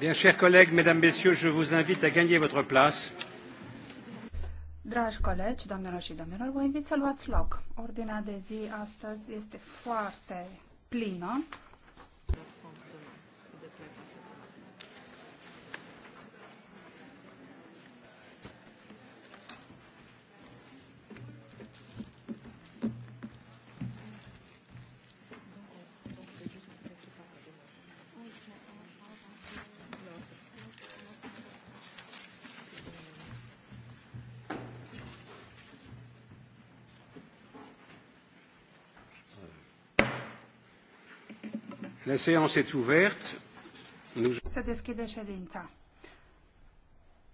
Bien, chers collègues, mesdames, messieurs, je vous invite à gagner votre place. Dragi colegi, doamnelor și domnilor, vă invit să luați loc. Ordinea de zi astăzi este foarte plină. La séance est ouverte. Nous... Se deschide ședința.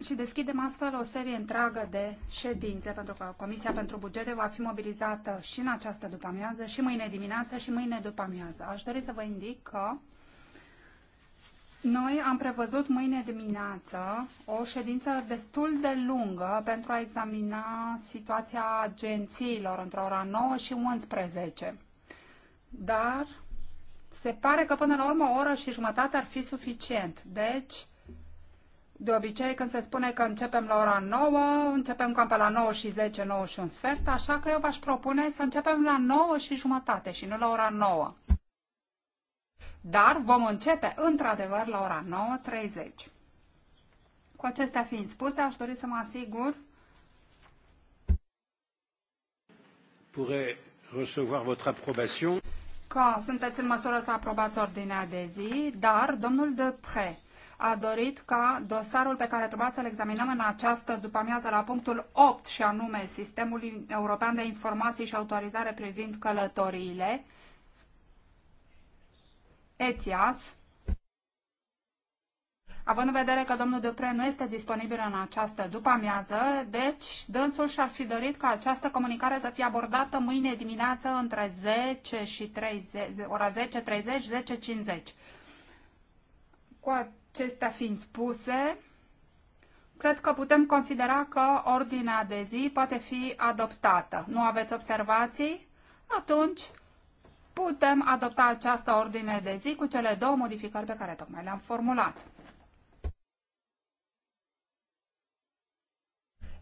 Și deschidem astfel o serie întreagă de ședințe, pentru că Comisia pentru Bugete va fi mobilizată și în această după-amiază, și mâine dimineață, și mâine după-amiază. Aș dori să vă indic că noi am prevăzut mâine dimineață o ședință destul de lungă pentru a examina situația agențiilor între ora 9 și 11. Dar se pare că până la urmă o oră și jumătate ar fi suficient. Deci, de obicei când se spune că începem la ora 9, începem cam pe la 9 și 10, 9 și un sfert, așa că eu v-aș propune să începem la 9 și jumătate și nu la ora 9. Dar vom începe într-adevăr la ora 9.30. Cu acestea fiind spuse, aș dori să mă asigur pourrait recevoir votre approbation că sunteți în măsură să aprobați ordinea de zi, dar domnul de Pre a dorit ca dosarul pe care trebuia să-l examinăm în această după-amiază la punctul 8 și anume Sistemul European de Informații și Autorizare privind călătoriile, ETIAS, Având în vedere că domnul Dupre nu este disponibil în această după-amiază, deci dânsul și-ar fi dorit ca această comunicare să fie abordată mâine dimineață între 10 și 30, ora 10.30, 10.50. Cu acestea fiind spuse, cred că putem considera că ordinea de zi poate fi adoptată. Nu aveți observații? Atunci putem adopta această ordine de zi cu cele două modificări pe care tocmai le-am formulat.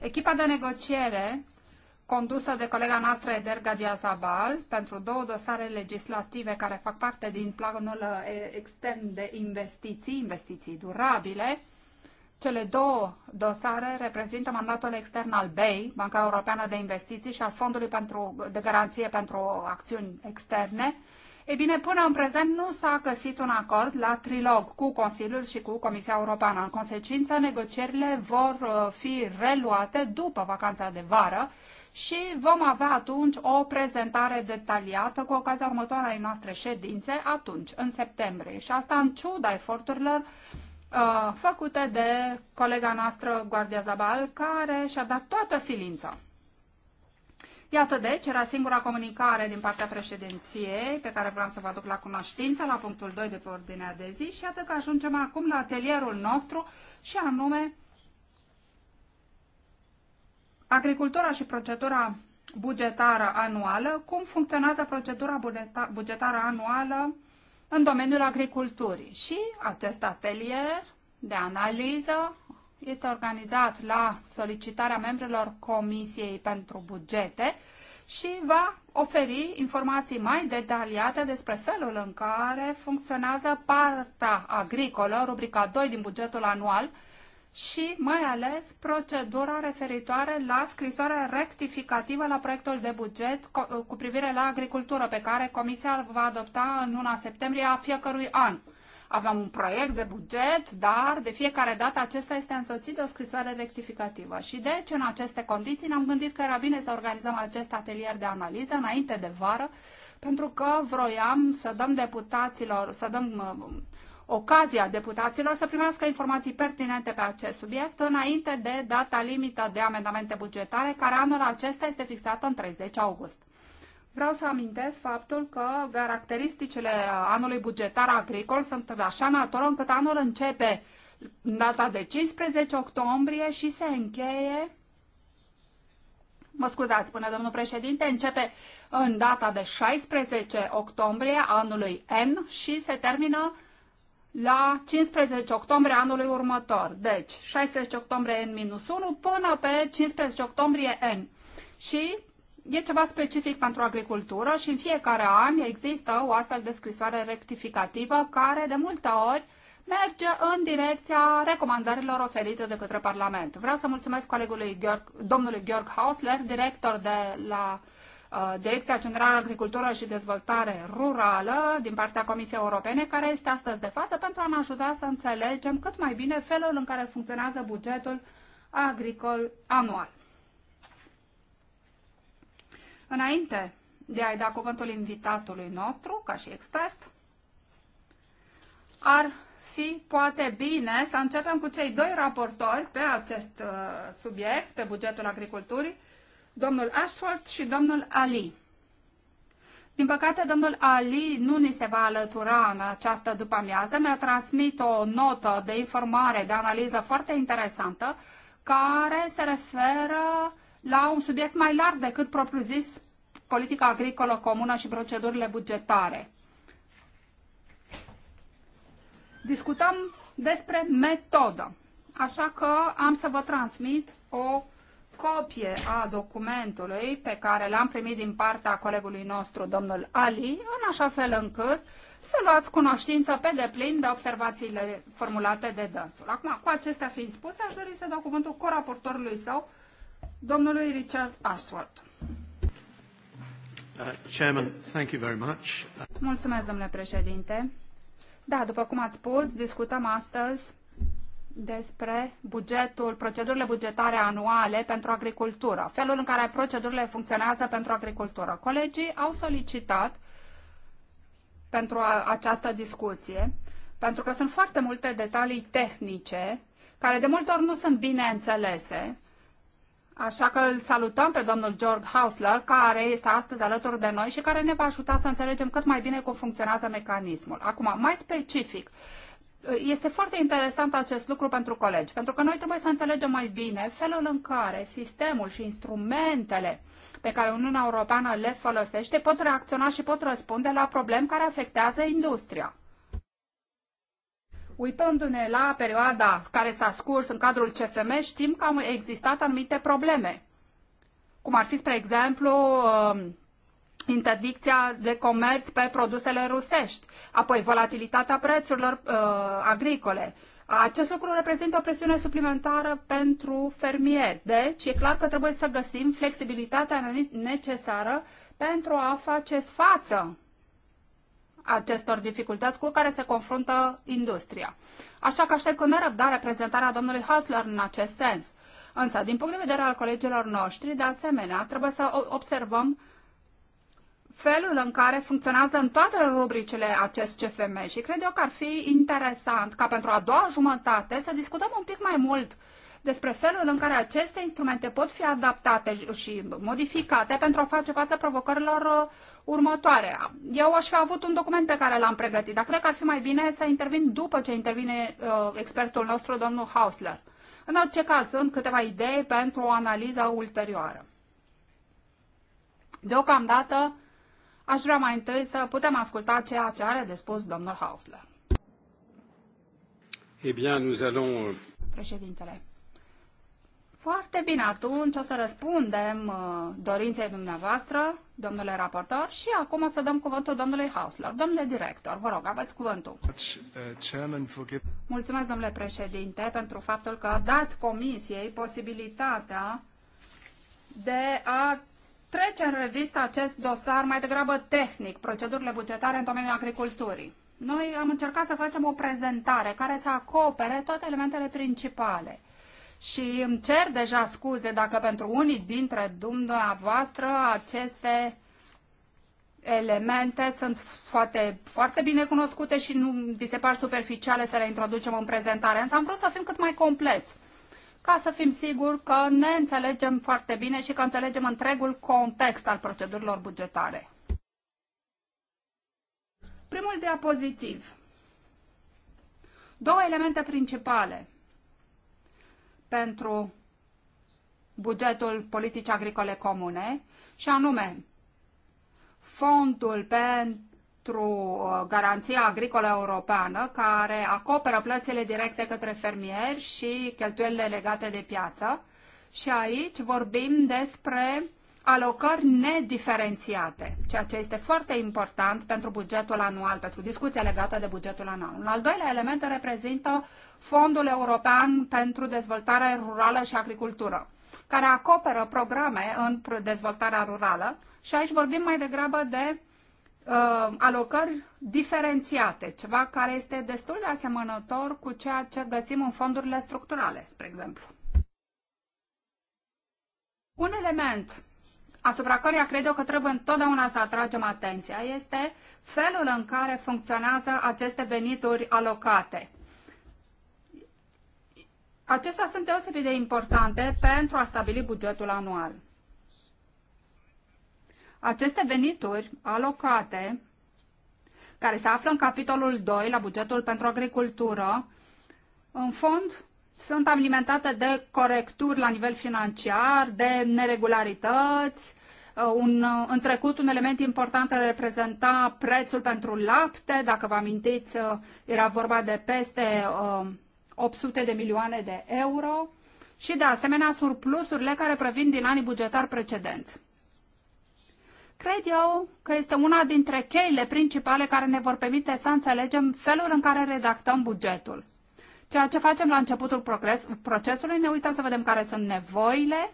Echipa de negociere condusă de colega noastră Eder Gadiazabal pentru două dosare legislative care fac parte din planul extern de investiții, investiții durabile. Cele două dosare reprezintă mandatul extern al BEI, Banca Europeană de Investiții și al Fondului pentru, de Garanție pentru Acțiuni Externe, E bine, până în prezent nu s-a găsit un acord la trilog cu Consiliul și cu Comisia Europeană. În consecință, negocierile vor uh, fi reluate după vacanța de vară și vom avea atunci o prezentare detaliată cu ocazia următoarei noastre ședințe atunci, în septembrie. Și asta în ciuda eforturilor uh, făcute de colega noastră Guardia Zabal, care și-a dat toată silința. Iată deci, era singura comunicare din partea președinției pe care vreau să vă aduc la cunoștință, la punctul 2 de pe ordinea de zi și iată că ajungem acum la atelierul nostru și anume agricultura și procedura bugetară anuală, cum funcționează procedura bugetară anuală în domeniul agriculturii. Și acest atelier de analiză este organizat la solicitarea membrilor Comisiei pentru Bugete și va oferi informații mai detaliate despre felul în care funcționează partea agricolă, rubrica 2 din bugetul anual, și mai ales procedura referitoare la scrisoarea rectificativă la proiectul de buget cu privire la agricultură, pe care Comisia îl va adopta în luna septembrie a fiecărui an avem un proiect de buget, dar de fiecare dată acesta este însoțit de o scrisoare rectificativă. Și deci, în aceste condiții, ne-am gândit că era bine să organizăm acest atelier de analiză înainte de vară, pentru că vroiam să dăm deputaților, să dăm uh, ocazia deputaților să primească informații pertinente pe acest subiect înainte de data limită de amendamente bugetare, care anul acesta este fixată în 30 august. Vreau să amintesc faptul că caracteristicile anului bugetar agricol sunt de așa natură încât anul începe data de 15 octombrie și se încheie Mă scuzați, până domnul președinte, începe în data de 16 octombrie anului N și se termină la 15 octombrie anului următor. Deci, 16 octombrie N-1 până pe 15 octombrie N. Și e ceva specific pentru agricultură și în fiecare an există o astfel de scrisoare rectificativă care de multe ori merge în direcția recomandărilor oferite de către Parlament. Vreau să mulțumesc colegului Gheorg, domnului Georg Hausler, director de la uh, Direcția Generală Agricultură și Dezvoltare Rurală din partea Comisiei Europene, care este astăzi de față pentru a ne ajuta să înțelegem cât mai bine felul în care funcționează bugetul agricol anual. Înainte de a-i da cuvântul invitatului nostru, ca și expert, ar fi poate bine să începem cu cei doi raportori pe acest uh, subiect, pe bugetul agriculturii, domnul Ashworth și domnul Ali. Din păcate, domnul Ali nu ni se va alătura în această după-amiază. Mi-a transmit o notă de informare, de analiză foarte interesantă, care se referă uh, la un subiect mai larg decât propriu-zis politica agricolă comună și procedurile bugetare. Discutăm despre metodă, așa că am să vă transmit o copie a documentului pe care l-am primit din partea colegului nostru, domnul Ali, în așa fel încât să luați cunoștință pe deplin de observațiile formulate de dânsul. Acum, cu acestea fiind spuse, aș dori să dau cuvântul coraportorului său, domnului Richard Ashworth. Uh, Mulțumesc, domnule președinte. Da, după cum ați spus, discutăm astăzi despre bugetul, procedurile bugetare anuale pentru agricultură, felul în care procedurile funcționează pentru agricultură. Colegii au solicitat pentru această discuție, pentru că sunt foarte multe detalii tehnice care de multe ori nu sunt bine înțelese Așa că îl salutăm pe domnul George Hausler, care este astăzi alături de noi și care ne va ajuta să înțelegem cât mai bine cum funcționează mecanismul. Acum, mai specific, este foarte interesant acest lucru pentru colegi, pentru că noi trebuie să înțelegem mai bine felul în care sistemul și instrumentele pe care Uniunea Europeană le folosește pot reacționa și pot răspunde la probleme care afectează industria. Uitându-ne la perioada care s-a scurs în cadrul CFM, știm că au existat anumite probleme, cum ar fi, spre exemplu, um, interdicția de comerț pe produsele rusești, apoi volatilitatea prețurilor uh, agricole. Acest lucru reprezintă o presiune suplimentară pentru fermieri. Deci, e clar că trebuie să găsim flexibilitatea necesară pentru a face față acestor dificultăți cu care se confruntă industria. Așa că aștept cu nerăbdare prezentarea domnului Hasler în acest sens. Însă, din punct de vedere al colegilor noștri, de asemenea, trebuie să observăm felul în care funcționează în toate rubricile acest CFM și cred eu că ar fi interesant ca pentru a doua jumătate să discutăm un pic mai mult uh, despre felul în care aceste instrumente pot fi adaptate și modificate pentru a face față provocărilor uh, următoare. Eu aș fi avut un document pe care l-am pregătit, dar cred că ar fi mai bine să intervin după ce intervine uh, expertul nostru, domnul Hausler. În orice caz, sunt câteva idei pentru o analiză ulterioară. Deocamdată, aș vrea mai întâi să putem asculta ceea ce are de spus domnul Hausler. Eh bien, nous allons... Președintele. Foarte bine, atunci o să răspundem uh, dorinței dumneavoastră, domnule raportor, și acum o să dăm cuvântul domnului Hausler. Domnule director, vă rog, aveți cuvântul. Mulțumesc, domnule președinte, pentru faptul că dați comisiei posibilitatea de a trece în revistă acest dosar mai degrabă tehnic, procedurile bugetare în domeniul agriculturii. Noi am încercat să facem o prezentare care să acopere toate elementele principale și îmi cer deja scuze dacă pentru unii dintre dumneavoastră aceste elemente sunt foarte, foarte bine cunoscute și nu vi se par superficiale să le introducem în prezentare, însă am vrut să fim cât mai compleți ca să fim siguri că ne înțelegem foarte bine și că înțelegem întregul context al procedurilor bugetare. Primul diapozitiv. Două elemente principale pentru bugetul politicii agricole comune și anume fondul pentru uh, garanția agricolă europeană care acoperă plățile directe către fermieri și cheltuielile legate de piață. Și aici vorbim despre alocări nediferențiate, ceea ce este foarte important pentru bugetul anual, pentru discuția legată de bugetul anual. Un al doilea element reprezintă Fondul European pentru Dezvoltare Rurală și Agricultură, care acoperă programe în dezvoltarea rurală și aici vorbim mai degrabă de uh, alocări diferențiate, ceva care este destul de asemănător cu ceea ce găsim în fondurile structurale, spre exemplu. Un element asupra căruia cred eu că trebuie întotdeauna să atragem atenția este felul în care funcționează aceste venituri alocate. Acestea sunt deosebit de importante pentru a stabili bugetul anual. Aceste venituri alocate, care se află în capitolul 2 la bugetul pentru agricultură, în fond sunt alimentate de corecturi la nivel financiar, de neregularități. Uh, un, uh, în trecut, un element important reprezenta prețul pentru lapte. Dacă vă amintiți, uh, era vorba de peste 800 de milioane de euro și, de asemenea, surplusurile care provin din anii bugetari precedenți. Cred eu că este una dintre cheile principale care ne vor permite să înțelegem felul în care redactăm bugetul. Ceea ce facem la începutul progres, procesului, ne uităm să vedem care sunt nevoile,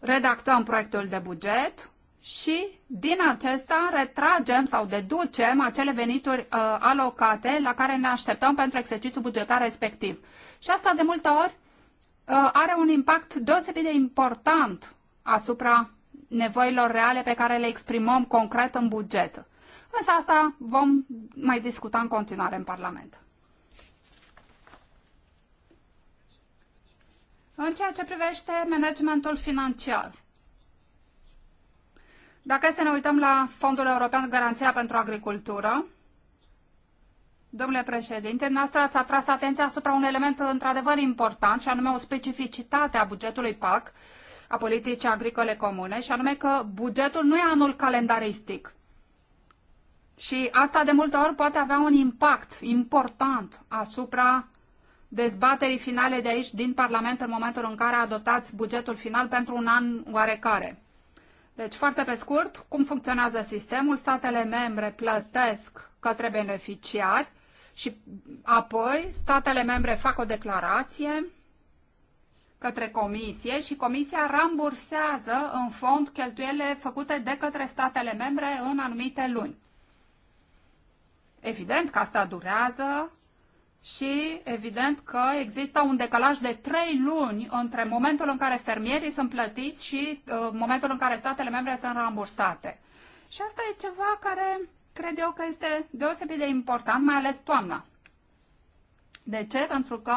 redactăm proiectul de buget și din acesta retragem sau deducem acele venituri uh, alocate la care ne așteptăm pentru exercițiul bugetar respectiv. Și asta de multe ori uh, are un impact deosebit de important asupra nevoilor reale pe care le exprimăm concret în buget. Însă asta vom mai discuta în continuare în Parlament. În ceea ce privește managementul financiar, dacă să ne uităm la Fondul European de Garanția pentru Agricultură, domnule președinte, noastră ați atras atenția asupra un element într-adevăr important, și anume o specificitate a bugetului PAC, a politicii agricole comune, și anume că bugetul nu e anul calendaristic, și asta de multe ori poate avea un impact important asupra dezbaterii finale de aici din Parlament în momentul în care adoptați bugetul final pentru un an oarecare. Deci, foarte pe scurt, cum funcționează sistemul? Statele membre plătesc către beneficiari și apoi statele membre fac o declarație către comisie și comisia rambursează în fond cheltuielile făcute de către statele membre în anumite luni. Evident că asta durează și evident că există un decalaj de trei luni între momentul în care fermierii sunt plătiți și uh, momentul în care statele membre sunt rambursate. Și asta e ceva care cred eu că este deosebit de important, mai ales toamna. De ce? Pentru că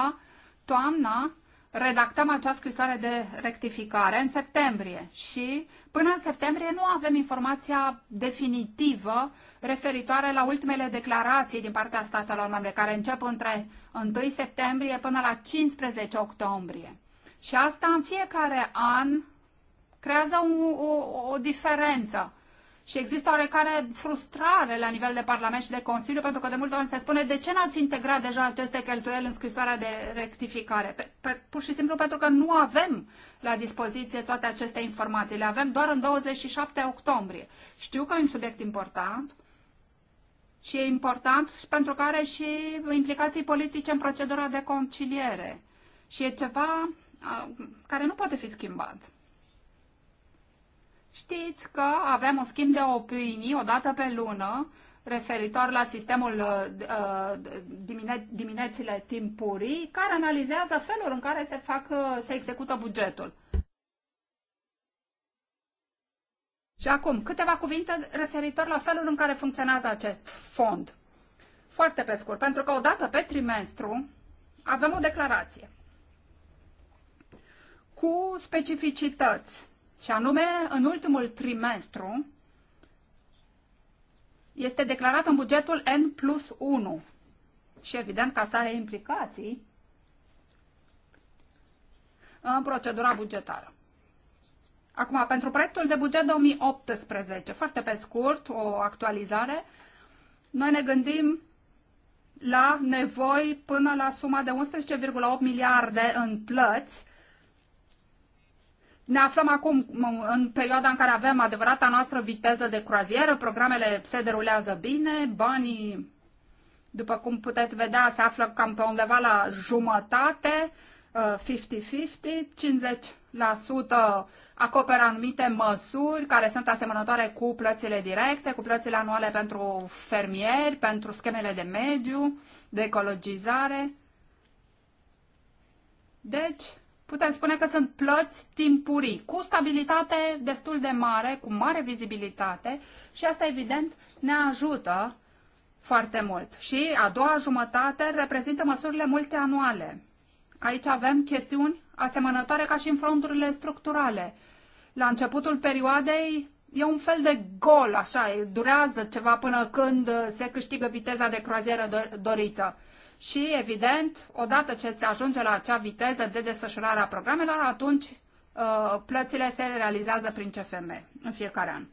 toamna redactăm acea scrisoare de rectificare în septembrie și până în septembrie nu avem informația definitivă referitoare la ultimele declarații din partea statelor membre, care încep între 1 septembrie până la 15 octombrie. Și asta în fiecare an creează o, o, o diferență și există oarecare frustrare la nivel de Parlament și de Consiliu, pentru că de multe ori se spune de ce n-ați integrat deja aceste cheltuieli în scrisoarea de rectificare. Pe, pe, pur și simplu pentru că nu avem la dispoziție toate aceste informații. Le avem doar în 27 octombrie. Știu că e un subiect important și e important și pentru că are și implicații politice în procedura de conciliere. Și e ceva uh, care nu poate fi schimbat. Știți că avem un schimb de opinii o dată pe lună referitor la sistemul uh, uh dimine- diminețile timpurii, care analizează felul în care se, fac, uh, se execută bugetul. Și acum, câteva cuvinte referitor la felul în care funcționează acest fond. Foarte pe scurt, pentru că odată pe trimestru avem o declarație cu specificități și anume, în ultimul trimestru este declarat în bugetul N plus 1. Și evident că asta are implicații în procedura bugetară. Acum, pentru proiectul de buget 2018, foarte pe scurt, o actualizare, noi ne gândim la nevoi până la suma de 11,8 miliarde în plăți ne aflăm acum în perioada în care avem adevărata noastră viteză de croazieră, programele se derulează bine, banii, după cum puteți vedea, se află cam pe undeva la jumătate, 50-50, uh, 50% acoperă anumite măsuri care sunt asemănătoare cu plățile directe, cu plățile anuale pentru fermieri, pentru schemele de mediu, de ecologizare. Deci, putem spune că sunt plăți timpurii, cu stabilitate destul de mare, cu mare vizibilitate și asta evident ne ajută foarte mult. Și a doua jumătate reprezintă măsurile multianuale. Aici avem chestiuni asemănătoare ca și în fronturile structurale. La începutul perioadei e un fel de gol, așa, durează ceva până când se câștigă viteza de croazieră dorită și, evident, odată ce se ajunge la acea viteză de desfășurare a programelor, atunci uh, plățile se realizează prin CFM în fiecare an.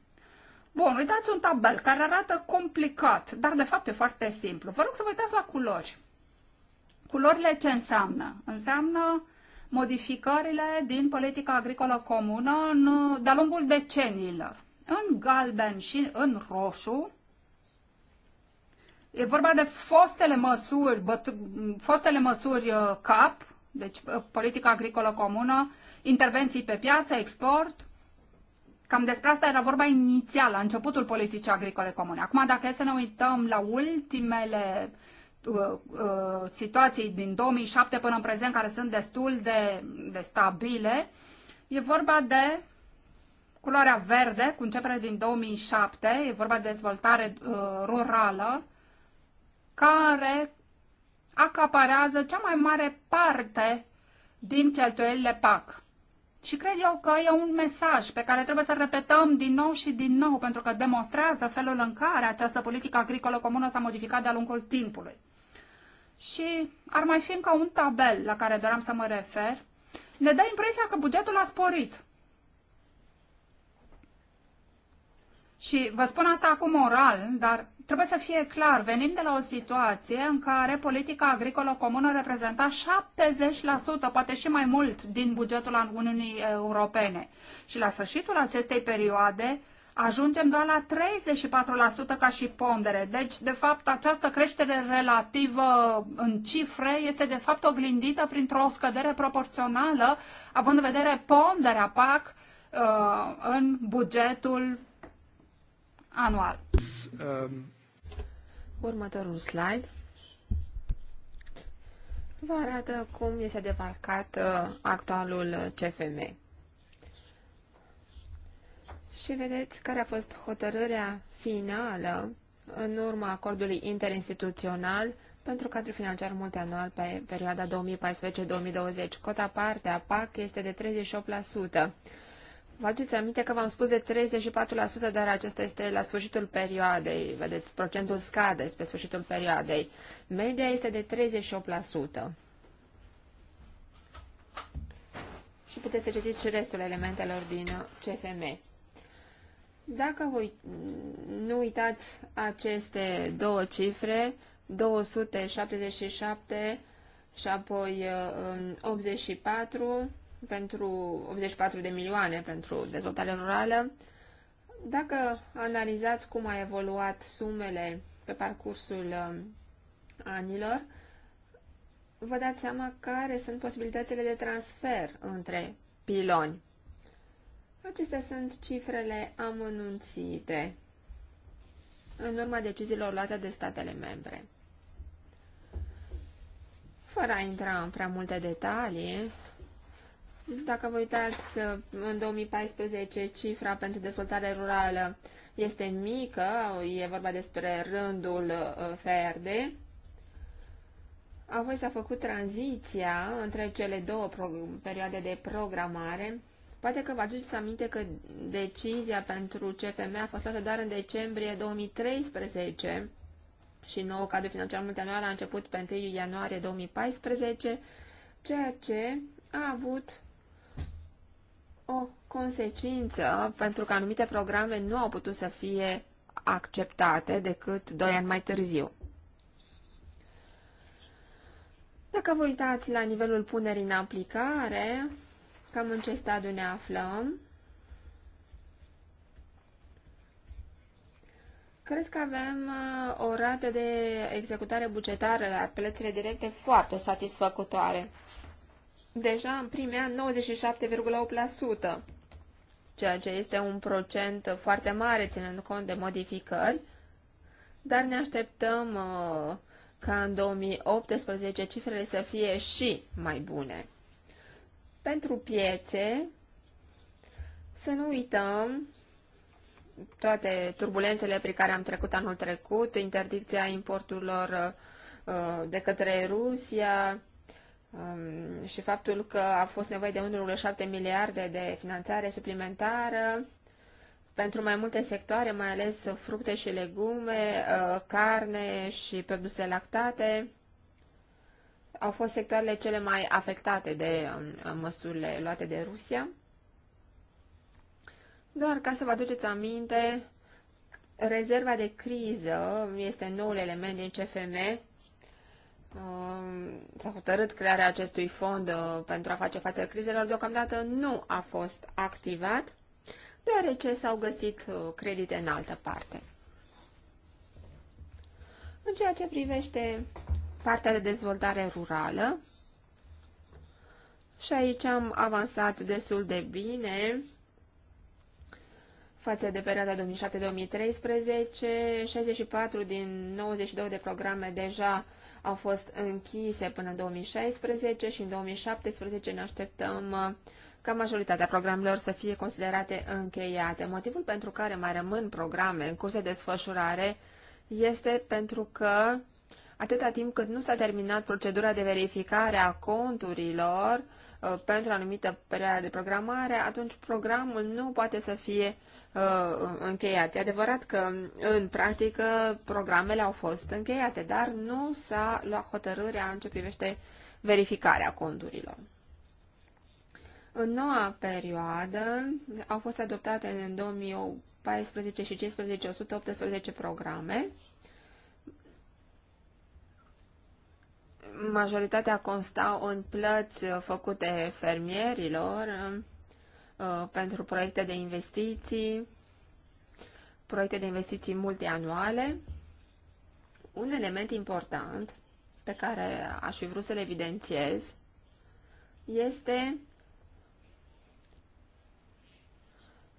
Bun, uitați un tabel care arată complicat, dar de fapt e foarte simplu. Vă rog să vă uitați la culori. Culorile ce înseamnă? Înseamnă modificările din politica agricolă comună de-a lungul deceniilor. În galben și în roșu E vorba de fostele măsuri, băt, fostele măsuri uh, CAP, deci uh, politica agricolă comună, intervenții pe piață, export. Cam despre asta era vorba inițial, la începutul politicii agricole comune. Acum, dacă e să ne uităm la ultimele uh, situații din 2007 până în prezent, care sunt destul de, de stabile, e vorba de culoarea verde, cu începere din 2007, e vorba de dezvoltare uh, rurală, care acaparează cea mai mare parte din cheltuielile PAC. Și cred eu că e un mesaj pe care trebuie să repetăm din nou și din nou, pentru că demonstrează felul în care această politică agricolă comună s-a modificat de-a lungul timpului. Și ar mai fi încă un tabel la care doream să mă refer. Ne dă impresia că bugetul a sporit. Și vă spun asta acum oral, dar trebuie să fie clar, venim de la o situație în care politica agricolă comună reprezenta 70%, poate și mai mult, din bugetul Uniunii Europene. Și la sfârșitul acestei perioade ajungem doar la 34% ca și pondere. Deci, de fapt, această creștere relativă în cifre este, de fapt, oglindită printr-o scădere proporțională, având în vedere ponderea PAC uh, în bugetul anual. Um Următorul slide vă arată cum este debarcat uh, actualul CFM. Și vedeți care a fost hotărârea finală în urma acordului interinstituțional pentru cadrul financiar multianual pe perioada 2014-2020. Cota parte a PAC este de 38%. Vă aduți aminte că v-am spus de 34%, dar acesta este la sfârșitul perioadei. Vedeți, procentul scade spre sfârșitul perioadei. Media este de 38%. Și puteți să citiți și restul elementelor din CFM. Dacă voi, nu uitați aceste două cifre, 277 și apoi 84, uh, pentru 84 de milioane pentru dezvoltare rurală. Dacă analizați cum a evoluat sumele pe parcursul um, anilor, vă dați seama care sunt posibilitățile de transfer între piloni. Acestea sunt cifrele amănunțite în urma deciziilor luate de statele membre. Fără a intra în prea multe detalii, dacă vă uitați, uh, în 2014 cifra pentru dezvoltare rurală este mică, e vorba despre rândul uh, verde. Apoi s-a făcut tranziția între cele două perioade de programare. Poate că vă aduceți aminte că decizia pentru CFM a fost luată doar în decembrie 2013 și nou cadru financiar multianual a început pe 1 ianuarie 2014, ceea ce a avut o consecință pentru că anumite programe nu au putut să fie acceptate decât doi ani mai târziu. Dacă vă uitați la nivelul punerii în aplicare, cam în ce stadiu ne aflăm, Cred că avem uh, o rată de executare bugetară la plățile directe foarte satisfăcătoare deja în primea 97,8%, ceea ce este un procent foarte mare ținând cont de modificări, dar ne așteptăm uh, ca în 2018 cifrele să fie și mai bune. Pentru piețe, să nu uităm toate turbulențele prin care am trecut anul trecut, interdicția importurilor uh, de către Rusia, Um, și faptul că a fost nevoie de 1,7 miliarde de finanțare suplimentară pentru mai multe sectoare, mai ales fructe și legume, uh, carne și produse lactate, au fost sectoarele cele mai afectate de um, măsurile luate de Rusia. Doar ca să vă aduceți aminte, rezerva de criză este noul element din CFM Uh, s-a hotărât crearea acestui fond uh, pentru a face față crizelor, deocamdată nu a fost activat, deoarece s-au găsit uh, credite în altă parte. În ceea ce privește partea de dezvoltare rurală, și aici am avansat destul de bine față de perioada 2007-2013, 64 din 92 de programe deja au fost închise până în 2016 și în 2017 ne așteptăm uh, ca majoritatea programelor să fie considerate încheiate. Motivul pentru care mai rămân programe în curs de desfășurare este pentru că atâta timp cât nu s-a terminat procedura de verificare a conturilor, Uh, pentru anumită perioadă de programare, atunci programul nu poate să fie uh, încheiat. E adevărat că, în practică, programele au fost încheiate, dar nu s-a luat hotărârea în ce privește verificarea conturilor. În noua perioadă au fost adoptate în 2014 și 2015 118 programe majoritatea constau în plăți făcute fermierilor uh, pentru proiecte de investiții, proiecte de investiții multianuale. Un element important pe care aș fi vrut să-l evidențiez este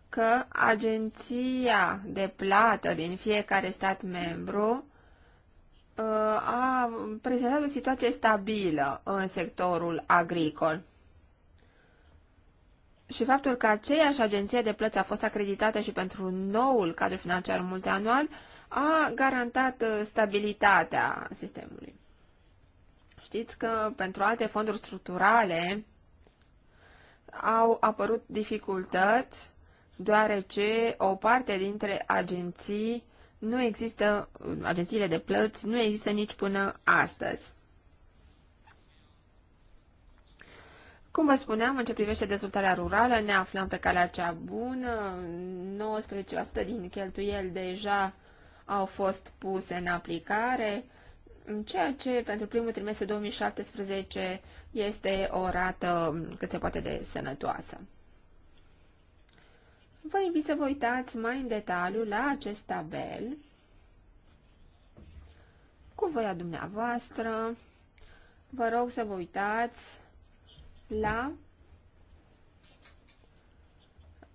că agenția de plată din fiecare stat membru Uh, a prezentat o situație stabilă în sectorul agricol. Și faptul că aceeași agenție de plăți a fost acreditată și pentru noul cadru financiar multianual a garantat uh, stabilitatea sistemului. Știți că pentru alte fonduri structurale au apărut dificultăți, deoarece o parte dintre agenții nu există agențiile de plăți, nu există nici până astăzi. Cum vă spuneam, în ce privește dezvoltarea rurală, ne aflăm pe calea cea bună. 19% din cheltuieli deja au fost puse în aplicare, în ceea ce pentru primul trimestru 2017 este o rată cât se poate de sănătoasă. Vă invit să vă uitați mai în detaliu la acest tabel cu voia dumneavoastră. Vă rog să vă uitați la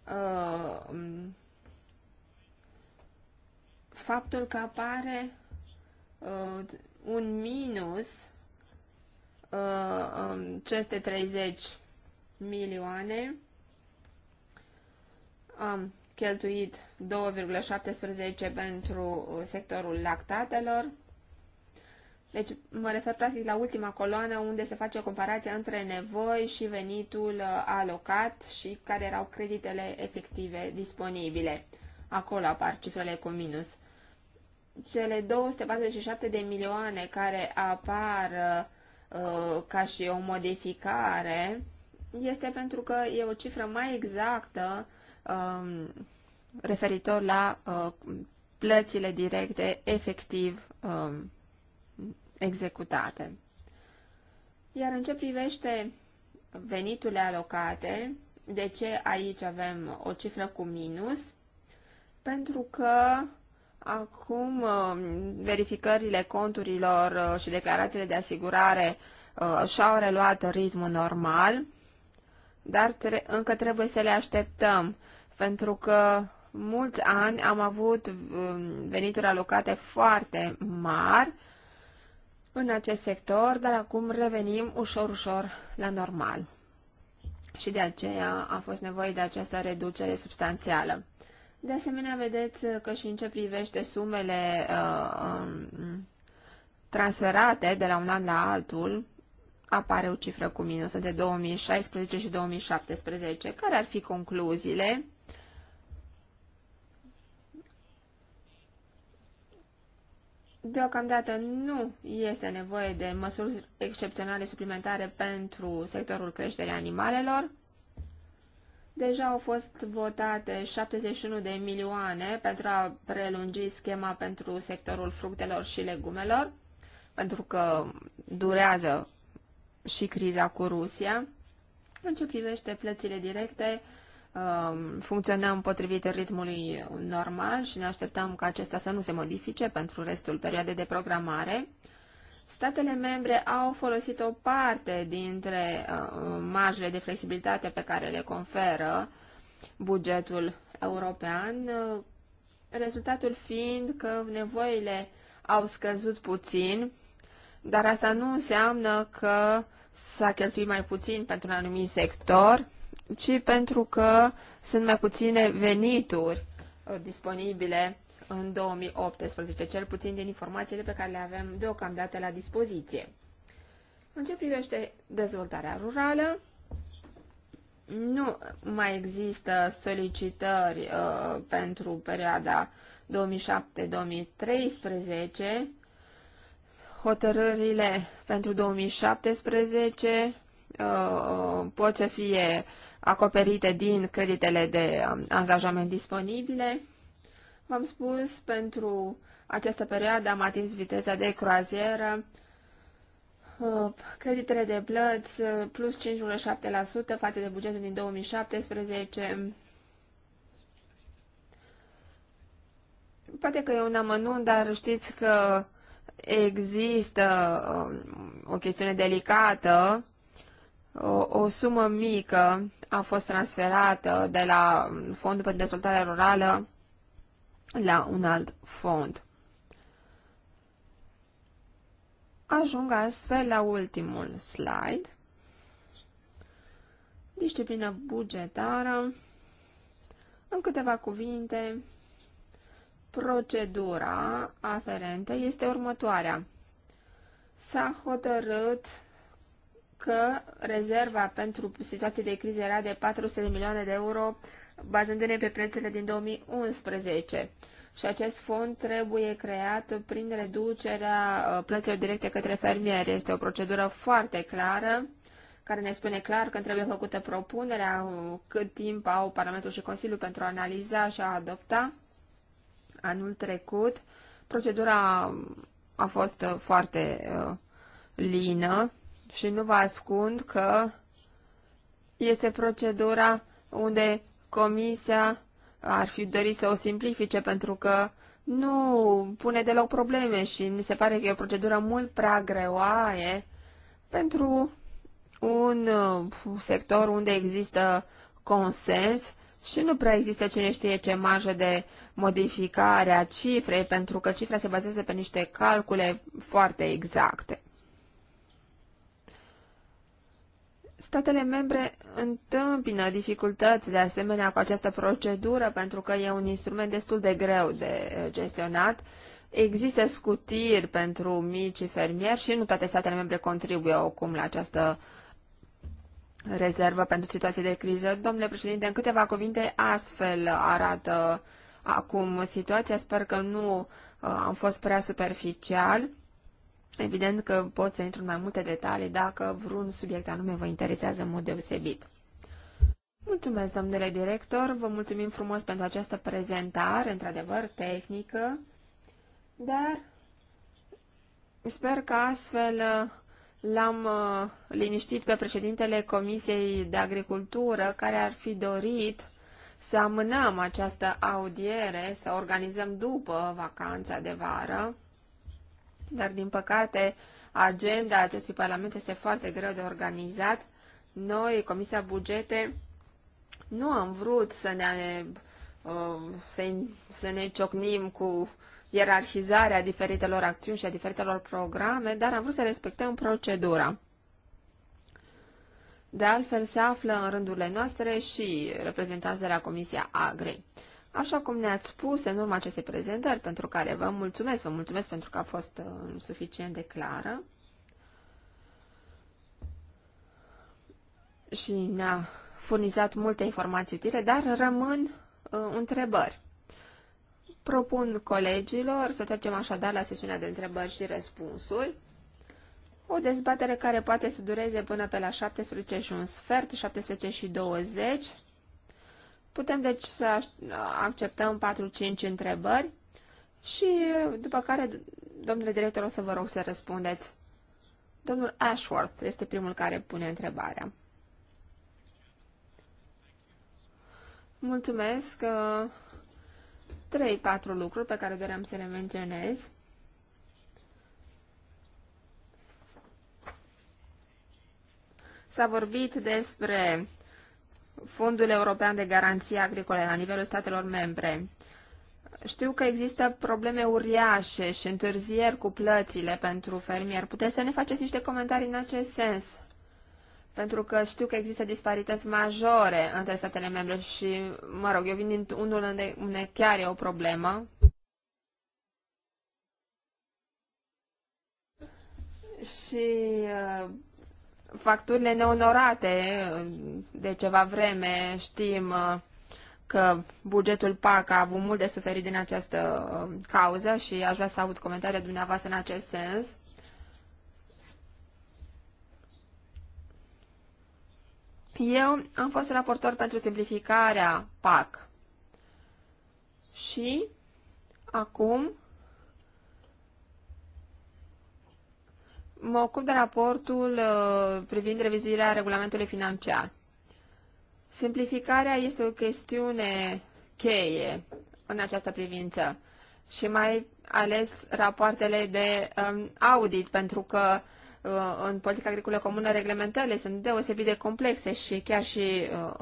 uh, faptul că apare uh, un minus uh, um, 530 milioane am cheltuit 2,17 pentru uh, sectorul lactatelor. Deci mă refer practic la ultima coloană unde se face o comparație între nevoi și venitul uh, alocat și care erau creditele efective disponibile. Acolo apar cifrele cu minus. Cele 247 de milioane care apar uh, uh, ca și o modificare este pentru că e o cifră mai exactă Um, referitor la uh, plățile directe efectiv um, executate. Iar în ce privește veniturile alocate, de ce aici avem o cifră cu minus? Pentru că acum um, verificările conturilor uh, și declarațiile de asigurare uh, și-au reluat ritmul normal, dar tre încă trebuie să le așteptăm pentru că mulți ani am avut um, venituri alocate foarte mari în acest sector, dar acum revenim ușor, ușor la normal. Și de aceea a fost nevoie de această reducere substanțială. De asemenea, vedeți că și în ce privește sumele uh, um, transferate de la un an la altul, apare o cifră cu minus între 2016 și 2017. Care ar fi concluziile? Deocamdată nu este nevoie de măsuri excepționale suplimentare pentru sectorul creșterii animalelor. Deja au fost votate 71 de milioane pentru a prelungi schema pentru sectorul fructelor și legumelor, pentru că durează și criza cu Rusia. În ce privește plățile directe, Um, funcționăm potrivit ritmului normal și ne așteptăm ca acesta să nu se modifice pentru restul perioadei de programare. Statele membre au folosit o parte dintre uh, marjele de flexibilitate pe care le conferă bugetul european, uh, rezultatul fiind că nevoile au scăzut puțin, dar asta nu înseamnă că s-a cheltuit mai puțin pentru un anumit sector, ci pentru că sunt mai puține venituri uh, disponibile în 2018, cel puțin din informațiile pe care le avem deocamdată la dispoziție. În ce privește dezvoltarea rurală, nu mai există solicitări uh, pentru perioada 2007-2013, hotărârile pentru 2017 uh, uh, pot să fie acoperite din creditele de um, angajament disponibile. V-am spus, pentru această perioadă am atins viteza de croazieră, creditele de plăți uh, plus 5,7% față de bugetul din 2017. Poate că e un amănunt, dar știți că există um, o chestiune delicată, o, o sumă mică a fost transferată de la Fondul pentru Dezvoltare Rurală la un alt fond. Ajung astfel la ultimul slide. Disciplina bugetară. În câteva cuvinte, procedura aferentă este următoarea. S-a hotărât că rezerva pentru situații de criză era de 400 de milioane de euro, bazându-ne pe prețurile din 2011. Și acest fond trebuie creat prin reducerea uh, plăților directe către fermieri. Este o procedură foarte clară care ne spune clar că trebuie făcută propunerea, uh, cât timp au Parlamentul și Consiliul pentru a analiza și a adopta. Anul trecut, procedura uh, a fost foarte uh, lină și nu vă ascund că este procedura unde comisia ar fi dorit să o simplifice pentru că nu pune deloc probleme și mi se pare că e o procedură mult prea greoaie pentru un uh, sector unde există consens și nu prea există cine știe ce marjă de modificare a cifrei, pentru că cifra se bazează pe niște calcule foarte exacte. Statele membre întâmpină dificultăți de asemenea cu această procedură pentru că e un instrument destul de greu de gestionat. Există scutiri pentru micii fermieri și nu toate statele membre contribuie acum la această rezervă pentru situații de criză. Domnule președinte, în câteva cuvinte, astfel arată acum situația. Sper că nu uh, am fost prea superficial. Evident că pot să intru în mai multe detalii dacă vreun subiect anume vă interesează în mod deosebit. Mulțumesc, domnule director, vă mulțumim frumos pentru această prezentare, într-adevăr, tehnică, dar sper că astfel uh, l-am uh, liniștit pe președintele Comisiei de Agricultură, care ar fi dorit să amânăm această audiere, să organizăm după vacanța de vară, dar din păcate agenda acestui Parlament este foarte greu de organizat. Noi, Comisia Bugete, nu am vrut să ne, uh, să, să ne ciocnim cu ierarhizarea diferitelor acțiuni și a diferitelor programe, dar am vrut să respectăm procedura. De altfel, se află în rândurile noastre și reprezentanți de la Comisia Agri. Așa cum ne-ați spus în urma acestei prezentări, pentru care vă mulțumesc, vă mulțumesc pentru că a fost uh, suficient de clară și ne-a furnizat multe informații utile, dar rămân uh, întrebări. Propun colegilor să trecem așadar la sesiunea de întrebări și răspunsuri. O dezbatere care poate să dureze până pe la 17 și un sfert, 17 și 20, Putem deci să acceptăm 4-5 întrebări și după care, domnule director, o să vă rog să răspundeți. Domnul Ashworth este primul care pune întrebarea. Mulțumesc. Uh, trei, patru lucruri pe care doream să le menționez. S-a vorbit despre Fondul European de Garanție Agricole la nivelul statelor membre. Știu că există probleme uriașe și întârzieri cu plățile pentru fermieri. Puteți să ne faceți niște comentarii în acest sens? Pentru că știu că există disparități majore între statele membre și, mă rog, eu vin din unul unde, unde chiar e o problemă. Și uh, facturile neonorate de ceva vreme. Știm uh, că bugetul PAC a avut mult de suferit din această uh, cauză și aș vrea să aud comentariile dumneavoastră în acest sens. Eu am fost raportor pentru simplificarea PAC și acum mă ocup de raportul uh, privind revizuirea regulamentului financiar. Simplificarea este o chestiune cheie în această privință și mai ales rapoartele de um, audit, pentru că uh, în politica agricolă comună reglementările sunt deosebit de complexe și chiar și uh,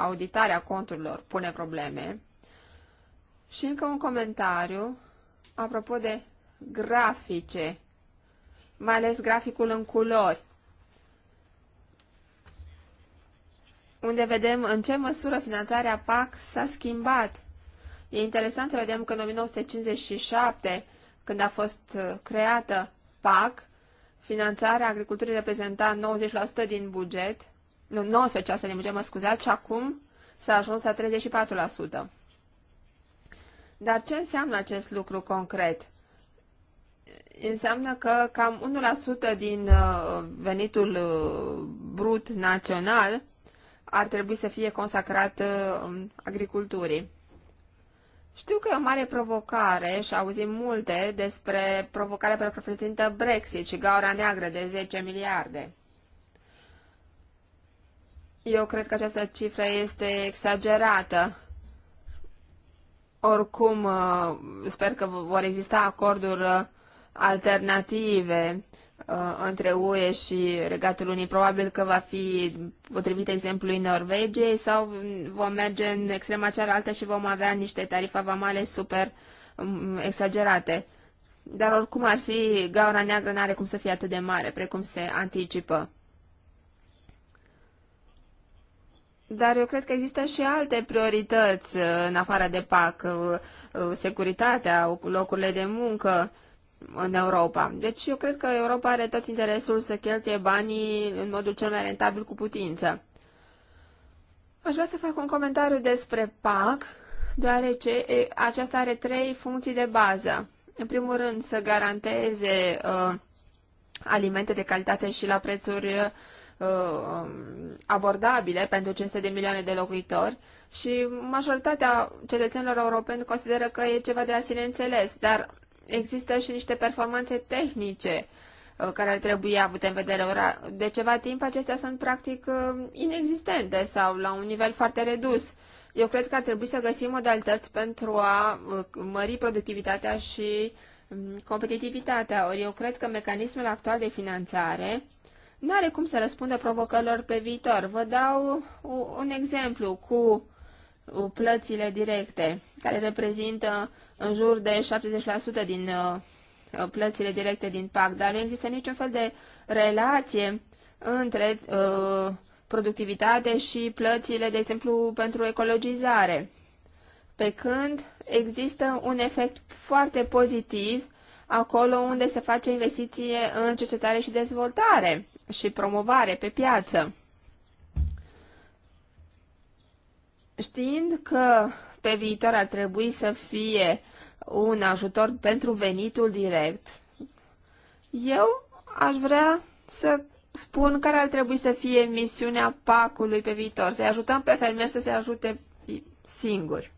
auditarea conturilor pune probleme. Și încă un comentariu apropo de grafice mai ales graficul în culori, unde vedem în ce măsură finanțarea PAC s-a schimbat. E interesant să vedem că în 1957, când a fost uh, creată PAC, finanțarea agriculturii reprezenta 90% din buget, nu, 19% din buget, mă scuzați, și acum s-a ajuns la 34%. Dar ce înseamnă acest lucru concret? înseamnă că cam 1% din uh, venitul uh, brut național ar trebui să fie consacrat uh, agriculturii. Știu că e o mare provocare și auzim multe despre provocarea pe care reprezintă Brexit și gaura neagră de 10 miliarde. Eu cred că această cifră este exagerată. Oricum, sper că vor exista acorduri alternative uh, între UE și Regatul Unii. Probabil că va fi potrivit exemplului Norvegiei sau vom merge în extrema cealaltă și vom avea niște tarife vamale super um, exagerate. Dar oricum ar fi, gaura neagră n-are cum să fie atât de mare, precum se anticipă. Dar eu cred că există și alte priorități uh, în afară de PAC, uh, securitatea, locurile de muncă, în Europa. Deci eu cred că Europa are tot interesul să cheltuie banii în modul cel mai rentabil cu putință. Aș vrea să fac un comentariu despre PAC, deoarece aceasta are trei funcții de bază. În primul rând, să garanteze uh, alimente de calitate și la prețuri uh, um, abordabile pentru 500 de milioane de locuitori și majoritatea cetățenilor europeni consideră că e ceva de la sine înțeles, dar există și niște performanțe tehnice uh, care ar trebui avute în vedere. Ora, de ceva timp acestea sunt practic uh, inexistente sau la un nivel foarte redus. Eu cred că ar trebui să găsim modalități pentru a uh, mări productivitatea și um, competitivitatea. Ori eu cred că mecanismul actual de finanțare nu are cum să răspundă provocărilor pe viitor. Vă dau un exemplu cu plățile directe, care reprezintă în jur de 70% din uh, uh, plățile directe din PAC, dar nu există niciun fel de relație între uh, productivitate și plățile, de exemplu, pentru ecologizare. Pe când există un efect foarte pozitiv acolo unde se face investiție în cercetare și dezvoltare și promovare pe piață. Știind că pe viitor ar trebui să fie un ajutor pentru venitul direct. Eu aș vrea să spun care ar trebui să fie misiunea PAC-ului pe viitor, să-i ajutăm pe fermieri să se ajute singuri.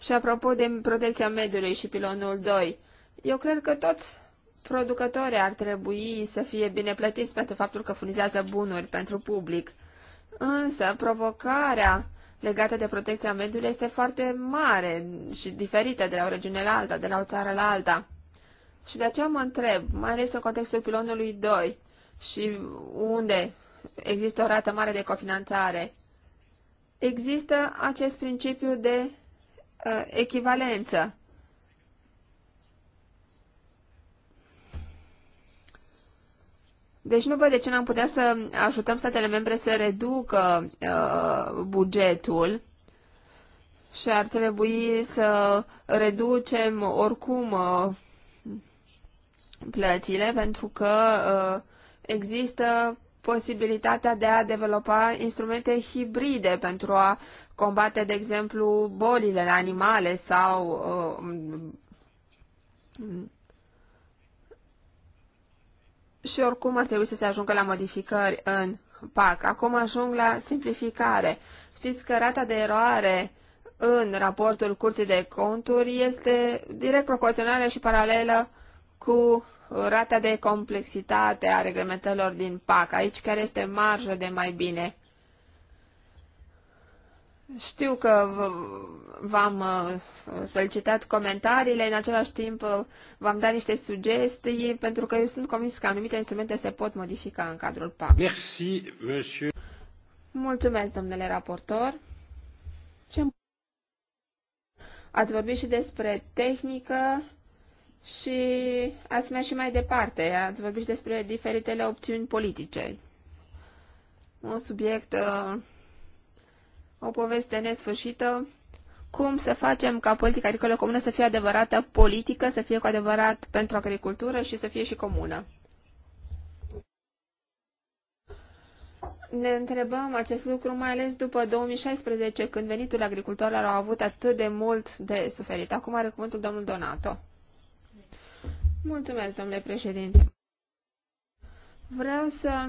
Și apropo de protecția mediului și pilonul 2, eu cred că toți producătorii ar trebui să fie bine plătiți pentru faptul că furnizează bunuri pentru public. Însă provocarea legată de protecția mediului este foarte mare și diferită de la o regiune la alta, de la o țară la alta. Și de aceea mă întreb, mai ales în contextul pilonului 2 și unde există o rată mare de cofinanțare, există acest principiu de uh, echivalență. Deci nu văd de ce n-am putea să ajutăm statele membre să reducă uh, bugetul și ar trebui să reducem oricum uh, plățile pentru că uh, există posibilitatea de a dezvolta instrumente hibride pentru a combate, de exemplu, bolile la animale sau uh, și oricum ar trebui să se ajungă la modificări în PAC. Acum ajung la simplificare. Știți că rata de eroare în raportul Curții de Conturi este direct proporțională și paralelă cu rata de complexitate a reglementărilor din PAC. Aici chiar este marjă de mai bine. Știu că v-am uh, solicitat comentariile, în același timp uh, v-am dat niște sugestii, pentru că eu sunt convins că anumite instrumente se pot modifica în cadrul PAC. Merci, monsieur. Mulțumesc, domnule raportor. Ce... Ați vorbit și despre tehnică și ați mers și mai departe. Ați vorbit și despre diferitele opțiuni politice. Un subiect uh, o poveste nesfârșită, cum să facem ca politica agricolă comună să fie adevărată politică, să fie cu adevărat pentru agricultură și să fie și comună. Ne întrebăm acest lucru mai ales după 2016, când venitul agricultorilor au avut atât de mult de suferit. Acum are cuvântul domnul Donato. Mulțumesc, domnule președinte. Vreau să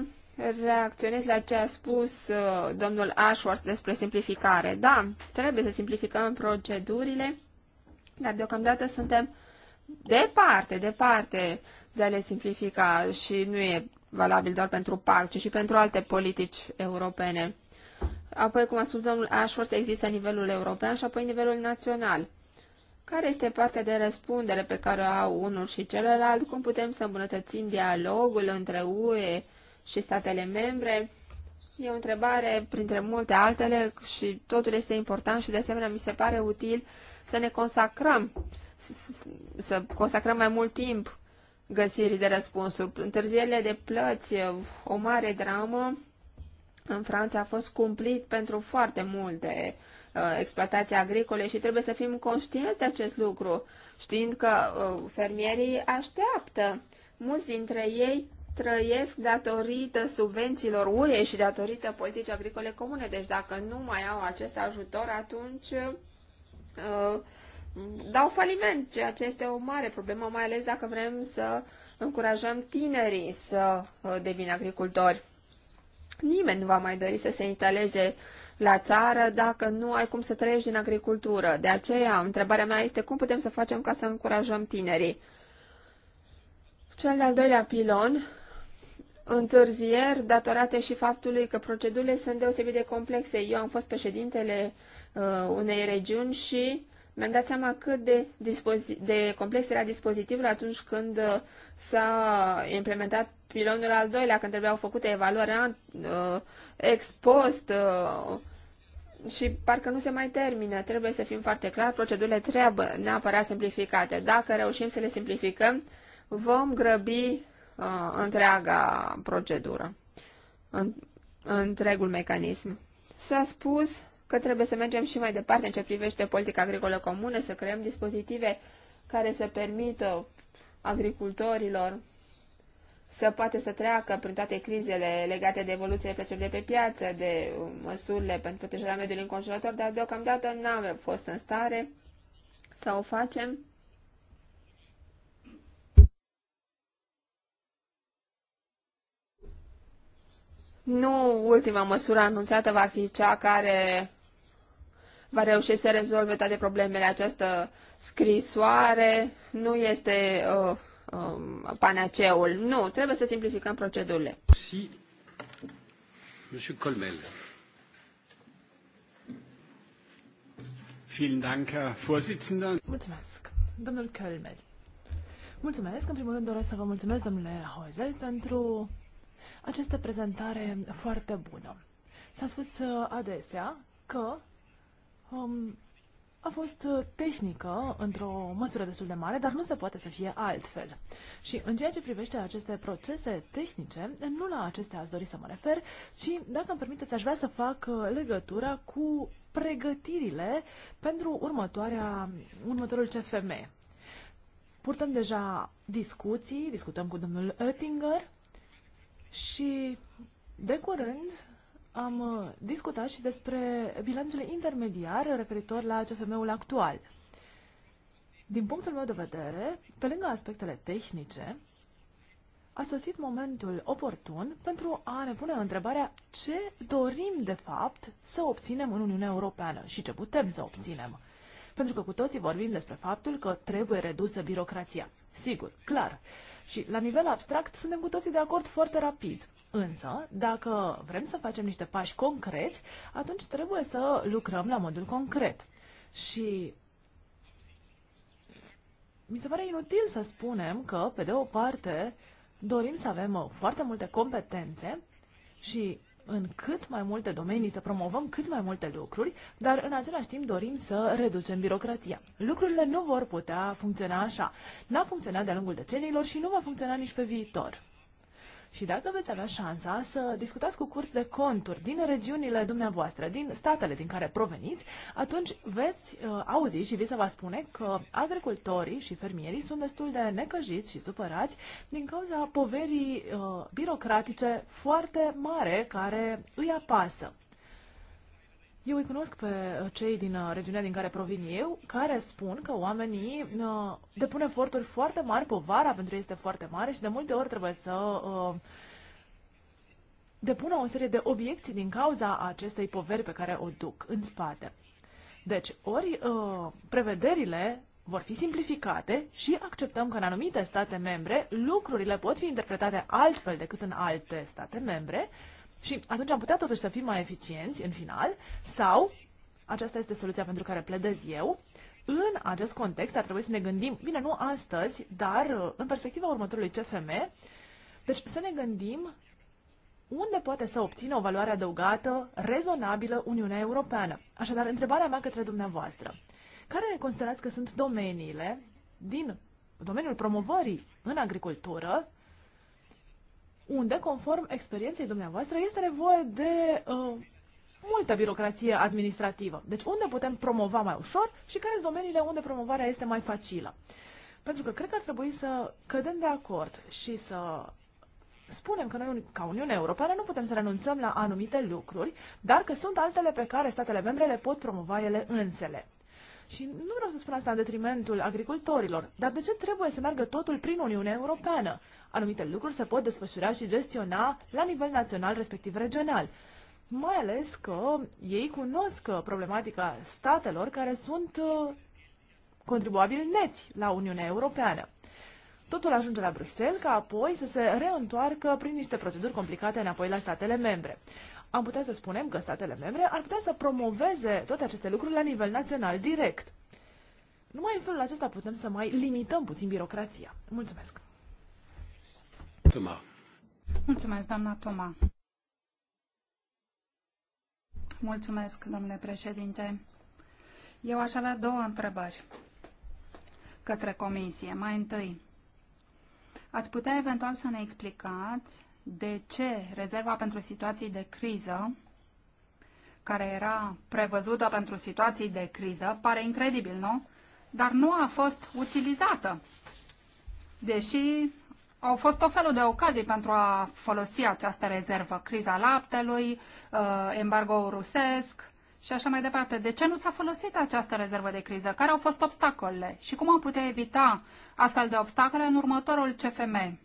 reacționez la ce a spus uh, domnul Ashworth despre simplificare. Da, trebuie să simplificăm procedurile, dar deocamdată suntem departe, departe de a le simplifica și nu e valabil doar pentru PAC, ci și pentru alte politici europene. Apoi, cum a spus domnul Ashworth, există nivelul european și apoi nivelul național. Care este partea de răspundere pe care o au unul și celălalt? Cum putem să îmbunătățim dialogul între UE, și statele membre. E o întrebare printre multe altele și totul este important și de asemenea mi se pare util să ne consacrăm, să consacrăm mai mult timp găsirii de răspunsuri. Întârzierile de plăți, o mare dramă, în Franța a fost cumplit pentru foarte multe uh, exploatații agricole și trebuie să fim conștienți de acest lucru, știind că uh, fermierii așteaptă. Mulți dintre ei trăiesc datorită subvențiilor UE și datorită politicii agricole comune. Deci dacă nu mai au acest ajutor, atunci uh, dau faliment, ceea ce este o mare problemă, mai ales dacă vrem să încurajăm tinerii să uh, devină agricultori. Nimeni nu va mai dori să se instaleze la țară dacă nu ai cum să trăiești din agricultură. De aceea, întrebarea mea este cum putem să facem ca să încurajăm tinerii. Cel de-al doilea pilon întârzieri datorate și faptului că procedurile sunt deosebit de complexe. Eu am fost președintele uh, unei regiuni și mi-am dat seama cât de, de complex era dispozitivul atunci când uh, s-a implementat pilonul al doilea, când trebuiau făcute evaluarea uh, ex post uh, și parcă nu se mai termină. Trebuie să fim foarte clar, procedurile trebuie neapărat simplificate. Dacă reușim să le simplificăm, vom grăbi uh, întreaga procedură, în, întregul mecanism. S-a spus că trebuie să mergem și mai departe în ce privește politica agricolă comună, să creăm dispozitive care să permită agricultorilor să poate să treacă prin toate crizele legate de evoluție prețurilor de pe piață, de uh, măsurile pentru protejarea mediului înconjurător, dar deocamdată n-am fost în stare să o facem Nu ultima măsură anunțată va fi cea care va reuși să rezolve toate problemele. Această scrisoare nu este uh, uh, panaceul. Nu, trebuie să simplificăm procedurile. Si, Colmel. Vielen Dank, Herr Vorsitzender. Mulțumesc, domnul Kölmel. Mulțumesc, în primul rând doresc să vă mulțumesc, domnule Heusel, pentru această prezentare foarte bună. S-a spus uh, adesea că um, a fost uh, tehnică într-o măsură destul de mare, dar nu se poate să fie altfel. Și în ceea ce privește aceste procese tehnice, nu la acestea aș dori să mă refer, ci, dacă îmi permiteți, aș vrea să fac uh, legătura cu pregătirile pentru următoarea, următorul CFM. Purtăm deja discuții, discutăm cu domnul Oettinger, și de curând am uh, discutat și despre bilanțele intermediar referitor la CFM-ul actual. Din punctul meu de vedere, pe lângă aspectele tehnice, a sosit momentul oportun pentru a ne pune întrebarea ce dorim de fapt să obținem în Uniunea Europeană și ce putem să obținem. Pentru că cu toții vorbim despre faptul că trebuie redusă birocrația. Sigur, clar. Și la nivel abstract suntem cu toții de acord foarte rapid. Însă, dacă vrem să facem niște pași concreți, atunci trebuie să lucrăm la modul concret. Și mi se pare inutil să spunem că, pe de o parte, dorim să avem foarte multe competențe și în cât mai multe domenii, să promovăm cât mai multe lucruri, dar în același timp dorim să reducem birocrația. Lucrurile nu vor putea funcționa așa. N-a funcționat de-a lungul decenilor și nu va funcționa nici pe viitor. Și dacă veți avea șansa să discutați cu curți de conturi din regiunile dumneavoastră, din statele din care proveniți, atunci veți uh, auzi și vi se va spune că agricultorii și fermierii sunt destul de necăjiți și supărați din cauza poverii uh, birocratice foarte mare care îi apasă. Eu îi cunosc pe uh, cei din uh, regiunea din care provin eu, care spun că oamenii uh, depun eforturi foarte mari, povara pentru ei este foarte mare și de multe ori trebuie să depună o serie de obiecții din cauza acestei poveri pe care o duc în spate. Deci, ori prevederile vor fi simplificate și acceptăm că în anumite state membre lucrurile pot fi interpretate altfel decât în alte state membre, și atunci am putea totuși să fim mai eficienți în final sau, aceasta este soluția pentru care pledez eu, în acest context ar trebui să ne gândim, bine, nu astăzi, dar uh, în perspectiva următorului CFM, deci să ne gândim unde poate să obțină o valoare adăugată rezonabilă Uniunea Europeană. Așadar, întrebarea mea către dumneavoastră. Care considerați că sunt domeniile din domeniul promovării în agricultură unde, conform experienței dumneavoastră, este nevoie de uh, multă birocrație administrativă. Deci unde putem promova mai ușor și care sunt domeniile unde promovarea este mai facilă. Pentru că cred că ar trebui să cădem de acord și să spunem că noi, ca Uniunea Europeană, nu putem să renunțăm la anumite lucruri, dar că sunt altele pe care statele membre le pot promova ele însele. Și nu vreau să spun asta în detrimentul agricultorilor, dar de ce trebuie să meargă totul prin Uniunea Europeană? Anumite lucruri se pot desfășura și gestiona la nivel național, respectiv regional. Mai ales că ei cunosc problematica statelor care sunt uh, contribuabili neți la Uniunea Europeană. Totul ajunge la Bruxelles ca apoi să se reîntoarcă prin niște proceduri complicate înapoi la statele membre am putea să spunem că statele membre ar putea să promoveze toate aceste lucruri la nivel național direct. Numai în felul acesta putem să mai limităm puțin birocrația. Mulțumesc! Toma. Mulțumesc, doamna Toma. Mulțumesc, domnule președinte. Eu aș avea două întrebări către comisie. Mai întâi, ați putea eventual să ne explicați de ce rezerva pentru situații de criză, care era prevăzută pentru situații de criză, pare incredibil, nu? Dar nu a fost utilizată, deși au fost tot felul de ocazii pentru a folosi această rezervă. Criza laptelui, uh, embargo rusesc și așa mai departe. De ce nu s-a folosit această rezervă de criză? Care au fost obstacolele? Și cum am putea evita astfel de obstacole în următorul CFM?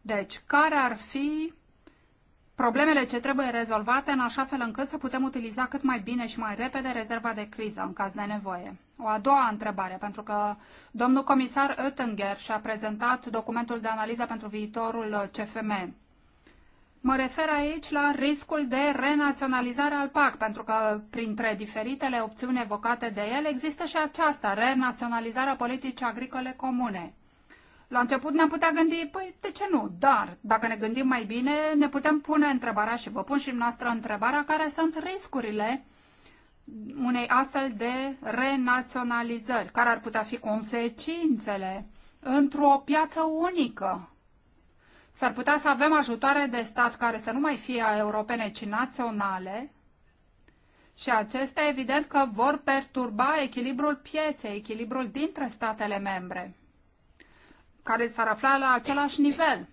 Deci, care ar fi problemele ce trebuie rezolvate în așa fel încât să putem utiliza cât mai bine și mai repede rezerva de criză în caz de nevoie? O a doua întrebare, pentru că domnul comisar Oettinger și-a prezentat documentul de analiză pentru viitorul CFM. Mă refer aici la riscul de renaționalizare al PAC, pentru că printre diferitele opțiuni evocate de el există și aceasta, renaționalizarea politicii agricole comune. La început ne-am putea gândi, păi de ce nu? Dar dacă ne gândim mai bine, ne putem pune întrebarea și vă pun și noastră întrebarea care sunt riscurile unei astfel de renaționalizări, care ar putea fi consecințele într-o piață unică. S-ar putea să avem ajutoare de stat care să nu mai fie europene, ci naționale, și acestea evident că vor perturba echilibrul pieței, echilibrul dintre statele membre care s-ar afla la același nivel.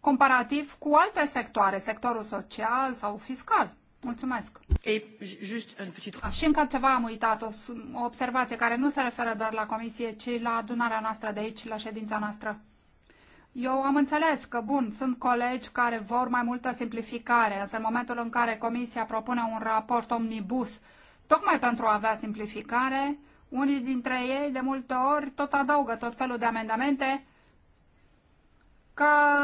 comparativ cu alte sectoare, sectorul social sau fiscal. Mulțumesc. Ei, just un petit... Și încă ceva am uitat, o, o observație care nu se referă doar la comisie, ci la adunarea noastră de aici, la ședința noastră. Eu am înțeles că, bun, sunt colegi care vor mai multă simplificare, însă în momentul în care comisia propune un raport omnibus, uh, Tocmai pentru a avea simplificare, unii dintre ei de multe ori tot adaugă tot felul de amendamente ca,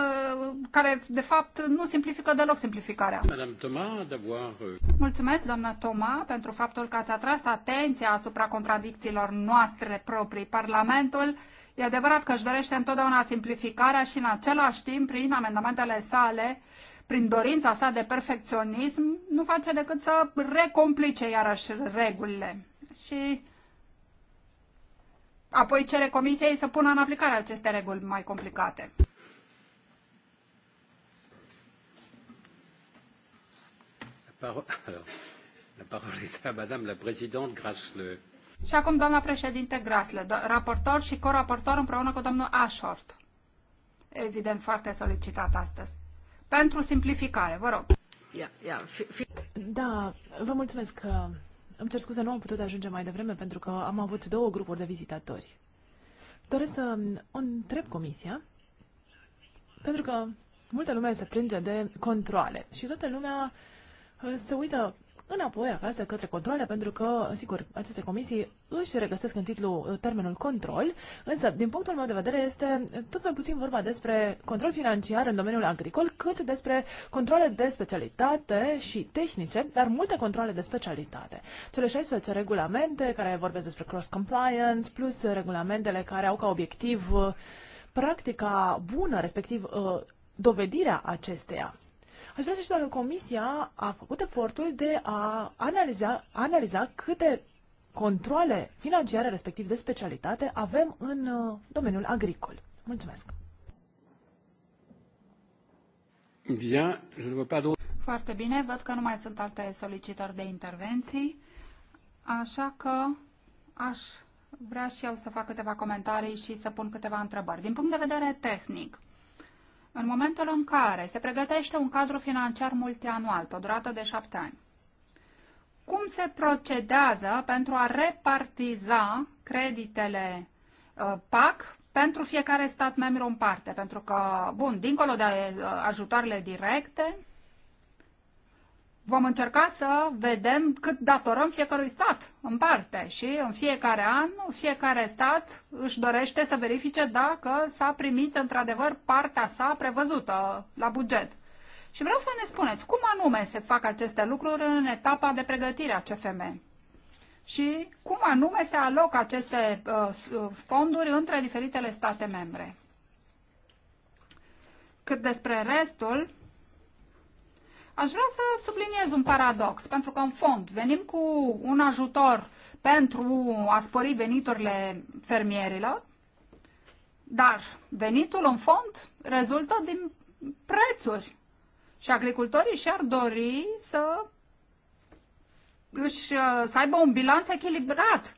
care de fapt nu simplifică deloc simplificarea. Euh, Mulțumesc, doamna Toma, pentru faptul că ați atras atenția asupra contradicțiilor noastre proprii. Parlamentul e adevărat că își dorește întotdeauna simplificarea și în același timp, prin amendamentele sale, prin dorința sa de perfecționism, nu face decât să recomplice iarăși regulile. Și apoi cere comisiei să pună în aplicare aceste reguli mai complicate. La parole este à Madame la Présidente Grasle. Și acum doamna președinte Grasle, raportor și coraportor împreună cu domnul Ashort. Evident, foarte solicitat astăzi pentru simplificare. Vă rog. Da, vă mulțumesc că îmi cer scuze, nu am putut ajunge mai devreme pentru că am avut două grupuri de vizitatori. Doresc să o întreb comisia, pentru că multă lume se plânge de controle și toată lumea uh, se uită înapoi acasă către controle, pentru că, sigur, aceste comisii își regăsesc în titlu uh, termenul control, însă, din punctul meu de vedere, este tot mai puțin vorba despre control financiar în domeniul agricol, cât despre controle de specialitate și tehnice, dar multe controle de specialitate. Cele 16 regulamente care vorbesc despre cross-compliance, plus regulamentele care au ca obiectiv uh, practica bună, respectiv uh, dovedirea acesteia. Aș vrea să știu dacă Comisia a făcut efortul de a analiza, analiza câte controle financiare, respectiv de specialitate, avem în uh, domeniul agricol. Mulțumesc! Foarte bine, văd că nu mai sunt alte solicitări de intervenții, așa că aș vrea și eu să fac câteva comentarii și să pun câteva întrebări. Din punct de vedere tehnic, în momentul în care se pregătește un cadru financiar multianual pe o durată de șapte ani, cum se procedează pentru a repartiza creditele uh, PAC pentru fiecare stat membru în parte? Pentru că, bun, dincolo de uh, ajutoarele directe, vom încerca să vedem cât datorăm fiecărui stat în parte și în fiecare an, fiecare stat își dorește să verifice dacă s-a primit într-adevăr partea sa prevăzută la buget. Și vreau să ne spuneți cum anume se fac aceste lucruri în etapa de pregătire a CFM și cum anume se aloc aceste uh, fonduri între diferitele state membre. Cât despre restul, Aș vrea să subliniez un paradox, pentru că, în fond, venim cu un ajutor pentru a spori veniturile fermierilor, dar venitul, în fond, rezultă din prețuri. Și agricultorii și-ar dori să, își, uh, să aibă un bilanț echilibrat.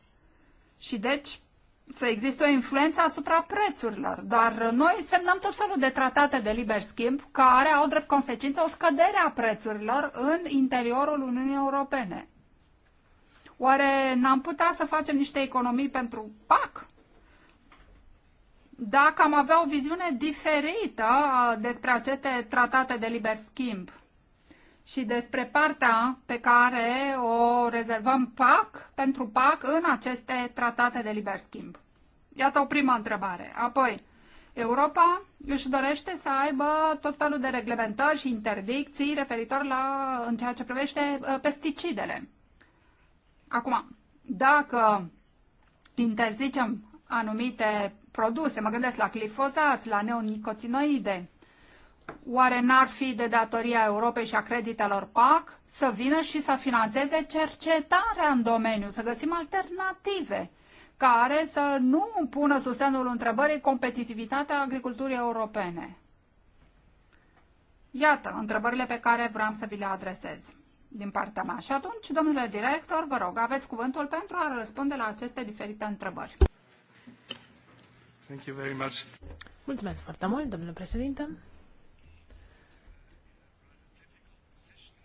Și deci să existe o influență asupra prețurilor, dar noi semnăm tot felul de tratate de liber schimb care au drept consecință o scădere a prețurilor în interiorul Uniunii Europene. Oare n-am putea să facem niște economii pentru PAC? Dacă am avea o viziune diferită uh, despre aceste tratate de liber schimb, și despre partea pe care o rezervăm PAC pentru PAC în aceste tratate de liber schimb. Iată o prima întrebare. Apoi, Europa își dorește să aibă tot felul de reglementări și interdicții referitor la în ceea ce privește uh, pesticidele. Acum, dacă interzicem anumite produse, mă gândesc la glifozați, la neonicotinoide, oare n-ar fi de datoria Europei și a creditelor PAC să vină și să financeze cercetarea în domeniu, să găsim alternative care să nu pună sub semnul întrebării competitivitatea agriculturii europene? Iată întrebările pe care vreau să vi le adresez din partea mea. Și atunci, domnule director, vă rog, aveți cuvântul pentru a răspunde la aceste diferite întrebări. Thank you very much. Mulțumesc foarte mult, domnule președinte.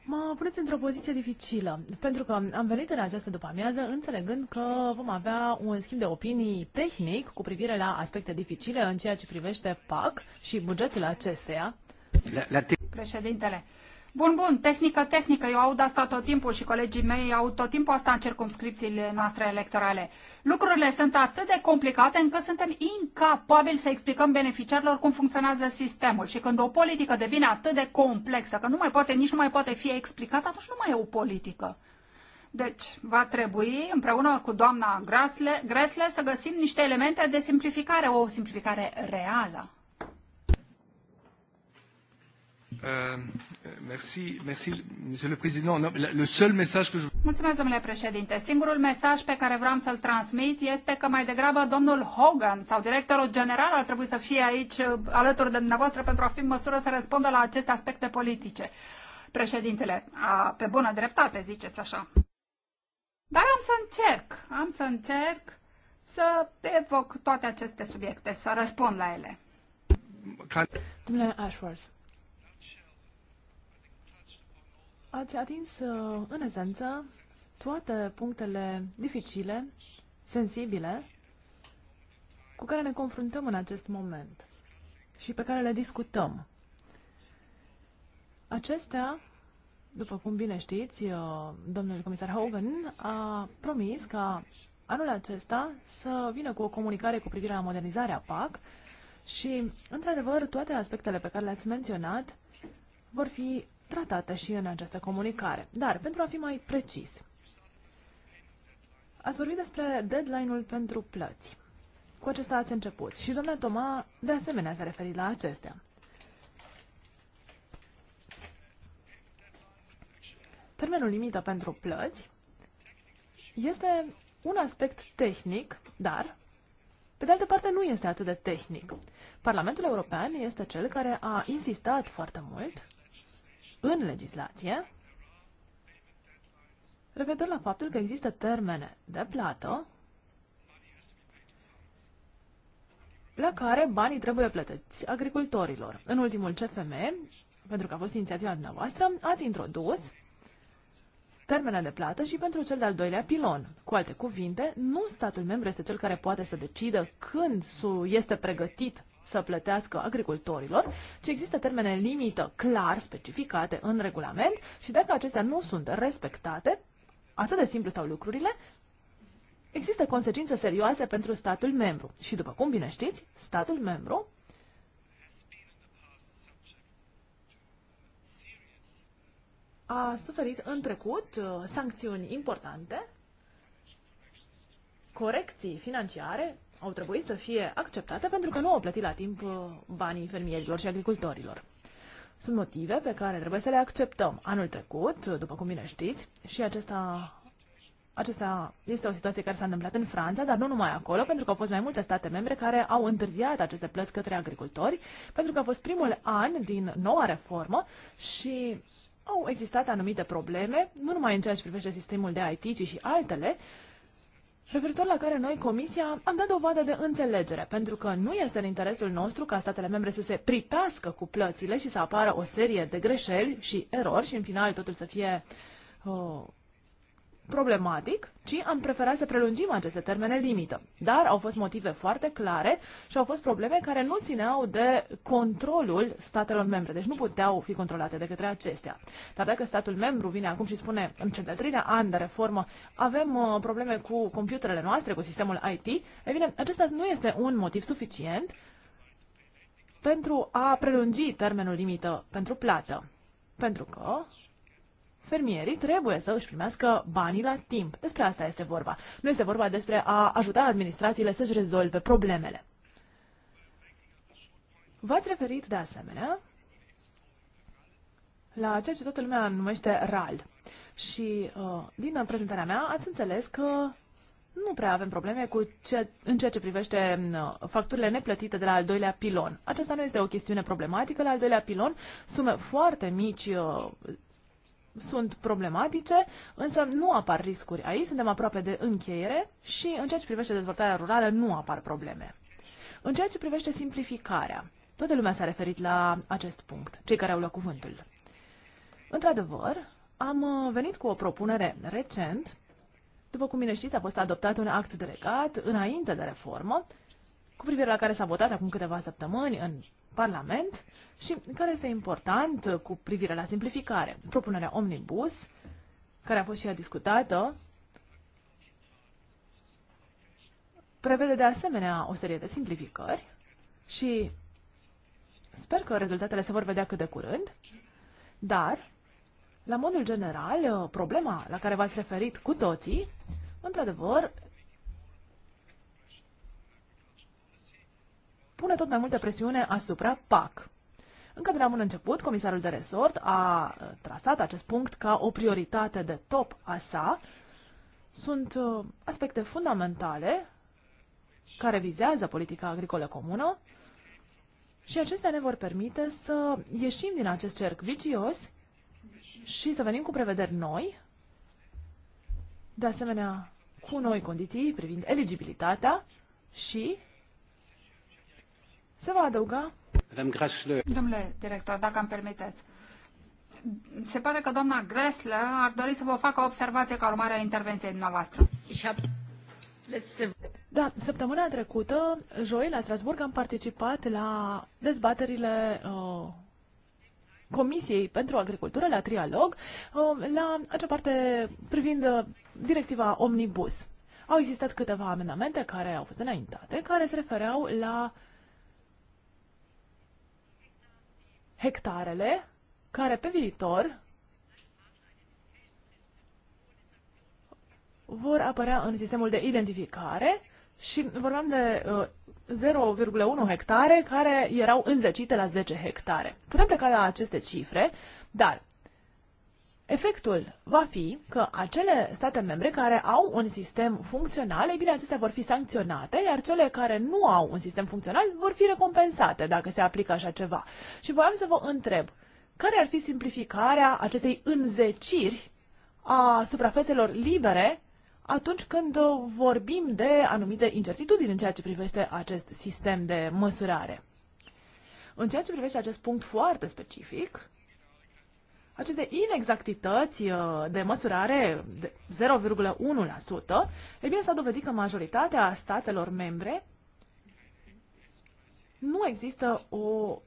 Mă puneți într-o poziție dificilă, pentru că am venit în această după-amiază înțelegând că vom avea un schimb de opinii tehnic cu privire la aspecte dificile în ceea ce privește PAC și bugetul acesteia. La, la Președintele, Bun, bun, tehnică, tehnică, eu aud asta tot timpul și colegii mei au tot timpul asta în circumscripțiile noastre electorale. Lucrurile sunt atât de complicate încât suntem incapabili să explicăm beneficiarilor cum funcționează sistemul și când o politică devine atât de complexă că nu mai poate, nici nu mai poate fi explicată, atunci nu mai e o politică. Deci, va trebui, împreună cu doamna Gresle, Gresle, să găsim niște elemente de simplificare, o simplificare reală. Euh, merci, merci, Monsieur le Président. le seul que je... Mulțumesc, domnule președinte. Singurul mesaj pe care vreau să-l transmit este că mai degrabă domnul Hogan sau directorul general ar trebui să fie aici uh, alături de dumneavoastră pentru a fi în măsură să răspundă la aceste aspecte politice. Președintele, a, pe bună dreptate, ziceți așa. Dar am să încerc, am să încerc să evoc toate aceste subiecte, să răspund la ele. Domnule Ashworth, Ați atins, uh, în esență, toate punctele dificile, sensibile, cu care ne confruntăm în acest moment și pe care le discutăm. Acestea, după cum bine știți, uh, domnul comisar Hogan a promis ca anul acesta să vină cu o comunicare cu privire la modernizarea PAC și, într-adevăr, toate aspectele pe care le-ați menționat vor fi tratată și în această comunicare. Dar, pentru a fi mai precis, ați vorbit despre deadline-ul pentru plăți. Cu acesta ați început și domnule Toma de asemenea s-a referit la acestea. Termenul limită pentru plăți este un aspect tehnic, dar, pe de altă parte, nu este atât de tehnic. Parlamentul European este cel care a insistat foarte mult în legislație referitor la faptul că există termene de plată la care banii trebuie plătiți agricultorilor. În ultimul CFM, pentru că a fost inițiativa dumneavoastră, ați introdus termene de plată și pentru cel de-al doilea pilon. Cu alte cuvinte, nu statul membru este cel care poate să decidă când este pregătit să plătească agricultorilor, ci există termene limită clar specificate în regulament și dacă acestea nu sunt respectate, atât de simplu stau lucrurile, există consecințe serioase pentru statul membru. Și după cum bine știți, statul membru a suferit în trecut uh, sancțiuni importante, corecții financiare au trebuit să fie acceptate pentru că nu au plătit la timp uh, banii fermierilor și agricultorilor. Sunt motive pe care trebuie să le acceptăm. Anul trecut, după cum bine știți, și acesta, acesta este o situație care s-a întâmplat în Franța, dar nu numai acolo, pentru că au fost mai multe state membre care au întârziat aceste plăți către agricultori, pentru că a fost primul an din noua reformă și au existat anumite probleme, nu numai în ceea ce privește sistemul de IT, ci și altele, referitor la care noi, Comisia, am dat dovadă de înțelegere, pentru că nu este în interesul nostru ca statele membre să se pripească cu plățile și să apară o serie de greșeli și erori și, în final, totul să fie uh, problematic, ci am preferat să prelungim aceste termene limită. Dar au fost motive foarte clare și au fost probleme care nu țineau de controlul statelor membre, deci nu puteau fi controlate de către acestea. Dar dacă statul membru vine acum și spune în cel de-al treilea an de reformă avem uh, probleme cu computerele noastre, cu sistemul IT, e bine, acesta nu este un motiv suficient pentru a prelungi termenul limită pentru plată. Pentru că fermierii trebuie să își primească banii la timp. Despre asta este vorba. Nu este vorba despre a ajuta administrațiile să-și rezolve problemele. V-ați referit de asemenea la ceea ce toată lumea numește RAL. Și uh, din prezentarea mea ați înțeles că nu prea avem probleme cu ce, în ceea ce privește uh, facturile neplătite de la al doilea pilon. Aceasta nu este o chestiune problematică. La al doilea pilon sume foarte mici uh, sunt problematice, însă nu apar riscuri aici, suntem aproape de încheiere și în ceea ce privește dezvoltarea rurală nu apar probleme. În ceea ce privește simplificarea, toată lumea s-a referit la acest punct, cei care au luat cuvântul. Într-adevăr, am uh, venit cu o propunere recent, după cum bine știți, a fost adoptat un act delegat înainte de reformă, cu privire la care s-a votat acum câteva săptămâni în Parlament și care este important uh, cu privire la simplificare. Propunerea Omnibus, care a fost și ea discutată, prevede de asemenea o serie de simplificări și sper că rezultatele se vor vedea cât de curând, dar, la modul general, uh, problema la care v-ați referit cu toții, într-adevăr, pune tot mai multă presiune asupra PAC. Încă de la bun început, comisarul de resort a trasat acest punct ca o prioritate de top a sa. Sunt uh, aspecte fundamentale care vizează politica agricolă comună și acestea ne vor permite să ieșim din acest cerc vicios și să venim cu prevederi noi, de asemenea cu noi condiții privind eligibilitatea și se va adăuga... Domnule director, dacă îmi permiteți, se pare că doamna Gresle ar dori să vă facă o observație ca urmare a intervenției dumneavoastră. Da, săptămâna trecută, joi, la Strasburg, am participat la dezbaterile uh, Comisiei pentru Agricultură, la trialog, uh, la acea parte privind uh, directiva Omnibus. Au existat câteva amendamente care au fost înaintate, care se refereau la hectarele care pe viitor vor apărea în sistemul de identificare și vorbeam de uh, 0,1 hectare care erau înzecite la 10 hectare. Putem pleca la aceste cifre, dar Efectul va fi că acele state membre care au un sistem funcțional, ei bine, acestea vor fi sancționate, iar cele care nu au un sistem funcțional vor fi recompensate dacă se aplică așa ceva. Și voiam să vă întreb, care ar fi simplificarea acestei înzeciri a suprafețelor libere atunci când vorbim de anumite incertitudini în ceea ce privește acest sistem de măsurare? În ceea ce privește acest punct foarte specific, aceste inexactități uh, de măsurare de 0,1%, e bine s-a dovedit că majoritatea statelor membre nu există o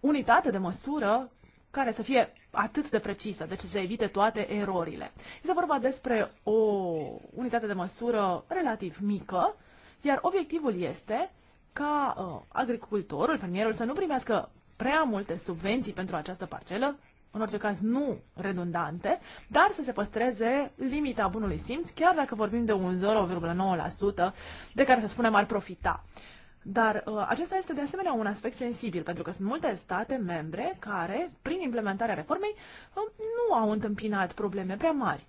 unitate de măsură care să fie atât de precisă, deci să evite toate erorile. Este vorba despre o unitate de măsură relativ mică, iar obiectivul este ca uh, agricultorul, fermierul, să nu primească prea multe subvenții pentru această parcelă, în orice caz nu redundante, dar să se păstreze limita bunului simț, chiar dacă vorbim de un 0,9% de care să spunem ar profita. Dar uh, acesta este de asemenea un aspect sensibil, pentru că sunt multe state membre care, prin implementarea reformei, uh, nu au întâmpinat probleme prea mari.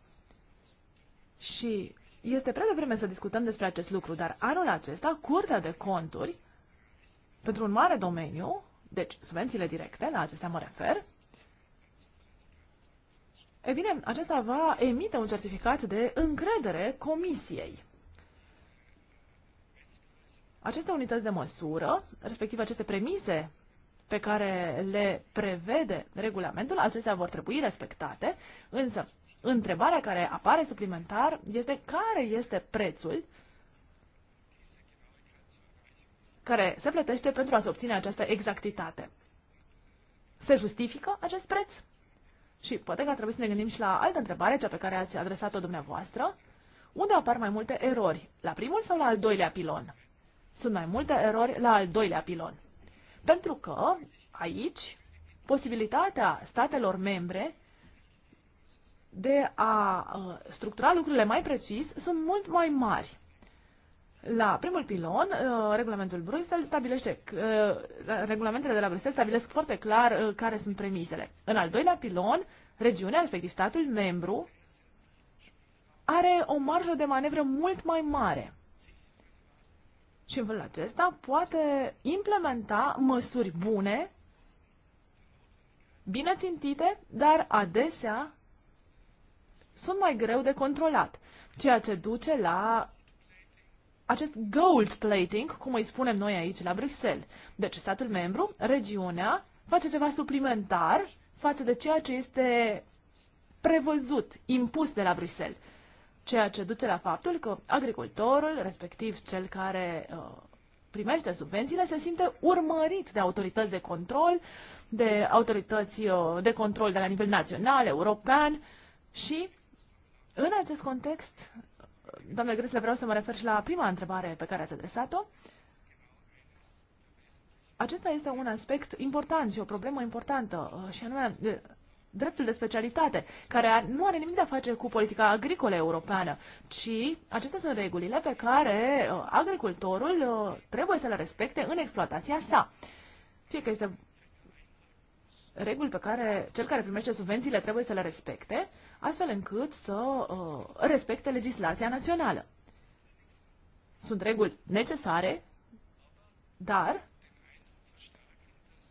Și este prea devreme să discutăm despre acest lucru, dar anul acesta, Curtea de Conturi, pentru un mare domeniu, deci subvențiile directe, la acestea mă refer, E bine, acesta va emite un certificat de încredere comisiei. Aceste unități de măsură, respectiv aceste premise pe care le prevede regulamentul, acestea vor trebui respectate, însă întrebarea care apare suplimentar este care este prețul care se plătește pentru a se obține această exactitate. Se justifică acest preț? Și poate că ar trebui să ne gândim și la altă întrebare, cea pe care ați adresat-o dumneavoastră. Unde apar mai multe erori? La primul sau la al doilea pilon? Sunt mai multe erori la al doilea pilon. Pentru că aici posibilitatea statelor membre de a uh, structura lucrurile mai precis sunt mult mai mari. La primul pilon, uh, regulamentul Bruxelles stabilește, uh, regulamentele de la Bruxelles stabilesc foarte clar uh, care sunt premisele. În al doilea pilon, regiunea, respectiv statul membru, are o marjă de manevră mult mai mare. Și în felul acesta poate implementa măsuri bune, bine țintite, dar adesea sunt mai greu de controlat, ceea ce duce la acest gold plating, cum îi spunem noi aici la Bruxelles. Deci statul membru, regiunea, face ceva suplimentar față de ceea ce este prevăzut, impus de la Bruxelles. Ceea ce duce la faptul că agricultorul, respectiv cel care uh, primește subvențiile, se simte urmărit de autorități de control, de autorități uh, de control de la nivel național, european și în acest context doamne Gresle, vreau să mă refer și la prima întrebare pe care ați adresat-o. Acesta este un aspect important și o problemă importantă, uh, și anume dreptul de specialitate, care nu are nimic de a face cu politica agricolă europeană, ci acestea sunt regulile pe care uh, agricultorul uh, trebuie să le respecte în exploatația sa. Fie că este reguli pe care cel care primește subvențiile trebuie să le respecte, astfel încât să uh, respecte legislația națională. Sunt reguli necesare, dar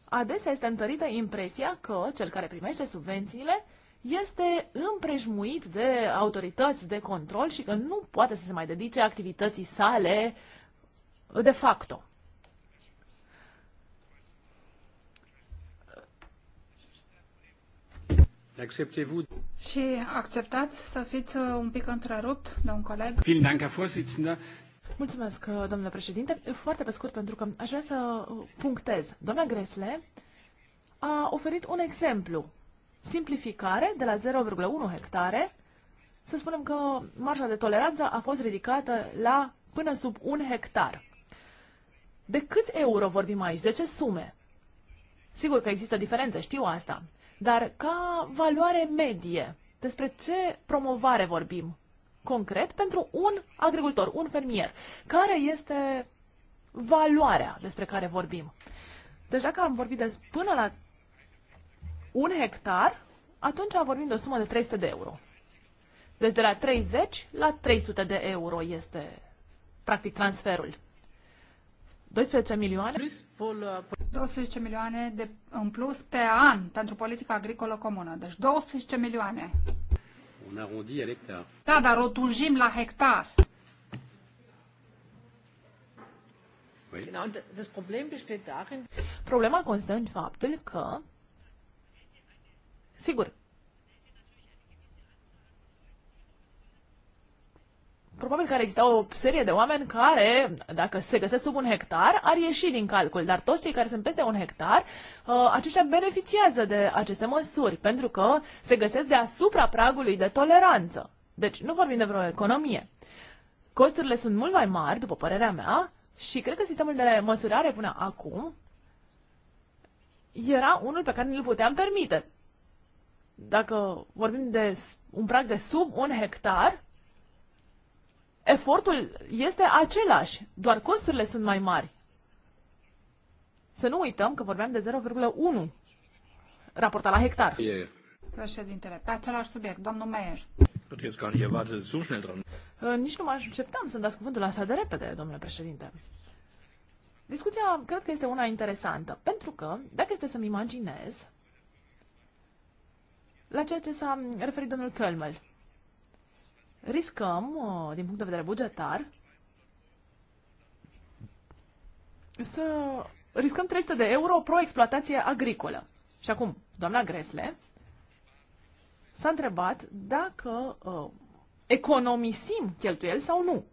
adesea este întărită impresia că cel care primește subvențiile este împrejmuit de autorități de control și că nu poate să se mai dedice activității sale de facto. Și acceptați să fiți uh, un pic întrerupt, domn coleg? Mulțumesc, uh, domnule președinte. Foarte pe scurt, pentru că aș vrea să uh, punctez. Doamna Gresle a oferit un exemplu. Simplificare de la 0,1 hectare. Să spunem că marja de toleranță a fost ridicată la până sub un hectar. De câți euro vorbim aici? De ce sume? Sigur că există diferențe, știu asta. Dar ca valoare medie, despre ce promovare vorbim concret pentru un agricultor, un fermier? Care este valoarea despre care vorbim? Deci dacă am vorbit de până la un hectar, atunci vorbim de o sumă de 300 de euro. Deci de la 30 la 300 de euro este practic transferul. 12 milioane? 12 milioane de, în plus pe an pentru politica agricolă comună. Deci 12 milioane. On arrondi à l'hectare. Da, dar rotunjim la hectar. Oui. das Problem besteht darin... Problema constă în faptul că, sigur, probabil că ar exista o serie de oameni care, dacă se găsesc sub un hectar, ar ieși din calcul. Dar toți cei care sunt peste un hectar, uh, aceștia beneficiază de aceste măsuri, pentru că se găsesc deasupra pragului de toleranță. Deci nu vorbim de vreo economie. Costurile sunt mult mai mari, după părerea mea, și cred că sistemul de măsurare până acum era unul pe care nu l puteam permite. Dacă vorbim de un prag de sub un hectar, efortul este același, doar costurile sunt mai mari. Să nu uităm că vorbeam de 0,1 raportat la hectar. E. Președintele, pe același subiect, domnul Meier. Nici nu mă așteptam să-mi dați cuvântul așa de repede, domnule președinte. Discuția cred că este una interesantă, pentru că, dacă este să-mi imaginez, la ceea ce s-a referit domnul Kölmel, riscăm, uh, din punct de vedere bugetar, să riscăm 300 de euro pro exploatație agricolă. Și acum, doamna Gresle s-a întrebat dacă uh, economisim cheltuieli sau nu.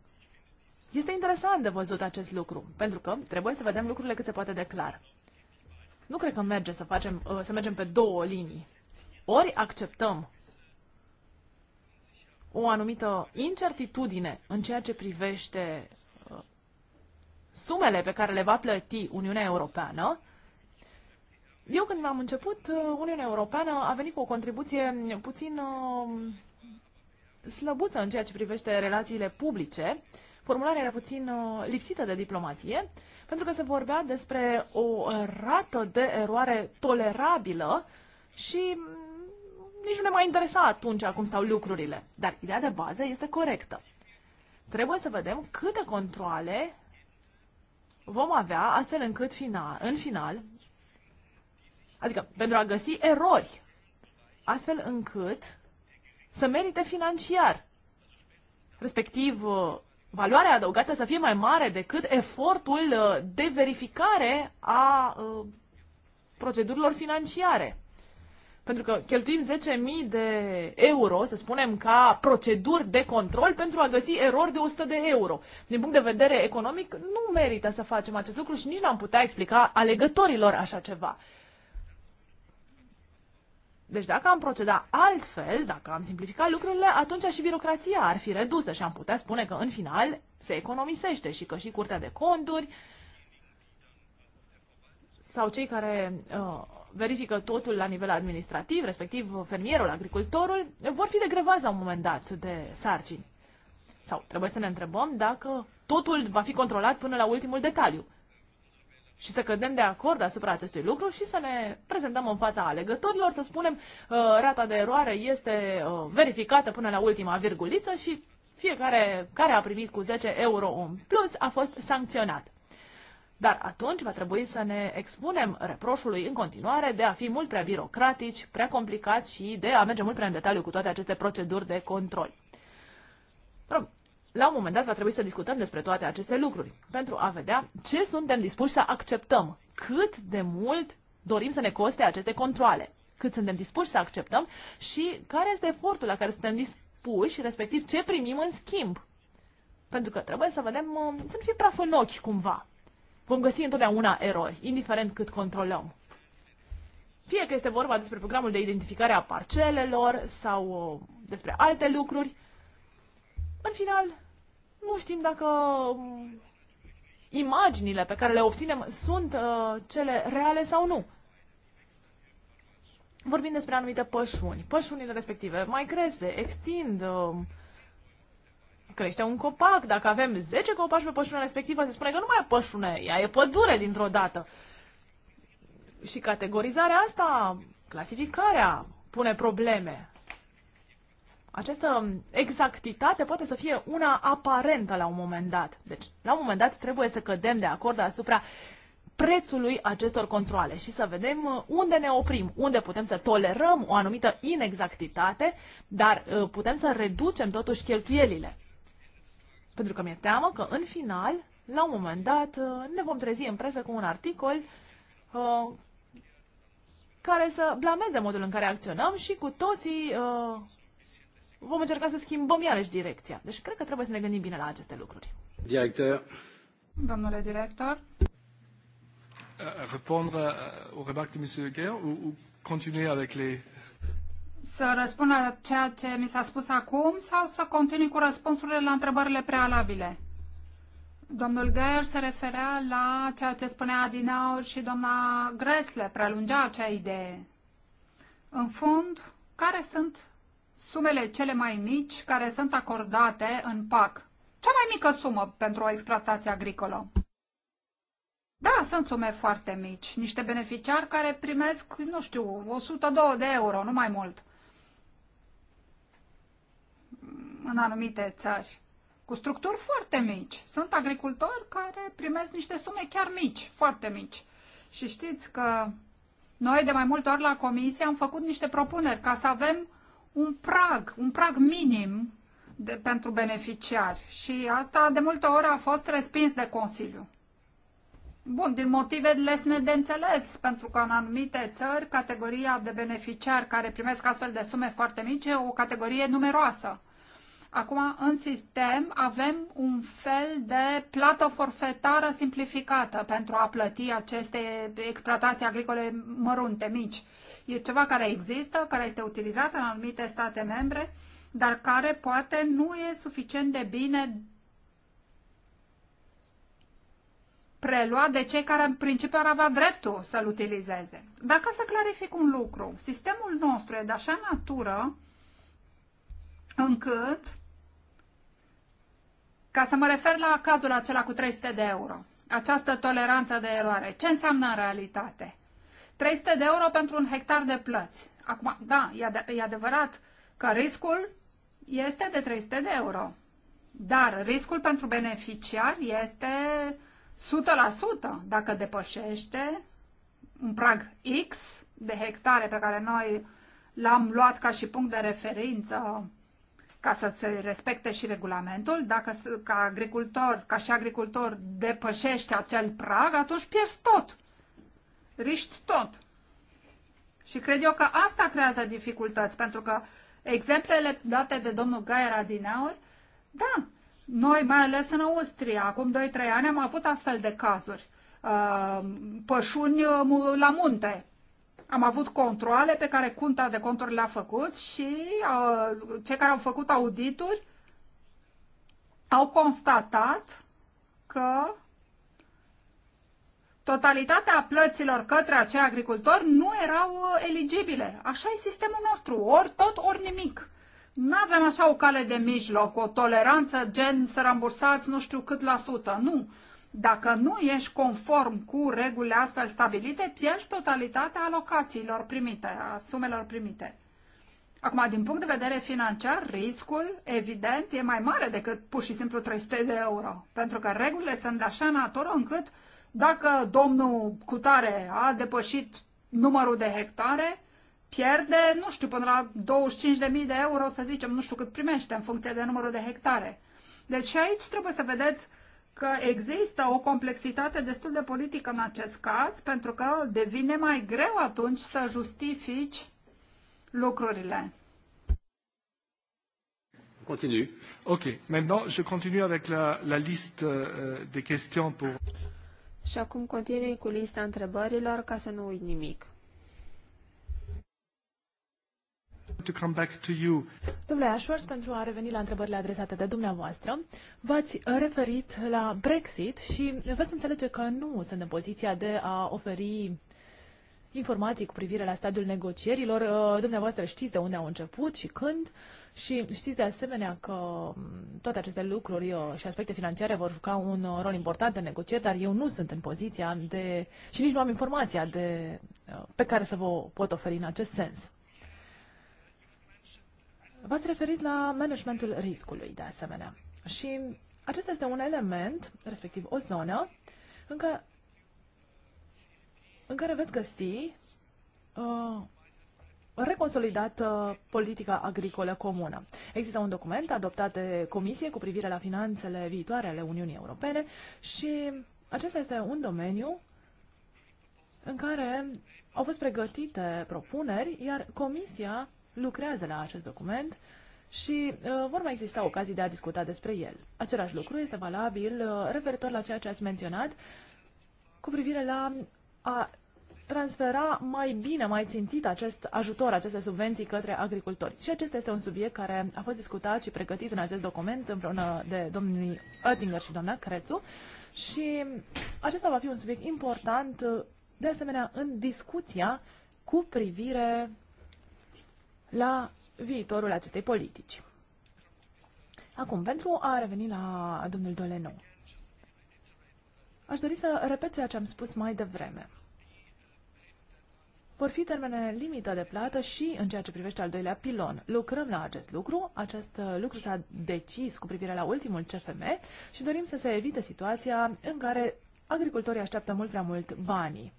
Este interesant de văzut acest lucru, pentru că trebuie să vedem lucrurile cât se poate de clar. Nu cred că merge să, facem, uh, să mergem pe două linii. Ori acceptăm o anumită incertitudine în ceea ce privește uh, sumele pe care le va plăti Uniunea Europeană, eu când am început, uh, Uniunea Europeană a venit cu o contribuție puțin uh, slăbuță în ceea ce privește relațiile publice. Formularea era puțin lipsită de diplomație, pentru că se vorbea despre o rată de eroare tolerabilă și mm, nici nu ne mai interesa atunci cum stau lucrurile. Dar ideea de bază este corectă. Trebuie să vedem câte controle vom avea astfel încât final, în final, adică pentru a găsi erori, astfel încât să merite financiar, respectiv uh, valoarea adăugată să fie mai mare decât efortul uh, de verificare a uh, procedurilor financiare. Pentru că cheltuim 10.000 de euro, să spunem, ca proceduri de control pentru a găsi erori de 100 de euro. Din punct de vedere economic, nu merită să facem acest lucru și nici n-am putea explica alegătorilor așa ceva. Deci dacă am proceda altfel, dacă am simplificat lucrurile, atunci și birocrația ar fi redusă și am putea spune că în final se economisește și că și Curtea de Conturi uh, sau cei care uh, verifică totul la nivel administrativ, respectiv fermierul, agricultorul, vor fi degrevați la un moment dat de sarcini. Sau trebuie să ne întrebăm dacă totul va fi controlat până la ultimul detaliu. Și să cădem de acord asupra acestui lucru și să ne prezentăm în fața alegătorilor, să spunem uh, rata de eroare este uh, verificată până la ultima virguliță și fiecare care a primit cu 10 euro în plus a fost sancționat. Dar atunci va trebui să ne expunem reproșului în continuare de a fi mult prea birocratici, prea complicați și de a merge mult prea în detaliu cu toate aceste proceduri de control. La un moment dat va trebui să discutăm despre toate aceste lucruri pentru a vedea ce suntem dispuși să acceptăm, cât de mult dorim să ne coste aceste controle, cât suntem dispuși să acceptăm și care este efortul la care suntem dispuși, respectiv ce primim în schimb. Pentru că trebuie să vedem, uh, să nu fie praf în ochi cumva vom găsi întotdeauna erori, indiferent cât controlăm. Fie că este vorba despre programul de identificare a parcelelor sau uh, despre alte lucruri, în final, nu știm dacă um, imaginile pe care le obținem sunt uh, cele reale sau nu. Vorbim despre anumite pășuni. Pășunile respective mai crese, extind, uh, crește un copac. Dacă avem 10 copaci pe pășunea respectivă, se spune că nu mai e pășune, ea e pădure dintr-o dată. Și categorizarea asta, clasificarea, pune probleme. Această exactitate poate să fie una aparentă la un moment dat. Deci, la un moment dat trebuie să cădem de acord asupra prețului acestor controle și să vedem uh, unde ne oprim, unde putem să tolerăm o anumită inexactitate, dar uh, putem să reducem totuși cheltuielile. Pentru că mi-e teamă că în final, la un moment dat, uh, ne vom trezi în presă cu un articol uh, care să blameze modul în care acționăm și cu toții uh, vom încerca să schimbăm iarăși direcția. Deci cred că trebuie să ne gândim bine la aceste lucruri. Director. Domnule director. Uh, répondre uh, aux remarques de M. Guerre ou, ou continuer avec les să răspund la ceea ce mi s-a spus acum sau să continui cu răspunsurile la întrebările prealabile? Domnul Geier se referea la ceea ce spunea Adinaur și doamna Gresle, prelungea acea idee. În fond, care sunt sumele cele mai mici care sunt acordate în PAC? Cea mai mică sumă pentru o exploatație agricolă. Da, sunt sume foarte mici. Niște beneficiari care primesc, nu știu, 102 de euro, nu mai mult. în anumite țări cu structuri foarte mici. Sunt agricultori care primesc niște sume chiar mici, foarte mici. Și știți că noi de mai multe ori la comisie am făcut niște propuneri ca să avem un prag, un prag minim de, pentru beneficiari. Și asta de multe ori a fost respins de Consiliu. Bun, din motive lesne de înțeles, pentru că în anumite țări categoria de beneficiari care primesc astfel de sume foarte mici e o categorie numeroasă. Acum, în sistem, avem un fel de plată forfetară simplificată pentru a plăti aceste exploatații agricole mărunte, mici. E ceva care există, care este utilizat în anumite state membre, dar care poate nu e suficient de bine preluat de cei care în principiu ar avea dreptul să-l utilizeze. Dacă să clarific un lucru, sistemul nostru e de așa natură încât ca să mă refer la cazul acela cu 300 de euro, această toleranță de eroare, ce înseamnă în realitate? 300 de euro pentru un hectar de plăți. Acum, da, e, ad- e adevărat că riscul este de 300 de euro, dar riscul pentru beneficiar este 100% dacă depășește un prag X de hectare pe care noi l-am luat ca și punct de referință ca să se respecte și regulamentul. Dacă ca agricultor, ca și agricultor depășești acel prag, atunci pierzi tot. Riști tot. Și cred eu că asta creează dificultăți, pentru că exemplele date de domnul Gaier Adinaur, da, noi, mai ales în Austria, acum 2-3 ani am avut astfel de cazuri. Uh, pășuni uh, la munte, am avut controle pe care Cunta de Conturi le-a făcut și uh, cei care au făcut audituri au constatat că totalitatea plăților către acei agricultori nu erau uh, eligibile. Așa e sistemul nostru, ori tot, ori nimic. Nu avem așa o cale de mijloc, o toleranță gen să rambursați nu știu cât la sută, nu. Dacă nu ești conform cu regulile astfel stabilite, pierzi totalitatea alocațiilor primite, a sumelor primite. Acum, din punct de vedere financiar, riscul, evident, e mai mare decât pur și simplu 300 de euro. Pentru că regulile sunt de așa natură încât dacă domnul Cutare a depășit numărul de hectare, pierde, nu știu, până la 25.000 de euro, să zicem, nu știu cât primește în funcție de numărul de hectare. Deci și aici trebuie să vedeți că există o complexitate destul de politică în acest caz, pentru că devine mai greu atunci să justifici lucrurile. Continue. Ok, maintenant je continue avec la, la liste euh, de questions pour... Și acum continui cu lista întrebărilor ca să nu uit nimic. To come back to you. Domnule Ashworth, pentru a reveni la întrebările adresate de dumneavoastră, v-ați referit la Brexit și veți înțelege că nu sunt în poziția de a oferi informații cu privire la stadiul negocierilor. Uh, dumneavoastră știți de unde au început și când și știți de asemenea că um, toate aceste lucruri uh, și aspecte financiare vor juca un uh, rol important în negocieri, dar eu nu sunt în poziția de și nici nu am informația de, pe care să vă pot oferi în acest sens. V-ați referit la managementul riscului, de asemenea. Și acesta este un element, respectiv o zonă, în care, în care veți găsi uh, reconsolidată politica agricolă comună. Există un document adoptat de Comisie cu privire la finanțele viitoare ale Uniunii Europene și acesta este un domeniu în care au fost pregătite propuneri, iar Comisia lucrează la acest document și uh, vor mai exista ocazii de a discuta despre el. Același lucru este valabil uh, referitor la ceea ce ați menționat cu privire la a transfera mai bine, mai țintit acest ajutor, aceste subvenții către agricultori. Și acesta este un subiect care a fost discutat și pregătit în acest document împreună de domnii Oettinger și doamna Crețu și acesta va fi un subiect important uh, de asemenea în discuția cu privire la viitorul acestei politici. Acum, pentru a reveni la domnul Dolenou, aș dori să repet ceea ce am spus mai devreme. Vor fi termene limită de plată și în ceea ce privește al doilea pilon. Lucrăm la acest lucru. Acest uh, lucru s-a decis cu privire la ultimul CFM și dorim să se evite situația în care agricultorii așteaptă mult prea mult banii.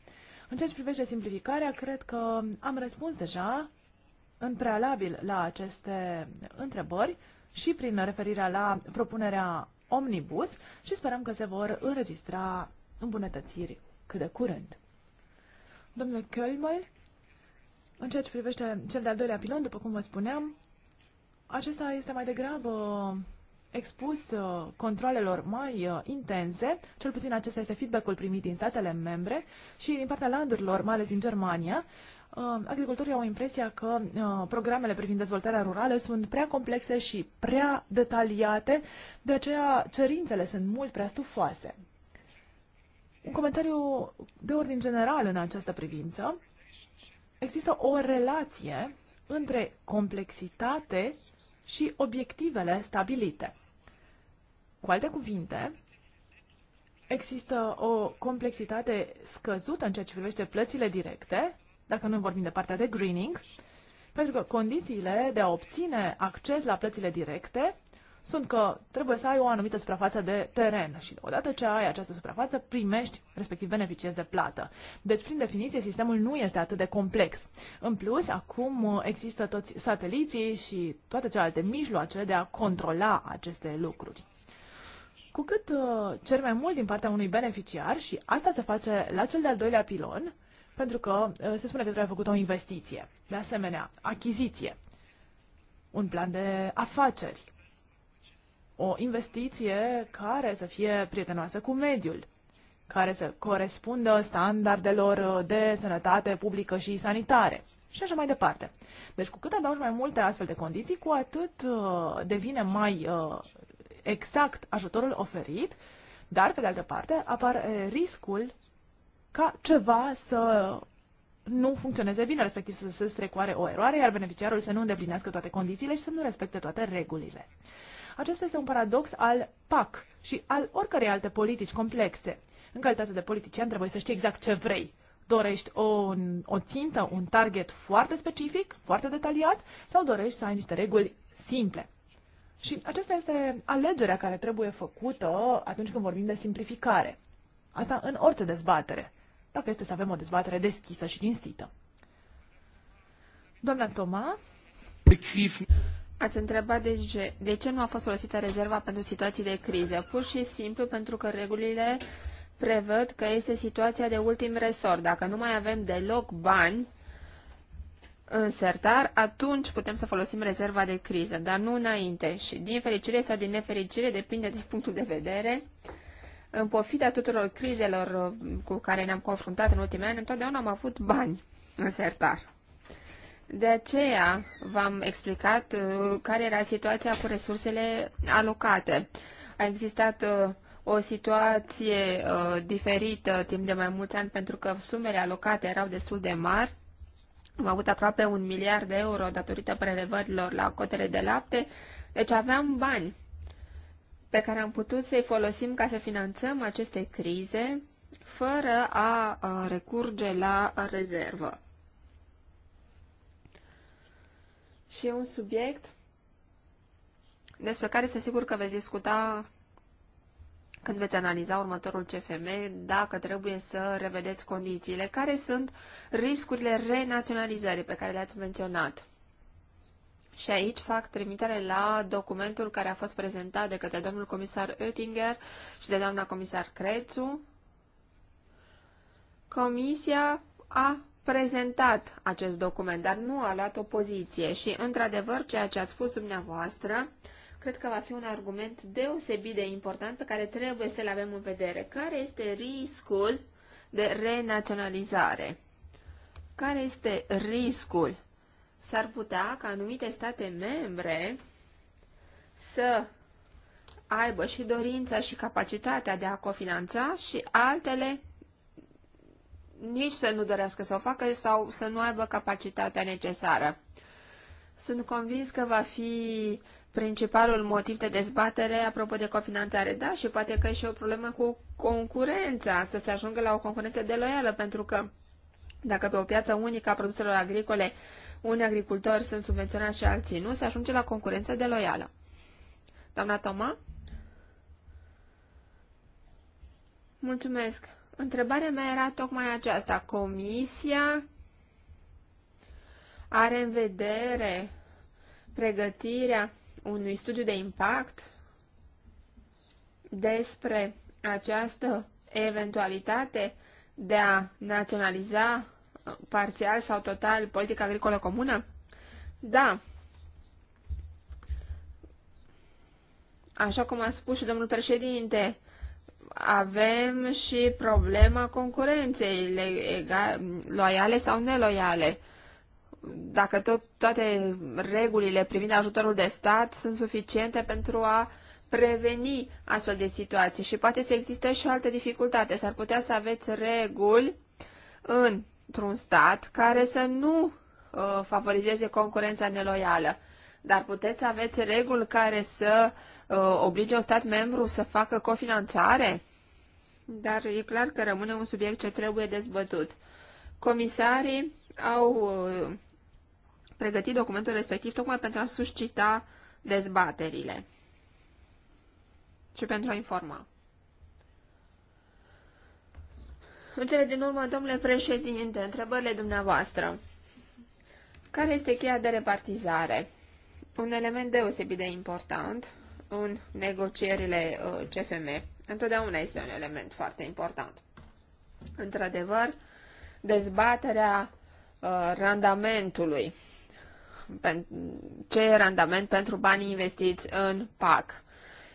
În ceea ce privește simplificarea, cred că am răspuns deja în prealabil la aceste întrebări și prin referirea la propunerea Omnibus și sperăm că se vor înregistra îmbunătățiri cât de curând. Domnule Kölmel, în ceea ce privește cel de-al doilea pilon, după cum vă spuneam, acesta este mai degrabă expus uh, controlelor mai uh, intense, cel puțin acesta este feedback-ul primit din statele membre și din partea landurilor, mai ales din Germania, Uh, agricultorii au impresia că uh, programele privind dezvoltarea rurală sunt prea complexe și prea detaliate, de aceea cerințele sunt mult prea stufoase. Un comentariu de ordin general în această privință. Există o relație între complexitate și obiectivele stabilite. Cu alte cuvinte, există o complexitate scăzută în ceea ce privește plățile directe, dacă nu vorbim de partea de greening, pentru că condițiile de a obține acces la plățile directe sunt că trebuie să ai o anumită suprafață de teren și odată ce ai această suprafață, primești respectiv beneficiezi de plată. Deci, prin definiție, sistemul nu este atât de complex. În plus, acum uh, există toți sateliții și toate celelalte mijloace de a controla aceste lucruri. Cu cât uh, cer mai mult din partea unui beneficiar și asta se face la cel de-al doilea pilon, pentru că ă, se spune că trebuie făcut o investiție. De asemenea, achiziție, un plan de afaceri, o investiție care să fie prietenoasă cu mediul, care să corespundă standardelor ă, de sănătate publică și sanitare și așa mai departe. Deci cu cât adaugi mai multe astfel de condiții, cu atât ă, devine mai exact ajutorul oferit, dar pe de altă parte apar riscul ca ceva să nu funcționeze bine, respectiv să se strecoare o eroare, iar beneficiarul să nu îndeplinească toate condițiile și să nu respecte toate regulile. Acesta este un paradox al PAC și al oricărei alte politici complexe. În calitate de politician trebuie să știi exact ce vrei. Dorești o, o țintă, un target foarte specific, foarte detaliat sau dorești să ai niște reguli simple? Și aceasta este alegerea care trebuie făcută atunci când vorbim de simplificare. Asta în orice dezbatere dacă este să avem o dezbatere deschisă și cinstită. Doamna Toma, Ați întrebat de ce, de ce nu a fost folosită rezerva pentru situații de criză. Pur și simplu pentru că regulile prevăd că este situația de ultim resort. Dacă nu mai avem deloc bani în sertar, atunci putem să folosim rezerva de criză, dar nu înainte. Și din fericire sau din nefericire, depinde de punctul de vedere, uh, în pofida tuturor crizelor uh, cu care ne-am confruntat în ultimii ani, întotdeauna am avut bani în sertar. De aceea v-am explicat uh, care era situația cu resursele alocate. A existat uh, o situație diferită timp de mai mulți ani pentru că sumele alocate erau destul de mari. Am avut aproape un miliard de euro datorită prelevărilor la cotele de lapte, deci aveam bani pe care am putut să-i folosim ca să finanțăm aceste crize fără a recurge la rezervă. Și un subiect despre care este sigur că veți discuta când veți analiza următorul CFM, dacă trebuie să revedeți condițiile, care sunt riscurile renaționalizării pe care le-ați menționat. Și aici fac trimitere la documentul care a fost prezentat de către domnul comisar Oettinger și de doamna comisar Crețu. Comisia a prezentat acest document, dar nu a luat o poziție și, într-adevăr, ceea ce ați spus dumneavoastră, cred că va fi un argument deosebit de important pe care trebuie să-l avem în vedere. Care este riscul de renaționalizare? Care este riscul s-ar putea ca anumite state membre să aibă și dorința și capacitatea de a cofinanța și altele nici să nu dorească să o facă sau să nu aibă capacitatea necesară. Sunt convins că va fi principalul motiv de dezbatere apropo de cofinanțare, da, și poate că e și o problemă cu concurența, să se ajungă la o concurență deloială, pentru că dacă pe o piață unică a produselor agricole unii agricultori sunt subvenționați și alții nu, se ajunge la concurență deloială. Doamna Toma? Mulțumesc. Întrebarea mea era tocmai aceasta. Comisia are în vedere pregătirea unui studiu de impact despre această eventualitate de a naționaliza parțial sau total politica agricolă comună? Da. Așa cum a spus și domnul președinte, avem și problema concurenței loiale sau neloiale. Dacă to- toate regulile privind ajutorul de stat sunt suficiente pentru a preveni astfel de situații și poate să existe și o altă dificultate. S-ar putea să aveți reguli în într-un stat care să nu uh, favorizeze concurența neloială. Dar puteți aveți reguli care să uh, oblige un stat membru să facă cofinanțare? Dar e clar că rămâne un subiect ce trebuie dezbătut. Comisarii au uh, pregătit documentul respectiv tocmai pentru a suscita dezbaterile și pentru a informa. În cele din urmă, domnule președinte, întrebările dumneavoastră. Care este cheia de repartizare? Un element deosebit de important în negocierile uh, CFM. Întotdeauna este un element foarte important. Într-adevăr, dezbaterea uh, randamentului. Ce e randament pentru banii investiți în PAC?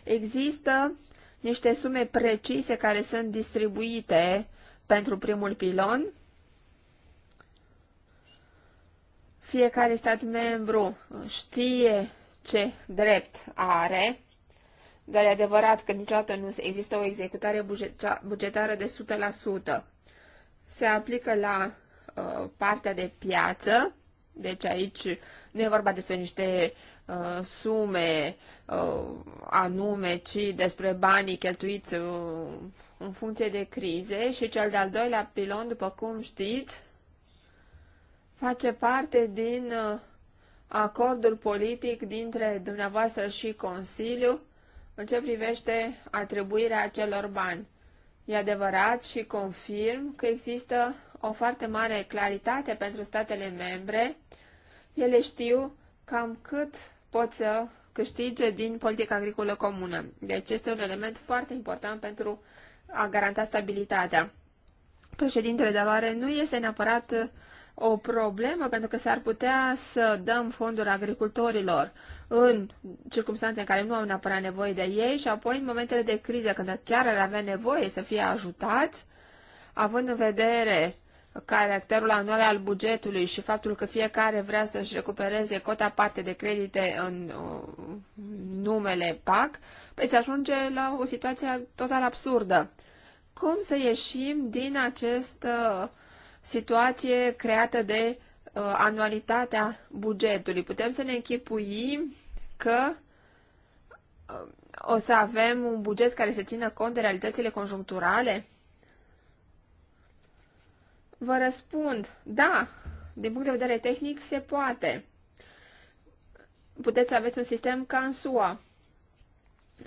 Există niște sume precise care sunt distribuite pentru primul pilon. Fiecare stat membru știe ce drept are, dar e adevărat că niciodată nu există o executare bugetară de 100%. Se aplică la uh, partea de piață, deci aici nu e vorba despre niște uh, sume uh, anume, ci despre banii cheltuiți uh, în funcție de crize și cel de-al doilea pilon, după cum știți, face parte din uh, acordul politic dintre dumneavoastră și Consiliu în ce privește atribuirea acelor bani. E adevărat și confirm că există o foarte mare claritate pentru statele membre. Ele știu cam cât pot să câștige din politica agricolă comună. Deci este un element foarte important pentru a garanta stabilitatea. Președintele de valoare nu este neapărat uh, o problemă, pentru că s-ar putea să dăm fonduri agricultorilor în circunstanțe în care nu au neapărat nevoie de ei și apoi în momentele de criză, când chiar ar avea nevoie să fie ajutați, având în vedere caracterul anual al bugetului și faptul că fiecare vrea să-și recupereze cota parte de credite în numele PAC, păi se ajunge la o situație total absurdă. Cum să ieșim din această situație creată de uh, anualitatea bugetului? Putem să ne închipuim că uh, o să avem un buget care să țină cont de realitățile conjuncturale? Vă răspund, da, din punct de vedere tehnic se poate. Puteți să aveți un sistem ca în SUA,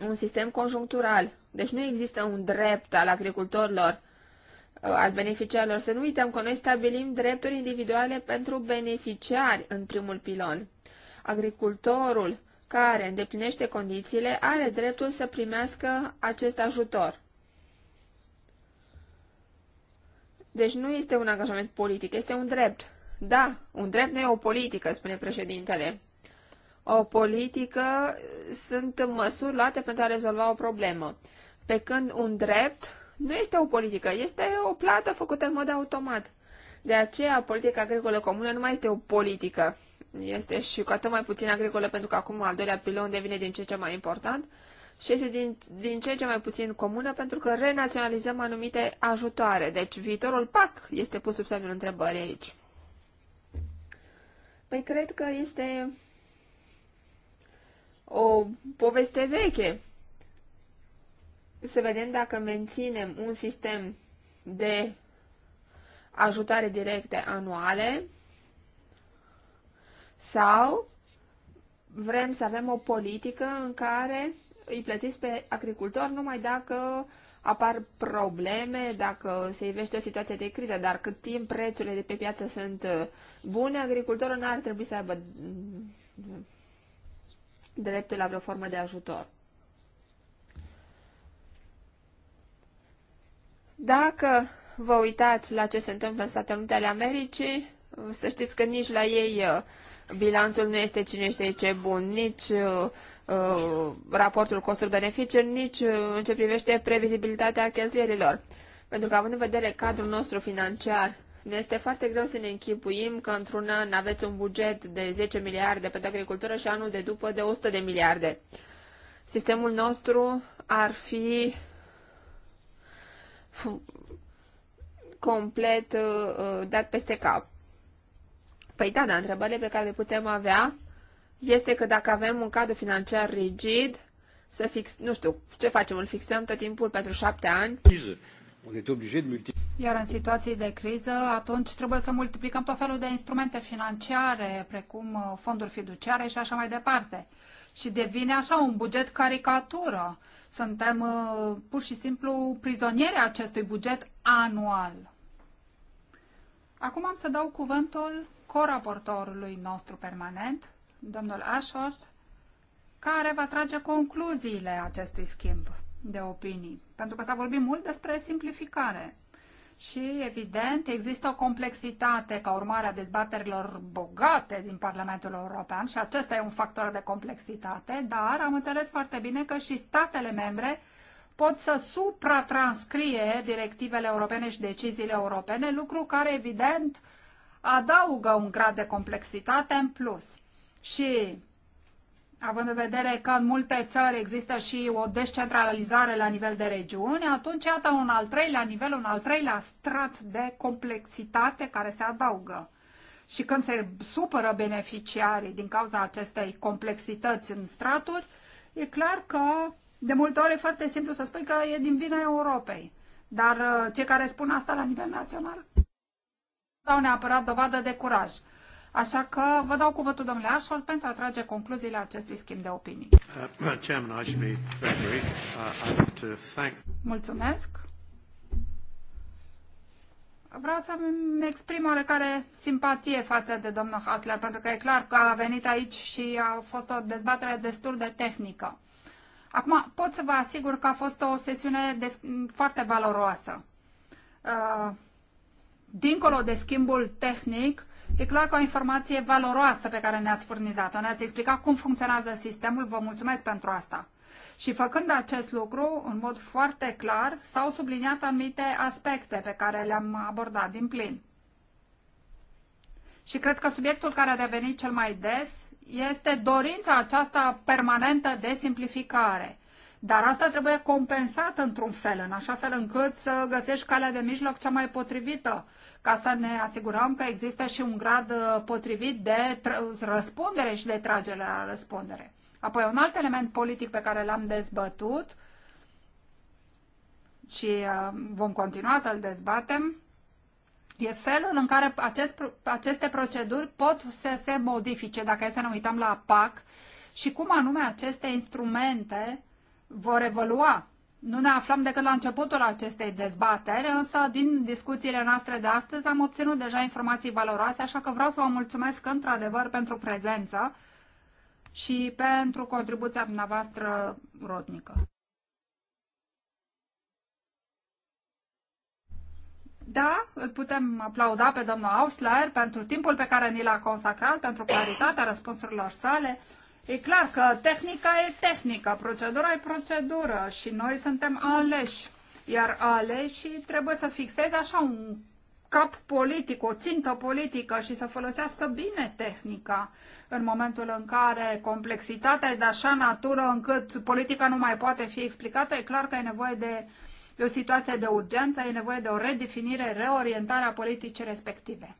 un sistem conjunctural. Deci nu există un drept al agricultorilor, uh, al beneficiarilor. Să nu uităm că noi stabilim drepturi individuale pentru beneficiari în primul pilon. Agricultorul care îndeplinește condițiile are dreptul să primească acest ajutor. Deci nu este un angajament politic, este un drept. Da, un drept nu e o politică, spune președintele. O politică sunt măsuri luate pentru a rezolva o problemă. Pe când un drept nu este o politică, este o plată făcută în mod automat. De aceea, politica agricolă comună nu mai este o politică. Este și cu atât mai puțin agricolă, pentru că acum al doilea pilon devine din ce ce mai important și este din, din ce ce mai puțin comună pentru că renaționalizăm anumite ajutoare. Deci viitorul PAC este pus sub semnul întrebării aici. Păi cred că este o poveste veche. Să vedem dacă menținem un sistem de ajutare directe anuale sau vrem să avem o politică în care îi plătiți pe agricultor numai dacă apar probleme, dacă se ivește o situație de criză, dar cât timp prețurile de pe piață sunt uh, bune, agricultorul nu ar trebui să aibă mm, dreptul la vreo formă de ajutor. Dacă vă uitați la ce se întâmplă în Statele Unite ale Americii, uh, să știți că nici la ei uh, bilanțul nu este cine știe ce bun, nici uh, uh raportul costuri-beneficii, nici uh, în ce privește previzibilitatea cheltuielilor. Pentru că având în vedere cadrul nostru financiar, ne este foarte greu să ne închipuim că într-un an aveți un buget de 10 miliarde pentru agricultură și anul de după de 100 de miliarde. Sistemul nostru ar fi complet uh, uh, dat peste cap. Păi da, dar întrebările pe care le putem avea este că dacă avem un cadru financiar rigid, să fix, nu știu, ce facem, îl fixăm tot timpul pentru șapte ani? Iar în situații de criză, atunci trebuie să multiplicăm tot felul de instrumente financiare, precum uh, fonduri fiduciare și așa mai departe. Și devine așa un buget caricatură. Suntem uh, pur și simplu prizonieri acestui buget anual. Acum am să dau cuvântul coraportorului nostru permanent, domnul Ashworth, care va trage concluziile acestui schimb de opinii. Pentru că s-a vorbit mult despre simplificare. Și, evident, există o complexitate ca urmare a dezbaterilor bogate din Parlamentul European și acesta e un factor de complexitate, dar am înțeles foarte bine că și statele membre pot să supratranscrie directivele europene și deciziile europene, lucru care, evident, uh, adaugă un grad de complexitate în plus. Și având în vedere că în multe țări există și o descentralizare la nivel de regiune, atunci iată un al treilea nivel, un al treilea strat de complexitate care se adaugă. Și când se supără beneficiarii din cauza acestei complexități în straturi, e clar că de multe ori e foarte simplu să spui că e din vina Europei. Dar uh, cei care spun asta la nivel național dau neapărat dovadă de curaj. Așa că vă dau cuvântul, domnule Ashford, pentru a trage concluziile acestui schimb de opinii. Uh, uh, Mulțumesc. Vreau să-mi exprim oarecare simpatie față de domnul Hasler, pentru că e clar că a venit aici și a fost o dezbatere destul de tehnică. Acum, pot să vă asigur că a fost o sesiune de... foarte valoroasă. Uh, dincolo de schimbul tehnic, e clar că o informație valoroasă pe care ne-ați furnizat-o. Ne-ați explicat cum funcționează sistemul, vă mulțumesc pentru asta. Și făcând acest lucru, în mod foarte clar, s-au subliniat anumite aspecte pe care le-am abordat din plin. Și cred că subiectul care a devenit cel mai des este dorința aceasta permanentă de simplificare. Dar asta trebuie compensat într-un fel, în așa fel încât să găsești calea de mijloc cea mai potrivită, ca să ne asigurăm că există și un grad uh, potrivit de răspundere și de tragere la răspundere. Apoi, un alt element politic pe care l-am dezbătut și uh, vom continua să-l dezbatem, e felul în care acest, aceste proceduri pot să se modifice, dacă e să ne uităm la PAC, și cum anume aceste instrumente vor evolua. Nu ne aflăm decât la începutul acestei dezbateri, însă din discuțiile noastre de astăzi am obținut deja informații valoroase, așa că vreau să vă mulțumesc într-adevăr pentru prezență și pentru contribuția dumneavoastră rodnică. Da, îl putem aplauda pe domnul Ausler pentru timpul pe care ni l-a consacrat, pentru claritatea răspunsurilor sale. E clar că tehnica e tehnica, procedura e procedură și noi suntem aleși. Iar aleșii trebuie să fixeze așa un cap politic, o țintă politică și să folosească bine tehnica în momentul în care complexitatea e de așa natură încât politica nu mai poate fi explicată, e clar că e nevoie de, de o situație de urgență, e nevoie de o redefinire, reorientare a politicii respective.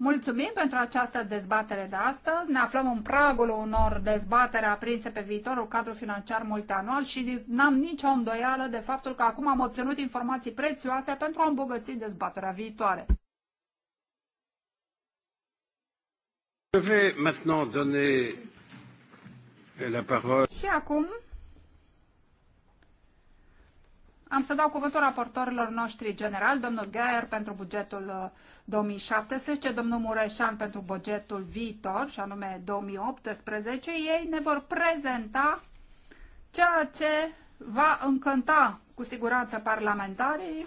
Mulțumim pentru această dezbatere de astăzi. Ne aflăm în pragul unor dezbatere aprinse pe viitorul cadru financiar multianual și n-am nicio îndoială de faptul că acum am obținut informații prețioase pentru a îmbogăți dezbaterea viitoare. Je vais maintenant donner la parole. Și acum am să dau cuvântul raportorilor noștri general, domnul Geier pentru bugetul 2017, uh, domnul Mureșan pentru bugetul viitor, și anume 2018. Ei ne vor prezenta ceea ce va încânta cu siguranță parlamentarii,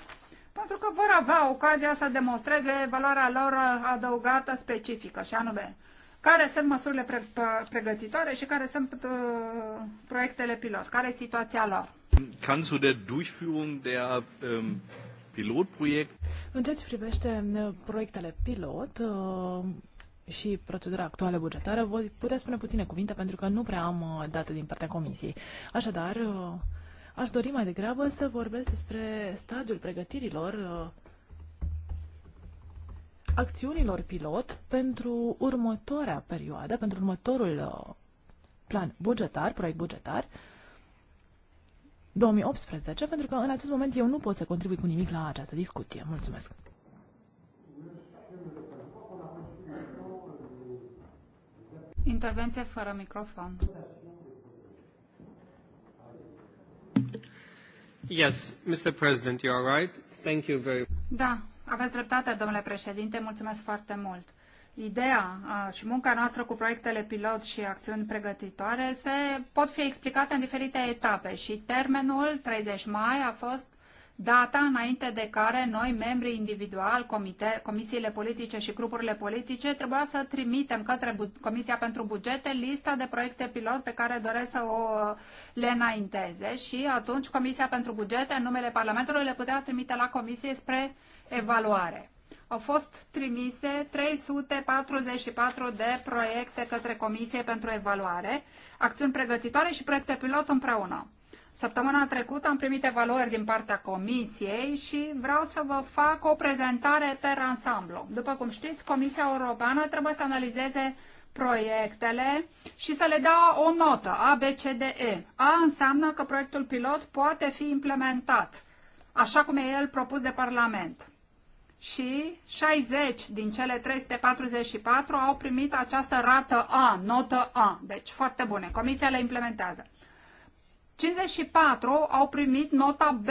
pentru că vor avea ocazia să demonstreze valoarea lor adăugată specifică, și anume care sunt măsurile pregătitoare și care sunt uh, proiectele pilot, care e situația lor. Kann zu der Durchführung der ähm, Pilotprojekte. În ceea ce privește mm, proiectele pilot uh, și procedura actuală bugetară, voi putea spune puține cuvinte pentru că nu prea am uh, date din partea Comisiei. Așadar, uh, aș dori mai degrabă să vorbesc despre stadiul pregătirilor uh, acțiunilor pilot pentru următoarea perioadă, pentru următorul uh, plan bugetar, proiect bugetar, uh, 2018, pentru că în acest moment eu nu pot să contribui cu nimic la această discuție. Mulțumesc! Intervenție fără microfon. Yes, Mr. President, you are right. Thank you very much. Da, aveți dreptate, domnule președinte, mulțumesc foarte mult. Ideea și munca noastră cu proiectele pilot și acțiuni pregătitoare se pot fi explicate în diferite etape și termenul 30 mai a fost data înainte de care noi, membrii individual, comite, comisiile politice și grupurile politice, trebuia să trimitem către Comisia pentru Bugete lista de proiecte pilot pe care doresc să o le înainteze și atunci Comisia pentru Bugete, în numele Parlamentului, le putea trimite la Comisie spre evaluare au fost trimise 344 de proiecte către Comisie pentru Evaluare, acțiuni pregătitoare și proiecte pilot împreună. Săptămâna trecută am primit evaluări din partea Comisiei și vreau să vă fac o prezentare pe ansamblu. După cum știți, Comisia Europeană trebuie să analizeze proiectele și să le dea o notă, A, B, C, D, E. A înseamnă că proiectul pilot poate fi implementat, așa cum e el propus de Parlament și 60 din cele 344 au primit această rată A, notă A. Deci foarte bune. Comisia le implementează. 54 au primit nota B,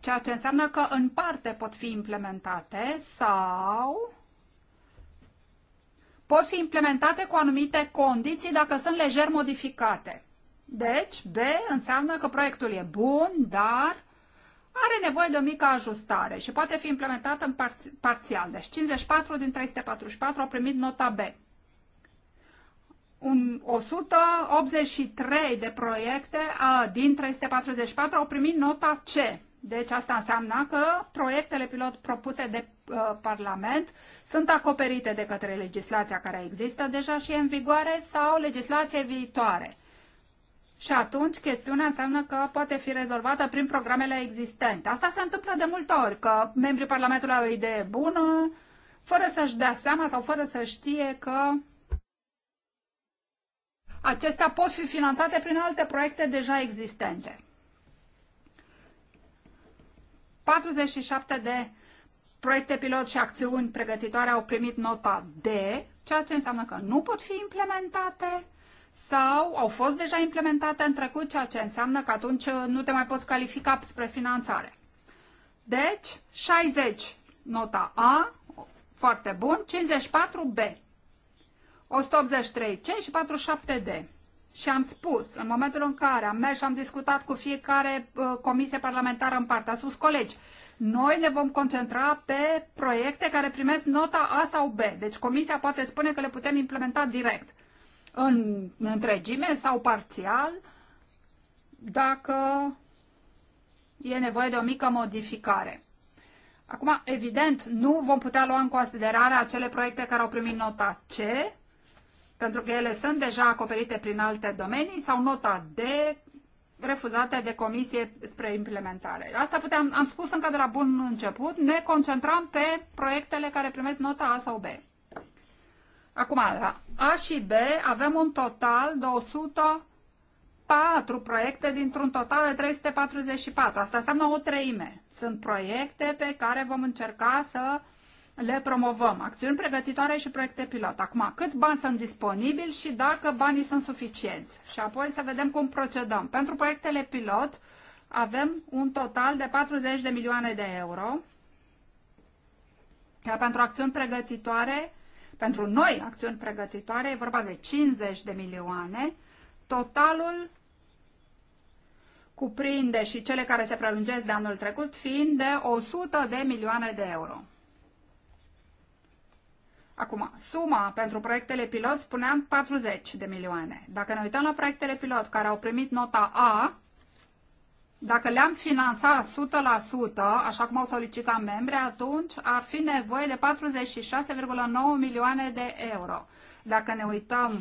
ceea ce înseamnă că în parte pot fi implementate sau pot fi implementate cu anumite condiții dacă sunt lejer modificate. Deci, B înseamnă că proiectul e bun, dar are nevoie de o mică ajustare și poate fi implementată în parți parțial. Deci 54 din 344 au primit nota B. Un 183 de proiecte a, din 344 au primit nota C. Deci asta înseamnă că proiectele pilot propuse de uh, Parlament sunt acoperite de către legislația care există deja și în vigoare sau legislație viitoare. Și atunci chestiunea înseamnă că poate fi rezolvată prin programele existente. Asta se întâmplă de multe ori, că membrii Parlamentului au o idee bună, fără să-și dea seama sau fără să știe că acestea pot fi finanțate prin alte proiecte deja existente. 47 de proiecte pilot și acțiuni pregătitoare au primit nota D, ceea ce înseamnă că nu pot fi implementate sau au fost deja implementate în trecut, ceea ce înseamnă că atunci uh, nu te mai poți califica spre finanțare. Deci, 60 nota A, foarte bun, 54 B, 183 C și 47 D. Și am spus, în momentul în care am mers și am discutat cu fiecare uh, comisie parlamentară în parte, a spus colegi, noi ne vom concentra pe proiecte care primesc nota A sau B. Deci comisia poate spune că le putem implementa direct în întregime sau parțial, dacă e nevoie de o mică modificare. Acum, evident, nu vom putea lua în considerare acele proiecte care au primit nota C, pentru că ele sunt deja acoperite prin alte domenii, sau nota D, refuzate de comisie spre implementare. Asta puteam, am spus încă de la bun început, ne concentrăm pe proiectele care primesc nota A sau B. Acum, la A și B avem un total de 104 proiecte dintr-un total de 344. Asta înseamnă o treime. Sunt proiecte pe care vom încerca să le promovăm. Acțiuni pregătitoare și proiecte pilot. Acum, câți bani sunt disponibili și dacă banii sunt suficienți. Și apoi să vedem cum procedăm. Pentru proiectele pilot avem un total de 40 de milioane de euro. Iar pentru acțiuni pregătitoare pentru noi acțiuni pregătitoare, e vorba de 50 de milioane. Totalul cuprinde și cele care se prelungesc de anul trecut, fiind de 100 de milioane de euro. Acum, suma pentru proiectele pilot, spuneam 40 de milioane. Dacă ne uităm la proiectele pilot care au primit nota A, dacă le-am finanțat 100%, așa cum au solicitat membre, atunci ar fi nevoie de 46,9 milioane de euro. Dacă ne uităm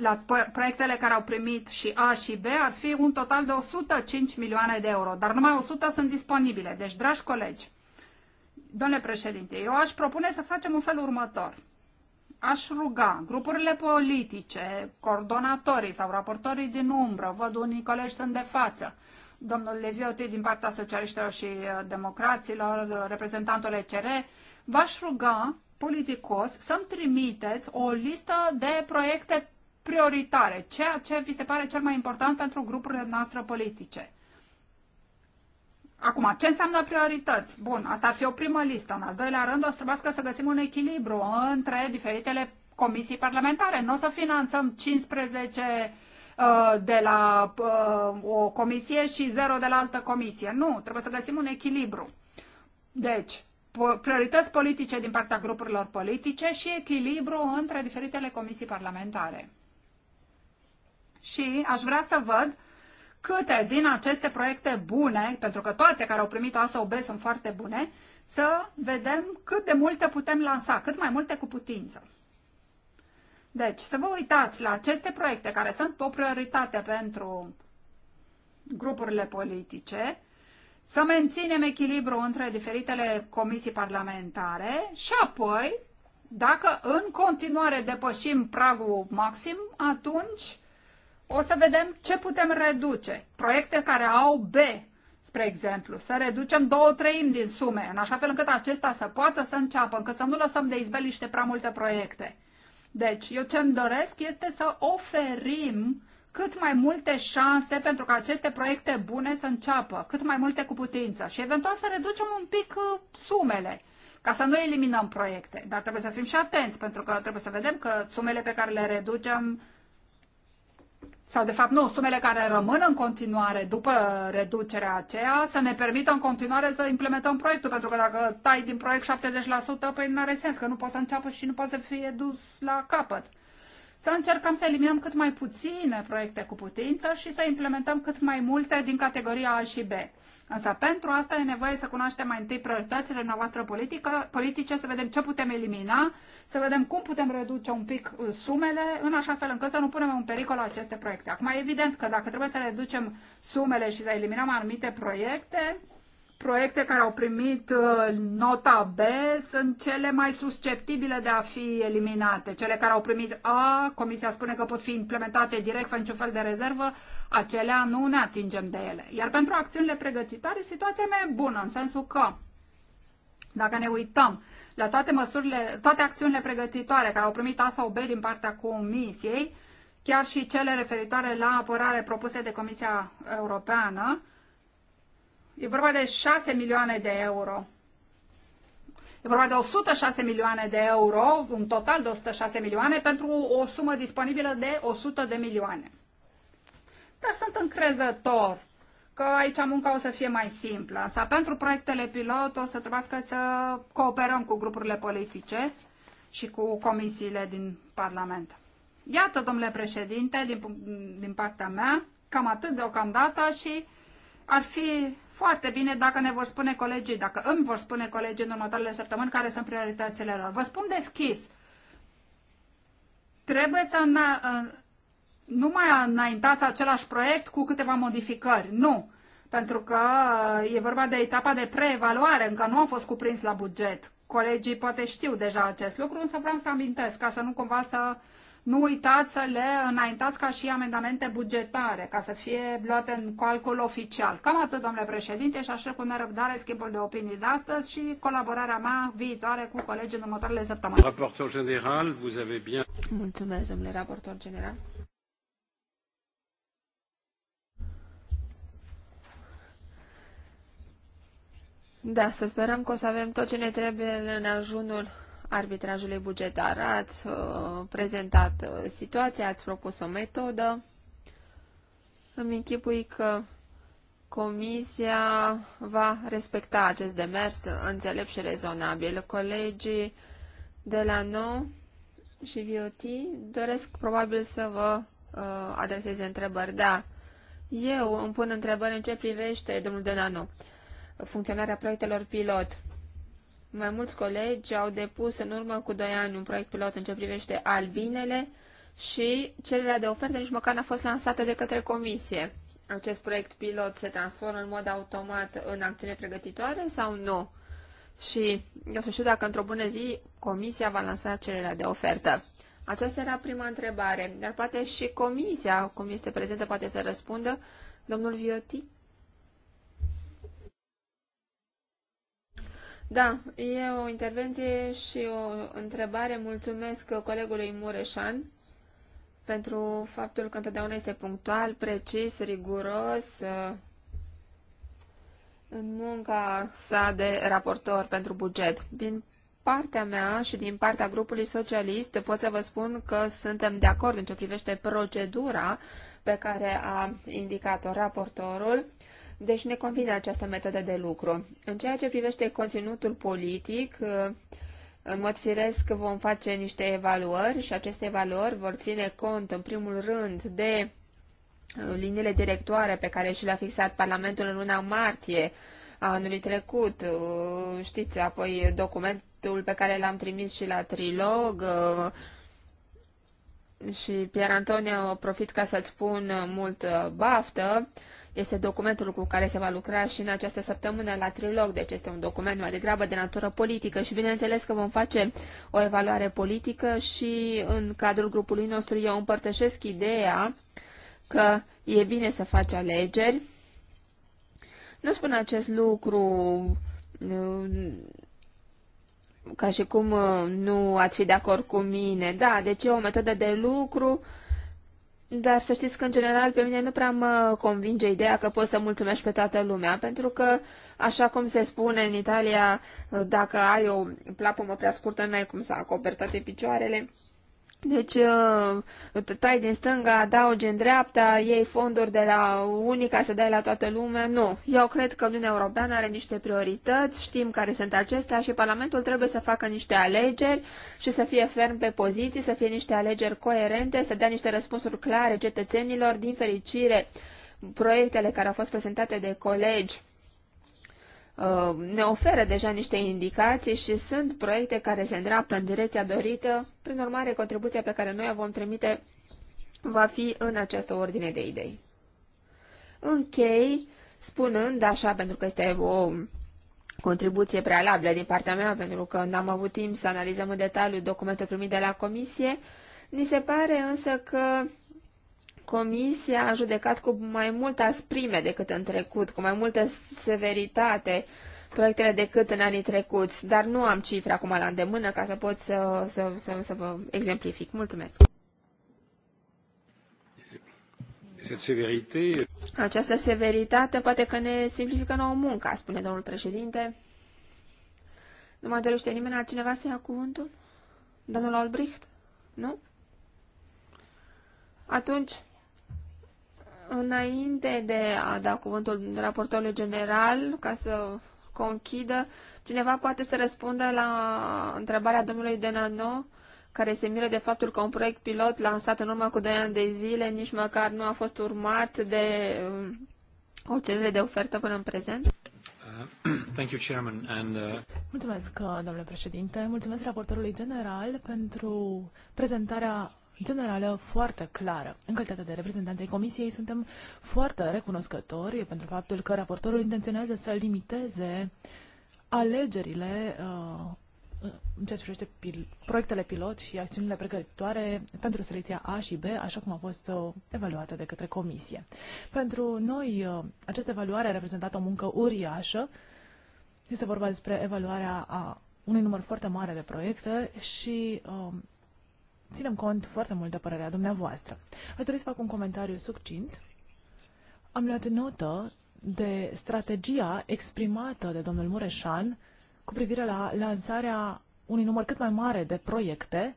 la proiectele care au primit și A și B, ar fi un total de 105 milioane de euro, dar numai 100 sunt disponibile. Deci, dragi colegi, domnule președinte, eu aș propune să facem un fel următor. Aș ruga grupurile politice, coordonatorii sau raportorii din umbră, văd unii colegi sunt de față, domnul Leviotti din partea socialiștilor și uh, democraților, uh, reprezentantul ECR, v-aș ruga politicos să-mi trimiteți o listă de proiecte prioritare, ceea ce vi se pare cel mai important pentru grupurile noastre politice. Acum, ce înseamnă priorități? Bun, asta ar fi o primă listă. În al doilea rând, o să trebuiască să găsim un echilibru între diferitele comisii parlamentare. Nu o să finanțăm 15 Uh, de la uh, o comisie și zero de la altă comisie. Nu, trebuie să găsim un echilibru. Deci, priorități politice din partea grupurilor politice și echilibru între diferitele comisii parlamentare. Și aș vrea să văd câte din aceste proiecte bune, pentru că toate care au primit ASOB sunt foarte bune, să vedem cât de multe putem lansa, cât mai multe cu putință. Deci, să vă uitați la aceste proiecte care sunt o prioritate pentru grupurile politice, să menținem echilibru între diferitele comisii parlamentare și apoi, dacă în continuare depășim pragul maxim, atunci o să vedem ce putem reduce. Proiecte care au B, spre exemplu, să reducem două treimi din sume, în așa fel încât acesta să poată să înceapă, încât să nu lăsăm de izbeliște prea multe proiecte. Deci, eu ce-mi doresc este să oferim cât mai multe șanse pentru ca aceste proiecte bune să înceapă, cât mai multe cu putință și eventual să reducem un pic uh, sumele ca să nu eliminăm proiecte. Dar trebuie să fim și atenți, pentru că trebuie să vedem că sumele pe care le reducem sau de fapt nu, sumele care rămân în continuare după reducerea aceea să ne permită în continuare să implementăm proiectul, pentru că dacă tai din proiect 70%, păi nu are sens, că nu poți să înceapă și nu poți să fie dus la capăt. Să încercăm să eliminăm cât mai puține proiecte cu putință și să implementăm cât mai multe din categoria A și B. Însă pentru asta e nevoie să cunoaștem mai întâi prioritățile noastre politică, politice, să vedem ce putem elimina, să vedem cum putem reduce un pic uh, sumele, în așa fel încât să nu punem în pericol aceste proiecte. Acum, evident că dacă trebuie să reducem sumele și să eliminăm anumite proiecte, proiecte care au primit uh, nota B sunt cele mai susceptibile de a fi eliminate. Cele care au primit A, Comisia spune că pot fi implementate direct, fără niciun fel de rezervă, acelea nu ne atingem de ele. Iar pentru acțiunile pregătitoare, situația mea e bună, în sensul că dacă ne uităm la toate măsurile, toate acțiunile pregătitoare care au primit A sau B din partea Comisiei, chiar și cele referitoare la apărare propuse de Comisia Europeană, E vorba de 6 milioane de euro. E vorba de 106 milioane de euro, un total de 106 milioane, pentru o sumă disponibilă de 100 de milioane. Dar sunt încrezător că aici munca o să fie mai simplă. Sau pentru proiectele pilot o să trebuiască să cooperăm cu grupurile politice și cu comisiile din Parlament. Iată, domnule președinte, din, din partea mea, cam atât deocamdată și ar fi foarte bine dacă ne vor spune colegii, dacă îmi vor spune colegii în următoarele săptămâni care sunt prioritățile lor. Vă spun deschis, trebuie să nu mai înaintați același proiect cu câteva modificări. Nu! Pentru că uh, e vorba de etapa de preevaluare, încă nu a fost cuprins la buget. Colegii poate știu deja acest lucru, însă vreau să amintesc ca să nu cumva să uh, nu uitați să le înaintați ca și amendamente bugetare, ca să fie luate în calcul oficial. Cam atât, domnule președinte, și așa cu nerăbdare schimbul de opinii de astăzi și colaborarea mea viitoare cu colegii în următoarele săptămâni. Raportor general, vous avez bien... Mulțumesc, domnule raportor general. Da, să sperăm că o să avem tot ce ne trebuie în ajunul arbitrajului bugetar. Ați uh, prezentat uh, situația, ați propus o metodă. Îmi închipui că Comisia va respecta acest demers înțelept și rezonabil. Colegii de la nou și VOT doresc probabil să vă uh, adreseze întrebări. Da, eu îmi pun întrebări în ce privește, domnul Donanu, funcționarea proiectelor pilot. Mai mulți colegi au depus în urmă cu doi ani un proiect pilot în ce privește albinele și cererea de ofertă nici măcar n-a fost lansată de către comisie. Acest proiect pilot se transformă în mod automat în acțiune pregătitoare sau nu? Și eu să știu dacă într-o bună zi comisia va lansa cererea de ofertă. Aceasta era prima întrebare, dar poate și comisia, cum este prezentă, poate să răspundă. Domnul Vioti? Da, e o intervenție și o întrebare. Mulțumesc colegului Mureșan pentru faptul că întotdeauna este punctual, precis, riguros uh, în munca sa de raportor pentru buget. Din partea mea și din partea grupului socialist pot să vă spun că suntem de acord în ce privește procedura pe care a indicat-o raportorul deci ne convine această metodă de lucru. În ceea ce privește conținutul politic, uh, în mod firesc vom face niște evaluări și aceste evaluări vor ține cont, în primul rând, de uh, liniile directoare pe care și le-a fixat Parlamentul în luna martie a anului trecut. Uh, știți, apoi documentul pe care l-am trimis și la trilog, și Pier Antonio, profit ca să-ți spun mult baftă este documentul cu care se va lucra și în această săptămână la trilog, deci este un document mai degrabă de natură politică și bineînțeles că vom face o evaluare politică și în cadrul grupului nostru eu împărtășesc ideea că e bine să faci alegeri. Nu spun acest lucru uh, ca și cum uh, nu ați fi de acord cu mine. Da, deci e o metodă de lucru uh, dar să știți că, în general, pe mine nu prea mă convinge ideea că poți să mulțumești pe toată lumea, pentru că, așa cum se spune în Italia, dacă ai o plapumă prea scurtă, n-ai cum să acoperi toate picioarele. Deci, uh, tai din stânga, adaugi în dreapta, iei fonduri de la unii ca să dai la toată lumea. Nu. Eu cred că Uniunea Europeană are niște priorități, știm care sunt acestea și Parlamentul trebuie să facă niște alegeri și să fie ferm pe poziții, să fie niște alegeri coerente, să dea niște răspunsuri clare cetățenilor. Din fericire, proiectele care au fost prezentate de colegi Uh, ne oferă deja niște indicații și sunt proiecte care se îndreaptă în direcția dorită. Prin urmare, contribuția pe care noi o vom trimite va fi în această ordine de idei. Închei spunând așa, pentru că este o contribuție prealabilă din partea mea, pentru că n-am avut timp să analizăm în detaliu documentul primit de la comisie, ni se pare însă că Comisia a judecat cu mai multă asprime decât în trecut, cu mai multă severitate proiectele decât în anii trecuți, dar nu am cifre acum la îndemână ca să pot să, să, să, să vă exemplific. Mulțumesc! Această severitate poate că ne simplifică nouă munca, spune domnul președinte. Nu mai dorește nimeni altcineva să ia cuvântul? Domnul Albrecht? Nu? Atunci, Înainte de a da cuvântul raportorului general, ca să conchidă, cineva poate să răspundă la întrebarea domnului Denano, care se miră de faptul că un proiect pilot lansat în urmă cu 2 ani de zile nici măcar nu a fost urmat de um, o cerere de ofertă până în prezent? Uh, thank you, Chairman, and, uh... Mulțumesc, uh, domnule președinte. Mulțumesc raportorului general pentru prezentarea generală foarte clară. În calitate de reprezentante ai Comisiei, suntem foarte recunoscători pentru faptul că raportorul intenționează să limiteze alegerile uh, în ceea ce privește pil- proiectele pilot și acțiunile pregătitoare pentru selecția A și B, așa cum a fost uh, evaluată de către Comisie. Pentru noi, uh, această evaluare a reprezentat o muncă uriașă. Este vorba despre evaluarea a unui număr foarte mare de proiecte și uh, ținem cont foarte mult de părerea dumneavoastră. Aș dori să fac un comentariu succint. Am luat notă de strategia exprimată de domnul Mureșan cu privire la lansarea unui număr cât mai mare de proiecte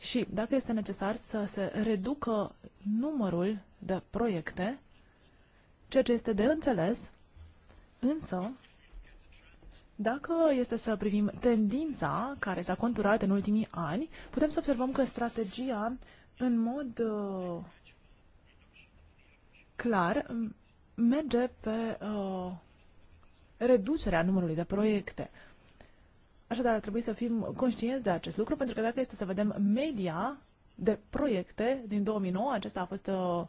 și, dacă este necesar, să se reducă numărul de proiecte, ceea ce este de înțeles, însă dacă este să privim tendința care s-a conturat în ultimii ani, putem să observăm că strategia în mod uh, clar merge pe uh, reducerea numărului de proiecte. Așadar, ar trebui să fim conștienți de acest lucru, pentru că dacă este să vedem media de proiecte din 2009, acesta a fost uh,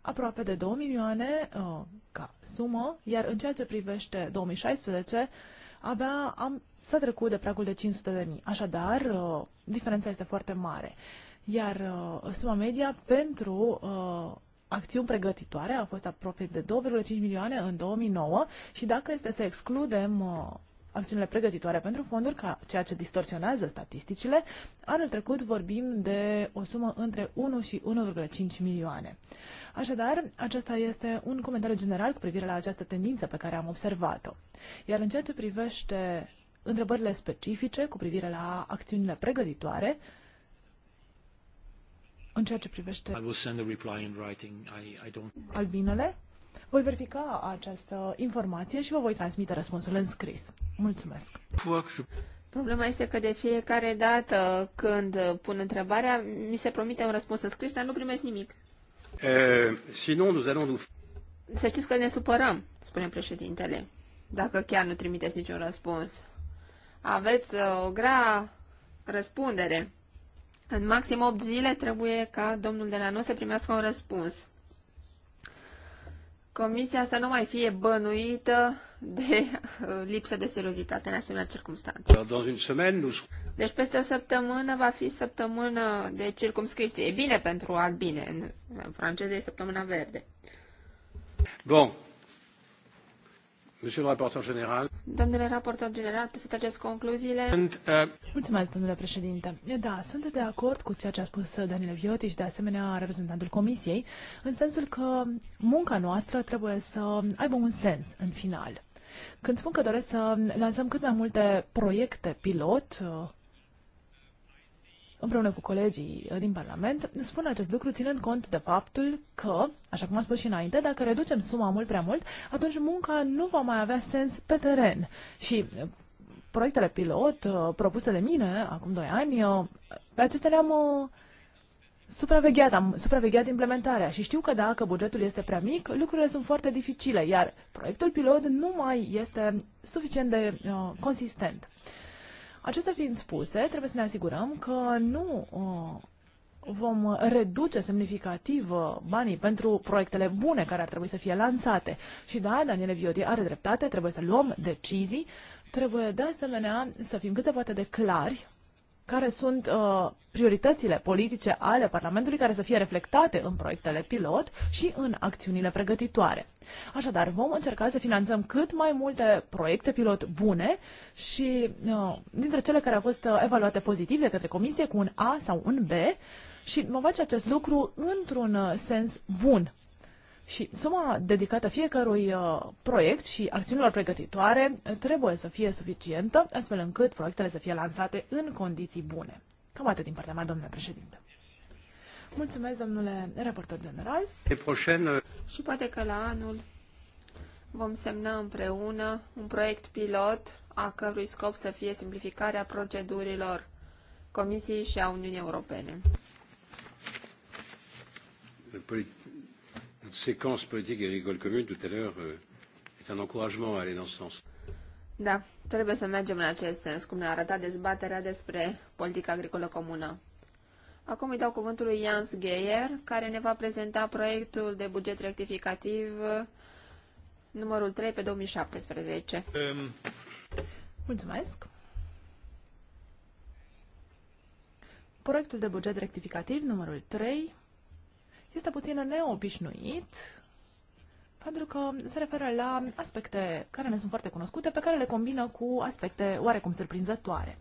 aproape de 2 milioane ca sumă, iar în ceea ce privește 2016, abia am, s-a trecut de pragul de 500 de mii. Așadar, uh, diferența este foarte mare. Iar uh, suma media pentru uh, acțiuni pregătitoare a fost aproape de 2,5 milioane în 2009 și dacă este să excludem uh, acțiunile pregătitoare pentru fonduri, ca ceea ce distorsionează statisticile. Anul trecut vorbim de o sumă între 1 și 1,5 milioane. Așadar, acesta este un comentariu general cu privire la această tendință pe care am observat-o. Iar în ceea ce privește întrebările specifice cu privire la acțiunile pregătitoare, în ceea ce privește albinele, voi verifica această informație și vă voi transmite răspunsul în scris. Mulțumesc! Problema este că de fiecare dată când pun întrebarea, mi se promite un răspuns în scris, dar nu primesc nimic. sinon, nous allons nous... Să știți că ne supărăm, spune președintele, dacă chiar nu trimiteți niciun răspuns. Aveți uh, o grea răspundere. În maxim 8 zile trebuie ca domnul de la noi să primească un răspuns comisia să nu mai fie bănuită de uh, lipsă de seriozitate în asemenea circunstanțe. Deci peste o săptămână va fi săptămână de circumscripție. E bine pentru albine, în franceză e săptămâna verde. Bun. Domnule raportor general, puteți să trageți concluziile. Uh, Mulțumesc, domnule președinte. Da, sunt de acord cu ceea ce a spus Daniele Vioti și de asemenea reprezentantul comisiei, în sensul că munca noastră trebuie să aibă un sens în final. Când spun că doresc să lansăm cât mai multe proiecte pilot, uh, împreună cu colegii uh, din Parlament, spun acest lucru ținând cont de faptul că, așa cum am spus și înainte, dacă reducem suma mult prea mult, atunci munca nu va mai avea sens pe teren. Și uh, proiectele pilot uh, propuse de mine acum doi ani, pe acestea le-am supravegheat, am supravegheat implementarea și știu că dacă bugetul este prea mic, lucrurile sunt foarte dificile, iar proiectul pilot nu mai este suficient de uh, consistent. Acestea fiind spuse, trebuie să ne asigurăm că nu uh, vom reduce semnificativ uh, banii pentru proiectele bune care ar trebui să fie lansate. Și da, Daniele Viodi are dreptate, trebuie să luăm decizii, trebuie de asemenea să fim cât se poate de clari care sunt uh, prioritățile politice ale Parlamentului care să fie reflectate în proiectele pilot și în acțiunile pregătitoare. Așadar, vom încerca să finanțăm cât mai multe proiecte pilot bune și uh, dintre cele care au fost uh, evaluate pozitiv de către Comisie cu un A sau un B și vom face acest lucru într-un uh, sens bun și suma dedicată fiecărui uh, proiect și acțiunilor pregătitoare trebuie să fie suficientă, astfel încât proiectele să fie lansate în condiții bune. Cam atât din partea mea, domnule președinte. Mulțumesc, domnule raportor general. Uh, și poate că la anul vom semna împreună un proiect pilot a cărui scop să fie simplificarea procedurilor Comisiei și a Uniunii Europene séquence politique agricole commune tout à l'heure euh, est un encouragement à aller dans ce sens. Da, trebuie să mergem în acest sens, cum ne-a arătat dezbaterea despre politica agricolă comună. Acum îi dau cuvântul lui Jans Geier, care ne va prezenta proiectul de buget rectificativ uh, numărul 3 pe 2017. Um. Ehm. Mulțumesc! Proiectul de buget rectificativ numărul 3 este puțin neobișnuit pentru că se referă la aspecte care ne sunt foarte cunoscute, pe care le combină cu aspecte oarecum surprinzătoare.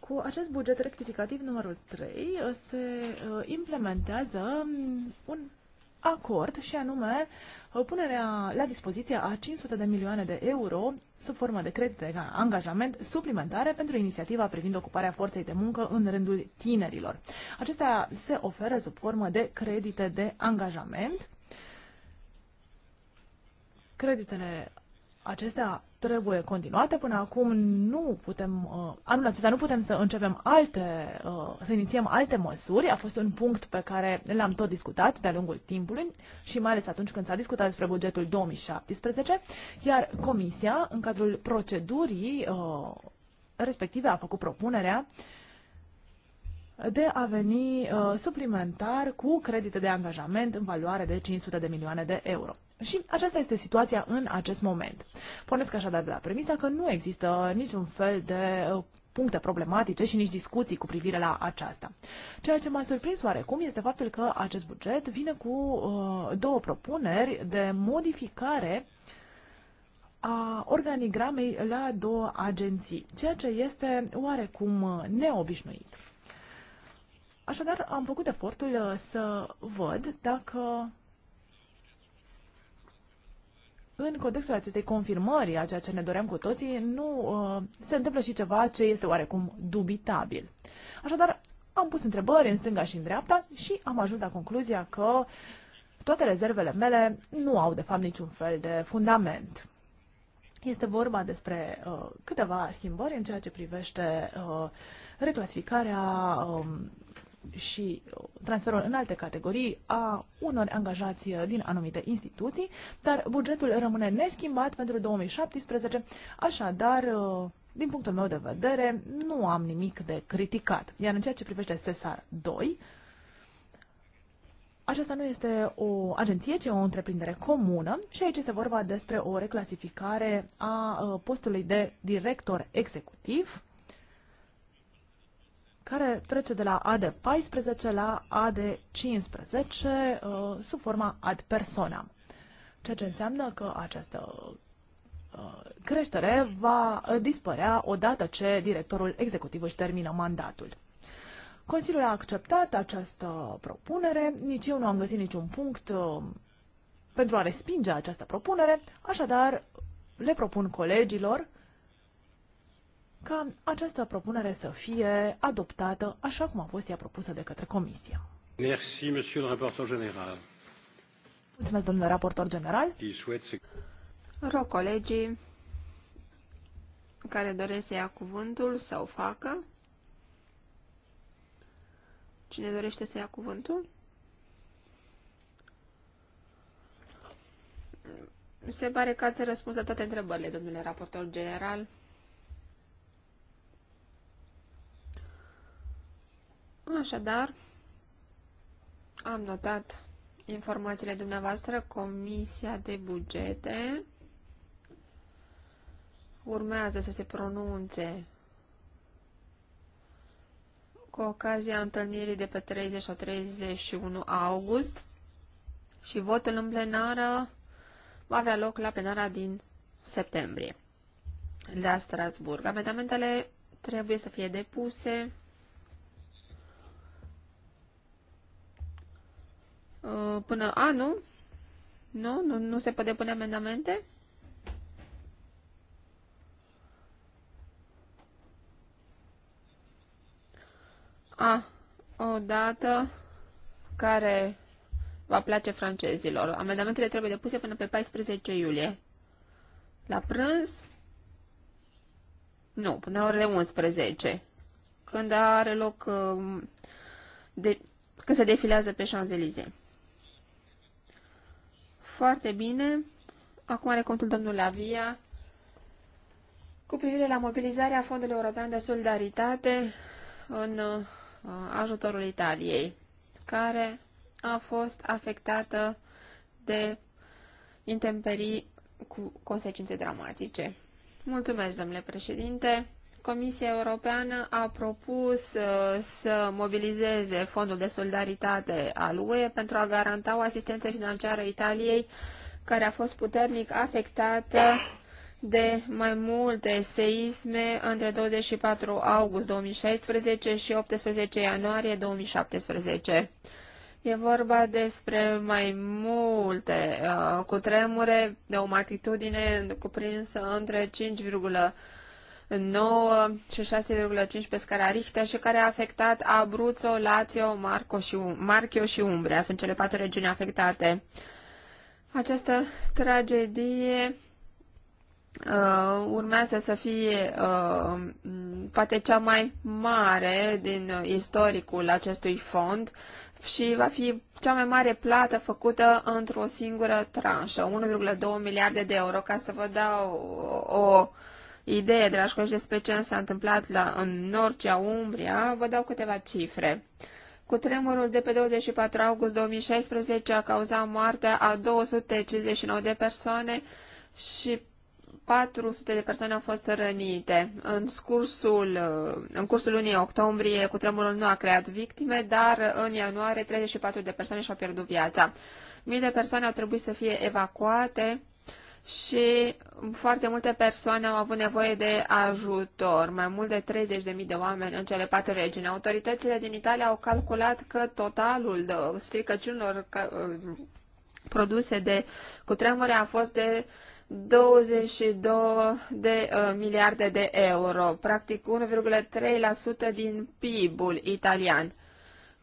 Cu acest buget rectificativ numărul 3 se uh, implementează un acord și anume uh, punerea la dispoziție a 500 de milioane de euro sub formă de credite ca angajament suplimentare pentru inițiativa privind ocuparea forței de muncă în rândul tinerilor. Acestea se oferă sub formă de credite de angajament. Creditele acestea trebuie continuate. Până acum nu putem, uh, anul acesta nu putem să începem alte, uh, să inițiem alte măsuri. A fost un punct pe care l-am tot discutat de-a lungul timpului și mai ales atunci când s-a discutat despre bugetul 2017, iar Comisia, în cadrul procedurii uh, respective, a făcut propunerea uh, de a veni uh, suplimentar cu credite de angajament în valoare de 500 de milioane de euro. Și aceasta este situația în acest moment. Pornesc așadar de la premisa că nu există niciun fel de uh, puncte problematice și nici discuții cu privire la aceasta. Ceea ce m-a surprins oarecum este faptul că acest buget vine cu uh, două propuneri de modificare a organigramei la două agenții, ceea ce este oarecum uh, neobișnuit. Așadar, am făcut efortul uh, să văd dacă în contextul acestei confirmări a ceea ce ne doream cu toții, nu uh, se întâmplă și ceva ce este oarecum dubitabil. Așadar, am pus întrebări în stânga și în dreapta și am ajuns la concluzia că toate rezervele mele nu au, de fapt, niciun fel de fundament. Este vorba despre uh, câteva schimbări în ceea ce privește uh, reclasificarea uh, și transferul în alte categorii a unor angajați din anumite instituții, dar bugetul rămâne neschimbat pentru 2017, așadar, din punctul meu de vedere, nu am nimic de criticat. Iar în ceea ce privește SESAR 2, aceasta nu este o agenție, ci o întreprindere comună și aici este vorba despre o reclasificare a uh, postului de director executiv care trece de la AD14 la AD15 uh, sub forma ad personam. Ceea ce înseamnă că această uh, creștere va uh, dispărea odată ce directorul executiv își termină mandatul. Consiliul a acceptat această propunere, nici eu nu am găsit niciun punct pentru a respinge această propunere, așadar le propun colegilor ca această propunere să fie adoptată așa cum a fost ea propusă de către Comisie. Merci, monsieur le rapporteur general. Mulțumesc, domnule raportor general. Rog colegii care doresc să ia cuvântul să o facă. Cine dorește să ia cuvântul? Se pare că ați răspuns la toate întrebările, domnule raportor general. Așadar, am notat informațiile dumneavoastră, Comisia de Bugete urmează să se pronunțe cu ocazia întâlnirii de pe 30 sau 31 august și votul în plenară va avea loc la plenara din septembrie la Strasburg. Amendamentele trebuie să fie depuse Uh, până anul? Nu? Nu, nu se pot depune amendamente? A, o dată care va place francezilor. Amendamentele trebuie depuse până pe 14 iulie. La prânz? Nu, până la ore 11. Când are loc... Uh, de, când se defilează pe Champs-Élysées. Foarte bine. Acum are contul domnul Lavia cu privire la mobilizarea Fondului European de Solidaritate în uh, ajutorul Italiei, care a fost afectată de intemperii cu consecințe dramatice. Mulțumesc, domnule președinte. Comisia Europeană a propus uh, să mobilizeze Fondul de Solidaritate al UE pentru a garanta o asistență financiară Italiei care a fost puternic afectată de mai multe seisme între 24 august 2016 și 18 ianuarie 2017. E vorba despre mai multe uh, cutremure de o magnitudine cuprinsă între 5, 9 și 6,5 pe scara Richter și care a afectat Abruzzo, Lazio, Marco și, Marchio și Umbria. Sunt cele patru regiuni afectate. Această tragedie uh, urmează să fie uh, poate cea mai mare din istoricul acestui fond și va fi cea mai mare plată făcută într-o singură tranșă, 1,2 miliarde de euro, ca să vă dau o, o idee, dragi colegi, despre ce s-a întâmplat la, în Norcia, Umbria, vă dau câteva cifre. Cu tremurul de pe 24 august 2016 a cauzat moartea a 259 de persoane și 400 de persoane au fost rănite. În, scursul, în cursul lunii octombrie, cu tremurul nu a creat victime, dar în ianuarie 34 de persoane și-au pierdut viața. Mii de persoane au trebuit să fie evacuate și foarte multe persoane au avut nevoie de ajutor, mai mult de 30.000 de oameni în cele patru regiuni. Autoritățile din Italia au calculat că totalul de stricăciunilor uh, produse de cutremure a fost de 22 de uh, miliarde de euro, practic 1,3% din PIB-ul italian.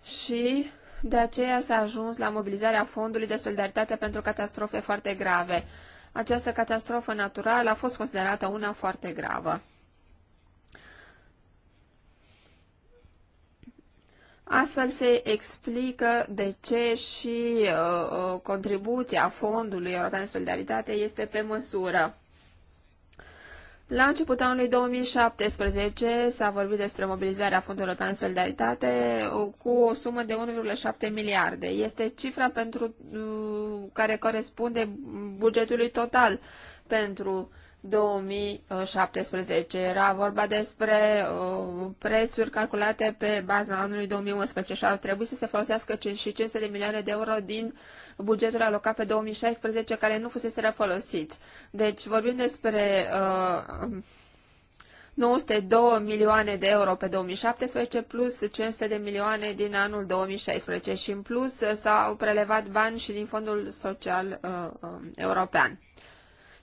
Și de aceea s-a ajuns la mobilizarea Fondului de Solidaritate pentru Catastrofe Foarte Grave această catastrofă naturală a fost considerată una foarte gravă. Astfel se explică de ce și uh, uh contribuția Fondului European de Solidaritate este pe măsură. La începutul anului 2017 s-a vorbit despre mobilizarea Fondului European Solidaritate uh, cu o sumă de 1,7 miliarde. Este cifra pentru, uh, care corespunde bugetului total pentru uh, 2017. Era vorba despre uh, prețuri calculate pe baza anului 2011 și ar trebui să se folosească 5 și 500 de milioane de euro din bugetul alocat pe 2016 care nu fusese folosit. Deci vorbim despre uh, 902 milioane de euro pe 2017 plus 500 de milioane din anul 2016 și în plus s-au prelevat bani și din Fondul Social uh, uh European.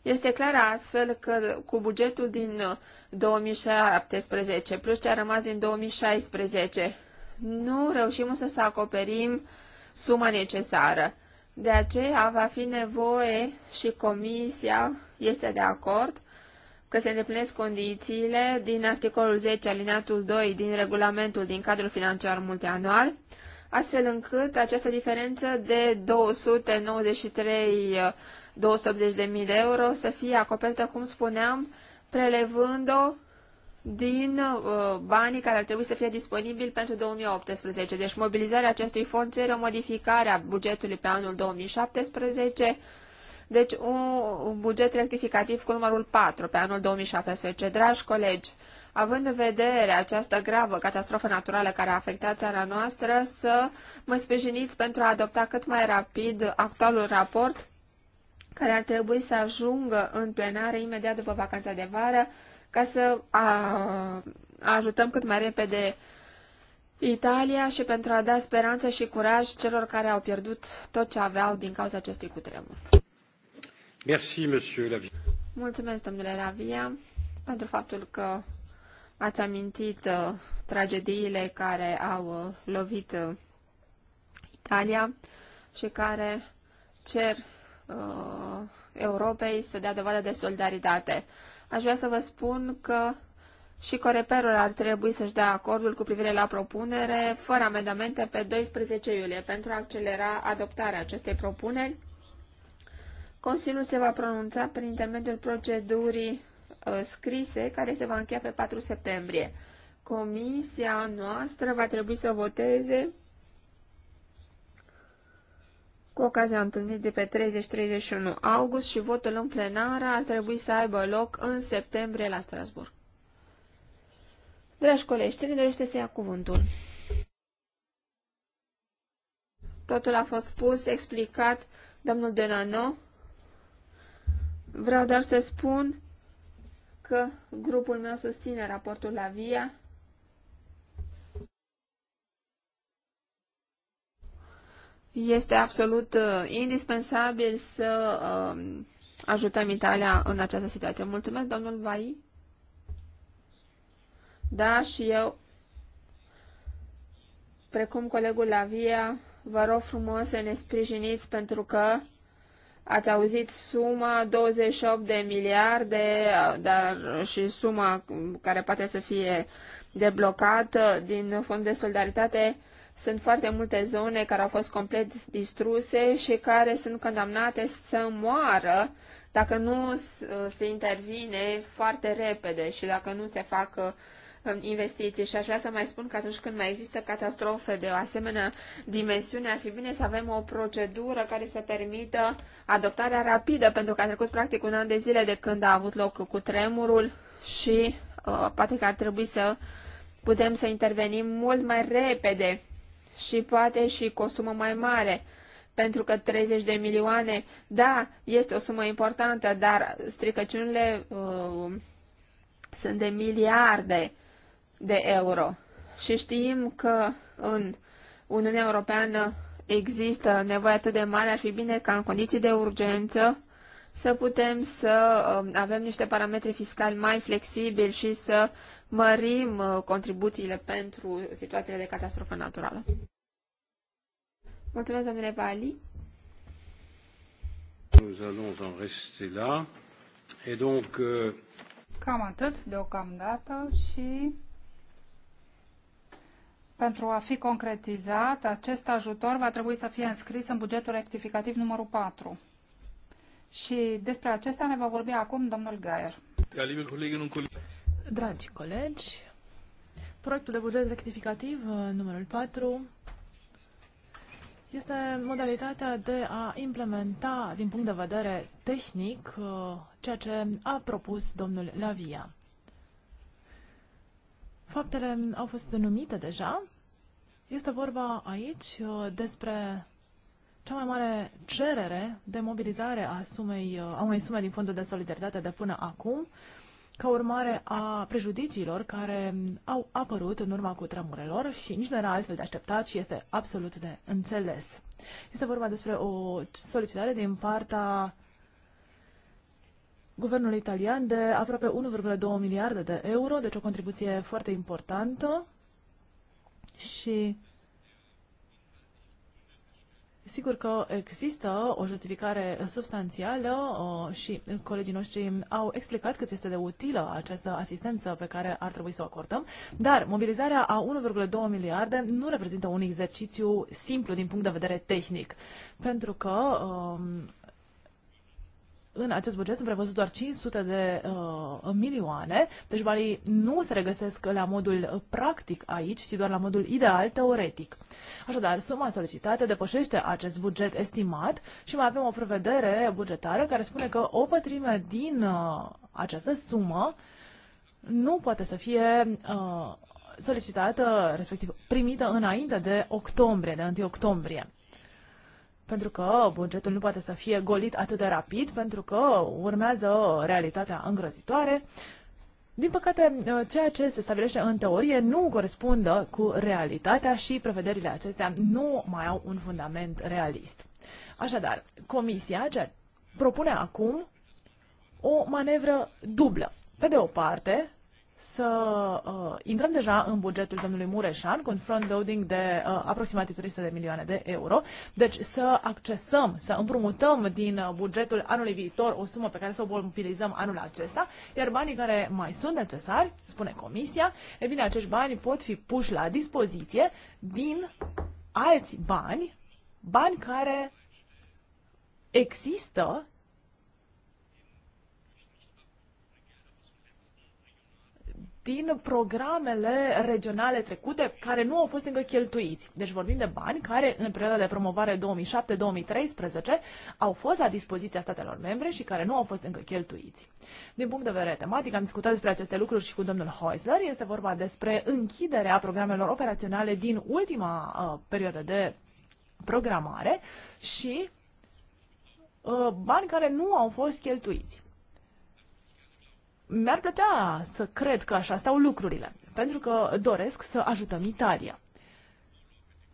Este clar astfel că cu bugetul din 2017 uh, plus ce a rămas din 2016 nu reușim să, să acoperim suma necesară. De aceea va fi nevoie și comisia este de acord că se îndeplinesc condițiile din articolul 10 alineatul 2 din regulamentul din cadrul financiar multianual, astfel încât această diferență de 293 280.000 de euro să fie acoperită, cum spuneam, prelevând-o din uh, banii care ar trebui să fie disponibili pentru 2018. Deci mobilizarea acestui fond cere o modificare a bugetului pe anul 2017, deci un, un buget rectificativ cu numărul 4 pe anul 2017. Dragi colegi, având în vedere această gravă catastrofă naturală care a afectat țara noastră, să mă sprijiniți pentru a adopta cât mai rapid actualul raport care ar trebui să ajungă în plenare imediat după vacanța de vară ca să a, ajutăm cât mai repede Italia și pentru a da speranță și curaj celor care au pierdut tot ce aveau din cauza acestui cutremur. Merci, monsieur Lavia. Mulțumesc, domnule Lavia, pentru faptul că ați amintit uh, tragediile care au uh, lovit uh, Italia și care cer Uh, Europei să dea dovadă de solidaritate. Aș vrea să vă spun că și Coreperul ar trebui să-și dea acordul cu privire la propunere, fără amendamente, pe 12 iulie, pentru a accelera adoptarea acestei propuneri. Consiliul se va pronunța prin intermediul procedurii uh, scrise, care se va încheia pe 4 septembrie. Comisia noastră va trebui să voteze cu ocazia întâlnirii de pe 30-31 august și votul în plenară ar trebui să aibă loc în septembrie la Strasburg. Dragi colegi, cine dorește să ia cuvântul? Totul a fost spus, explicat, domnul Denano. Vreau doar să spun că grupul meu susține raportul la VIA este absolut uh, indispensabil să uh, ajutăm Italia în această situație. Mulțumesc, domnul Vai. Da, și eu, precum colegul Lavia, vă rog frumos să ne sprijiniți pentru că ați auzit suma 28 de miliarde dar și suma care poate să fie deblocată din fond de solidaritate sunt foarte multe zone care au fost complet distruse și care sunt condamnate să moară dacă nu se intervine foarte repede și dacă nu se fac uh, investiții. Și aș vrea să mai spun că atunci când mai există catastrofe de o asemenea dimensiune, ar fi bine să avem o procedură care să permită adoptarea rapidă, pentru că a trecut practic un an de zile de când a avut loc cu tremurul și uh, poate că ar trebui să putem să intervenim mult mai repede și poate și cu o sumă mai mare, pentru că 30 de milioane, da, este o sumă importantă, dar stricăciunile uh, sunt de miliarde de euro. Și știm că în Uniunea Europeană există nevoie atât de mare, ar fi bine ca în condiții de urgență să putem să um, avem niște parametri fiscali mai flexibili și să mărim uh, contribuțiile pentru situațiile de catastrofă naturală. Mulțumesc, domnule Vali. Nous allons en rester là. Et donc, euh, Cam atât deocamdată și pentru a fi concretizat, acest ajutor va trebui să fie înscris în bugetul rectificativ numărul 4. Și despre acesta ne va vorbi acum domnul Gaier. Dragi colegi, proiectul de buget rectificativ uh, numărul 4 este modalitatea de a implementa, din punct de vedere tehnic, uh, ceea ce a propus domnul Lavia. Faptele au fost denumite deja. Este vorba aici uh, despre cea mai mare cerere de mobilizare a, sumei, uh, a unei sume din Fondul de Solidaritate de până acum, ca urmare a prejudiciilor care au apărut în urma tremurelor și nici nu era altfel de așteptat și este absolut de înțeles. Este vorba despre o solicitare din partea guvernului italian de aproape 1,2 miliarde de euro, deci o contribuție foarte importantă și Sigur că există o justificare substanțială și colegii noștri au explicat cât este de utilă această asistență pe care ar trebui să o acordăm, dar mobilizarea a 1,2 miliarde nu reprezintă un exercițiu simplu din punct de vedere tehnic, pentru că um, în acest buget sunt prevăzut doar 500 de uh, milioane, deci banii nu se regăsesc la modul practic aici, ci doar la modul ideal teoretic. Așadar, suma solicitată depășește acest buget estimat și mai avem o prevedere bugetară care spune că o pătrime din uh, această sumă nu poate să fie uh, solicitată, respectiv primită înainte de octombrie, de 1 octombrie pentru că bugetul nu poate să fie golit atât de rapid, pentru că urmează realitatea îngrozitoare. Din păcate, ceea ce se stabilește în teorie nu corespundă cu realitatea și prevederile acestea nu mai au un fundament realist. Așadar, Comisia ce propune acum o manevră dublă. Pe de o parte, să uh, intrăm deja în bugetul domnului Mureșan cu un front-loading de uh, aproximativ 300 de milioane de euro. Deci să accesăm, să împrumutăm din uh, bugetul anului viitor o sumă pe care să o mobilizăm anul acesta, iar banii care mai sunt necesari, spune Comisia, e bine, acești bani pot fi puși la dispoziție din alți bani, bani care există din programele regionale trecute care nu au fost încă cheltuiți. Deci vorbim de bani care în perioada de promovare 2007-2013 au fost la dispoziția statelor membre și care nu au fost încă cheltuiți. Din punct de vedere tematic am discutat despre aceste lucruri și cu domnul Heusler. Este vorba despre închiderea programelor operaționale din ultima uh, perioadă de programare și uh, bani care nu au fost cheltuiți. Mi-ar plăcea să cred că așa stau lucrurile, pentru că doresc să ajutăm Italia.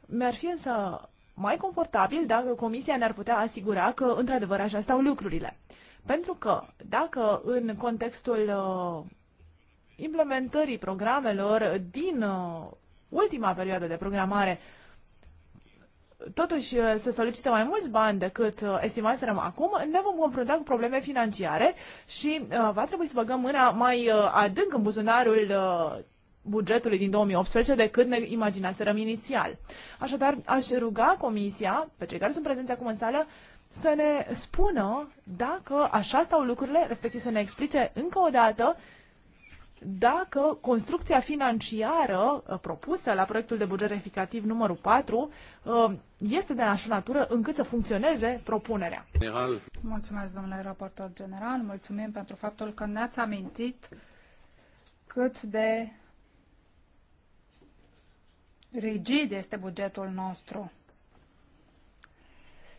Mi-ar fi însă mai confortabil dacă Comisia ne-ar putea asigura că într-adevăr așa stau lucrurile. Pentru că dacă în contextul uh, implementării programelor din uh, ultima perioadă de programare totuși uh, să solicite mai mulți bani decât uh, estimaserăm acum, ne vom confrunta cu probleme financiare și uh, va trebui să băgăm mâna mai adânc în buzunarul bugetului din 2018 decât ne imaginaserăm inițial. Așadar, aș ruga Comisia, pe cei care sunt prezenți acum în sală, să ne spună dacă așa stau lucrurile, respectiv să ne explice încă o dată dacă construcția financiară uh, propusă la proiectul de buget rectificativ numărul 4 uh, este de așa natură încât să funcționeze propunerea. General. Mulțumesc, domnule raportor general, mulțumim pentru faptul că ne-ați amintit cât de rigid este bugetul nostru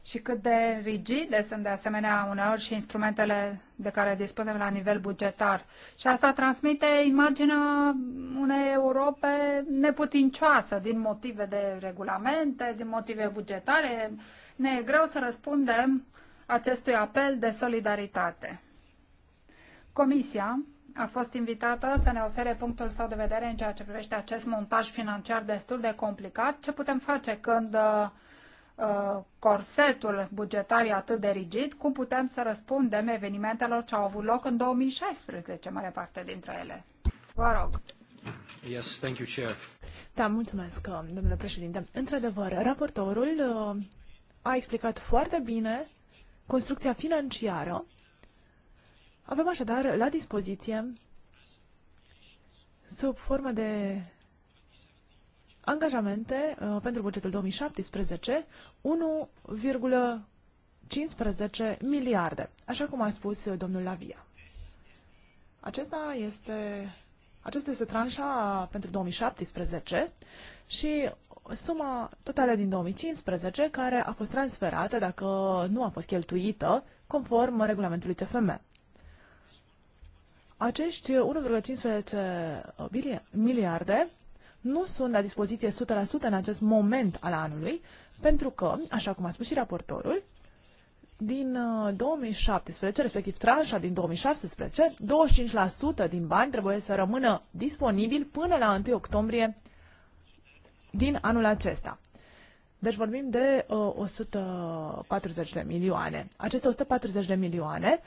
și cât de rigide sunt de asemenea uneori și instrumentele de care dispunem la nivel bugetar. Și asta transmite imaginea unei Europe neputincioasă din motive de regulamente, din motive bugetare. Ne e greu să răspundem acestui apel de solidaritate. Comisia a fost invitată să ne ofere punctul său de vedere în ceea ce privește acest montaj financiar destul de complicat. Ce putem face când uh, Uh, corsetul bugetar e atât de rigid, cum putem să răspundem evenimentelor ce au avut loc în 2016, mare parte dintre ele? Vă rog. Yes, thank you, Chair. Da, mulțumesc, uh, domnule președinte. Într-adevăr, raportorul uh, a explicat foarte bine construcția financiară. Avem așadar la dispoziție, sub formă de angajamente uh, pentru bugetul 2017 1,15 miliarde, așa cum a spus uh, domnul Lavia. Acesta este, acesta este tranșa pentru 2017 și suma totală din 2015 care a fost transferată, dacă nu a fost cheltuită, conform regulamentului CFM. Acești 1,15 uh, miliarde nu sunt la dispoziție 100% în acest moment al anului, pentru că, așa cum a spus și raportorul, din 2017, uh, respectiv tranșa din 2017, 25% din bani trebuie să rămână disponibil până la 1 octombrie din anul acesta. Deci vorbim de uh, 140 de milioane. Aceste 140 de milioane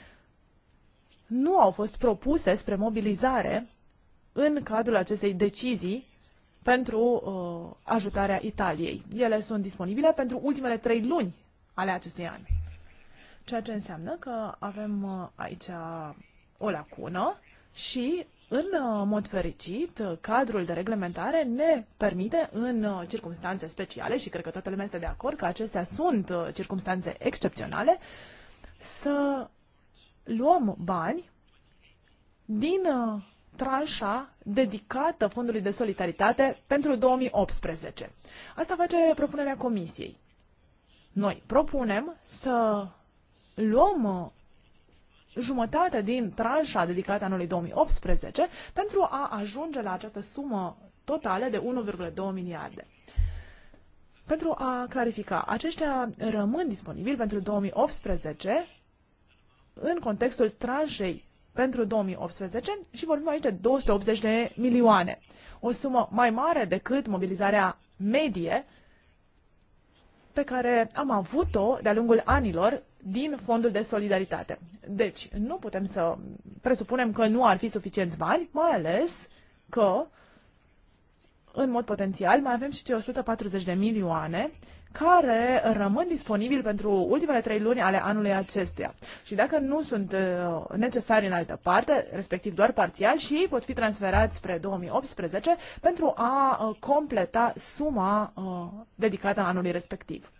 nu au fost propuse spre mobilizare în cadrul acestei decizii pentru uh, ajutarea Italiei. Ele sunt disponibile pentru ultimele trei luni ale acestui an. Ceea ce înseamnă că avem uh, aici o lacună și, în uh, mod fericit, cadrul de reglementare ne permite, în uh, circunstanțe speciale, și cred că toată lumea este de acord că acestea sunt uh, circunstanțe excepționale, să luăm bani din uh, tranșa dedicată Fondului de Solidaritate pentru 2018. Asta face propunerea Comisiei. Noi propunem să luăm jumătate din tranșa dedicată anului 2018 pentru a ajunge la această sumă totală de 1,2 miliarde. Pentru a clarifica, aceștia rămân disponibili pentru 2018 în contextul tranșei pentru 2018 și vorbim aici de 280 de milioane. O sumă mai mare decât mobilizarea medie pe care am avut-o de-a lungul anilor din fondul de solidaritate. Deci, nu putem să presupunem că nu ar fi suficienți bani, mai ales că uh, în mod potențial, mai avem și cei 140 de milioane care rămân disponibili pentru ultimele trei luni ale anului acestuia. Și dacă nu sunt uh, necesari în altă parte, respectiv doar parțial, și ei pot fi transferați spre 2018 pentru a uh, completa suma uh, dedicată anului respectiv.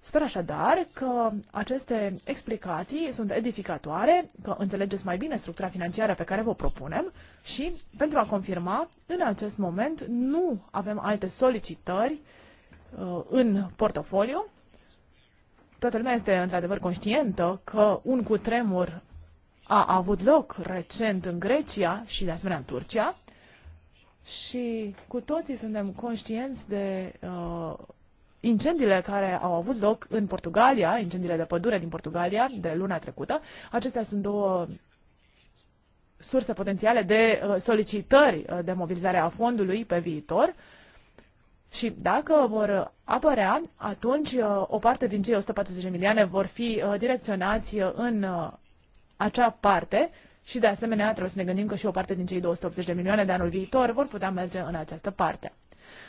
Sper așadar că aceste explicații sunt edificatoare, că înțelegeți mai bine structura financiară pe care vă propunem și, pentru a confirma, în acest moment nu avem alte solicitări uh, în portofoliu. Toată lumea este într-adevăr conștientă că un cutremur a avut loc recent în Grecia și de asemenea în Turcia și cu toții suntem conștienți de uh, incendiile care au avut loc în Portugalia, incendiile de pădure din Portugalia de luna trecută, acestea sunt două surse potențiale de uh, solicitări uh, de mobilizare a fondului pe viitor. Și dacă vor apărea, atunci uh, o parte din cei 140 de milioane vor fi direcționați în acea parte și de asemenea trebuie să ne gândim că și o parte din cei 280 de milioane de anul viitor vor putea merge în această parte.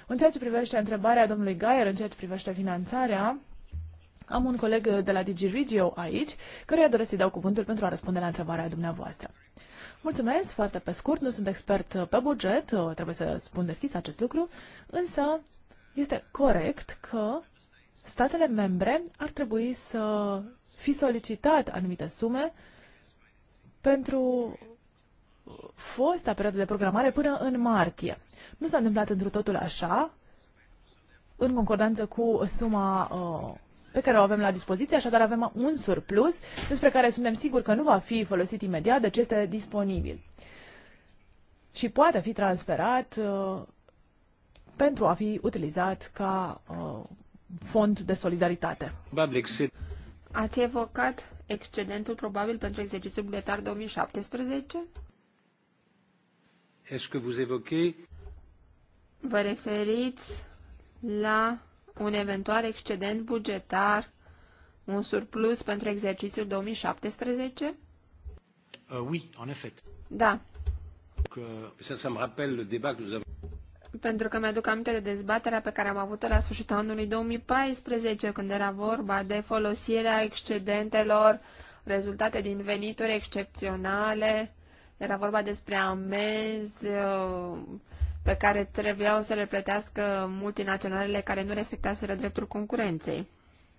În ceea ce privește întrebarea domnului Gaier, în ceea ce privește finanțarea, am un coleg de la DigiRegio aici, căruia doresc să-i dau cuvântul pentru a răspunde la întrebarea dumneavoastră. Mulțumesc, foarte pe scurt, nu sunt expert pe buget, uh, trebuie să spun deschis acest lucru, însă este corect că statele membre ar trebui să fi solicitat anumite sume pentru fosta perioadă de programare până în martie. Nu s-a întâmplat într totul așa, în concordanță cu suma uh, pe care o avem la dispoziție, așadar avem un surplus despre care suntem siguri că nu va fi folosit imediat, deci este disponibil. Și poate fi transferat uh, pentru a fi utilizat ca uh, fond de solidaritate. Ați evocat excedentul probabil pentru exercițiul bugetar 2017? Est-ce que vous évoquez Vă referiți la un eventual excedent bugetar, un surplus pentru exercițiul 2017? Uh, oui, en effet. Da. Donc, ça, păi ça me rappelle le débat que nous avons pentru că mi-aduc aminte de dezbaterea pe care am avut-o la sfârșitul anului 2014, când era vorba de folosirea excedentelor rezultate din venituri excepționale era vorba despre amenzi uh, pe care trebuiau să le plătească multinaționalele care nu respectaseră dreptul concurenței.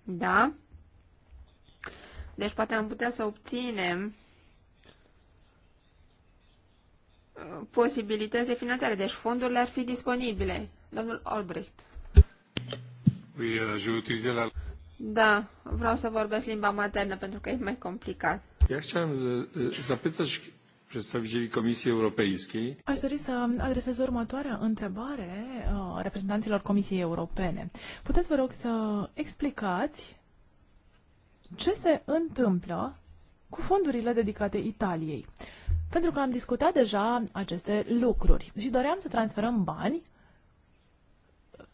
Da? Deci poate am putea să obținem uh, posibilități de finanțare, deci fondurile ar fi disponibile. Domnul Albrecht. Păi, uh, da, vreau să vorbesc limba maternă pentru că e mai complicat. Ja chciałem zapytać przedstawicieli Komisji Europejskiej. Aș dori să adresez următoarea întrebare uh, reprezentanților Comisiei Europene. Puteți, vă rog, să explicați ce se întâmplă cu fondurile dedicate Italiei. Pentru că am discutat deja aceste lucruri și doream să transferăm bani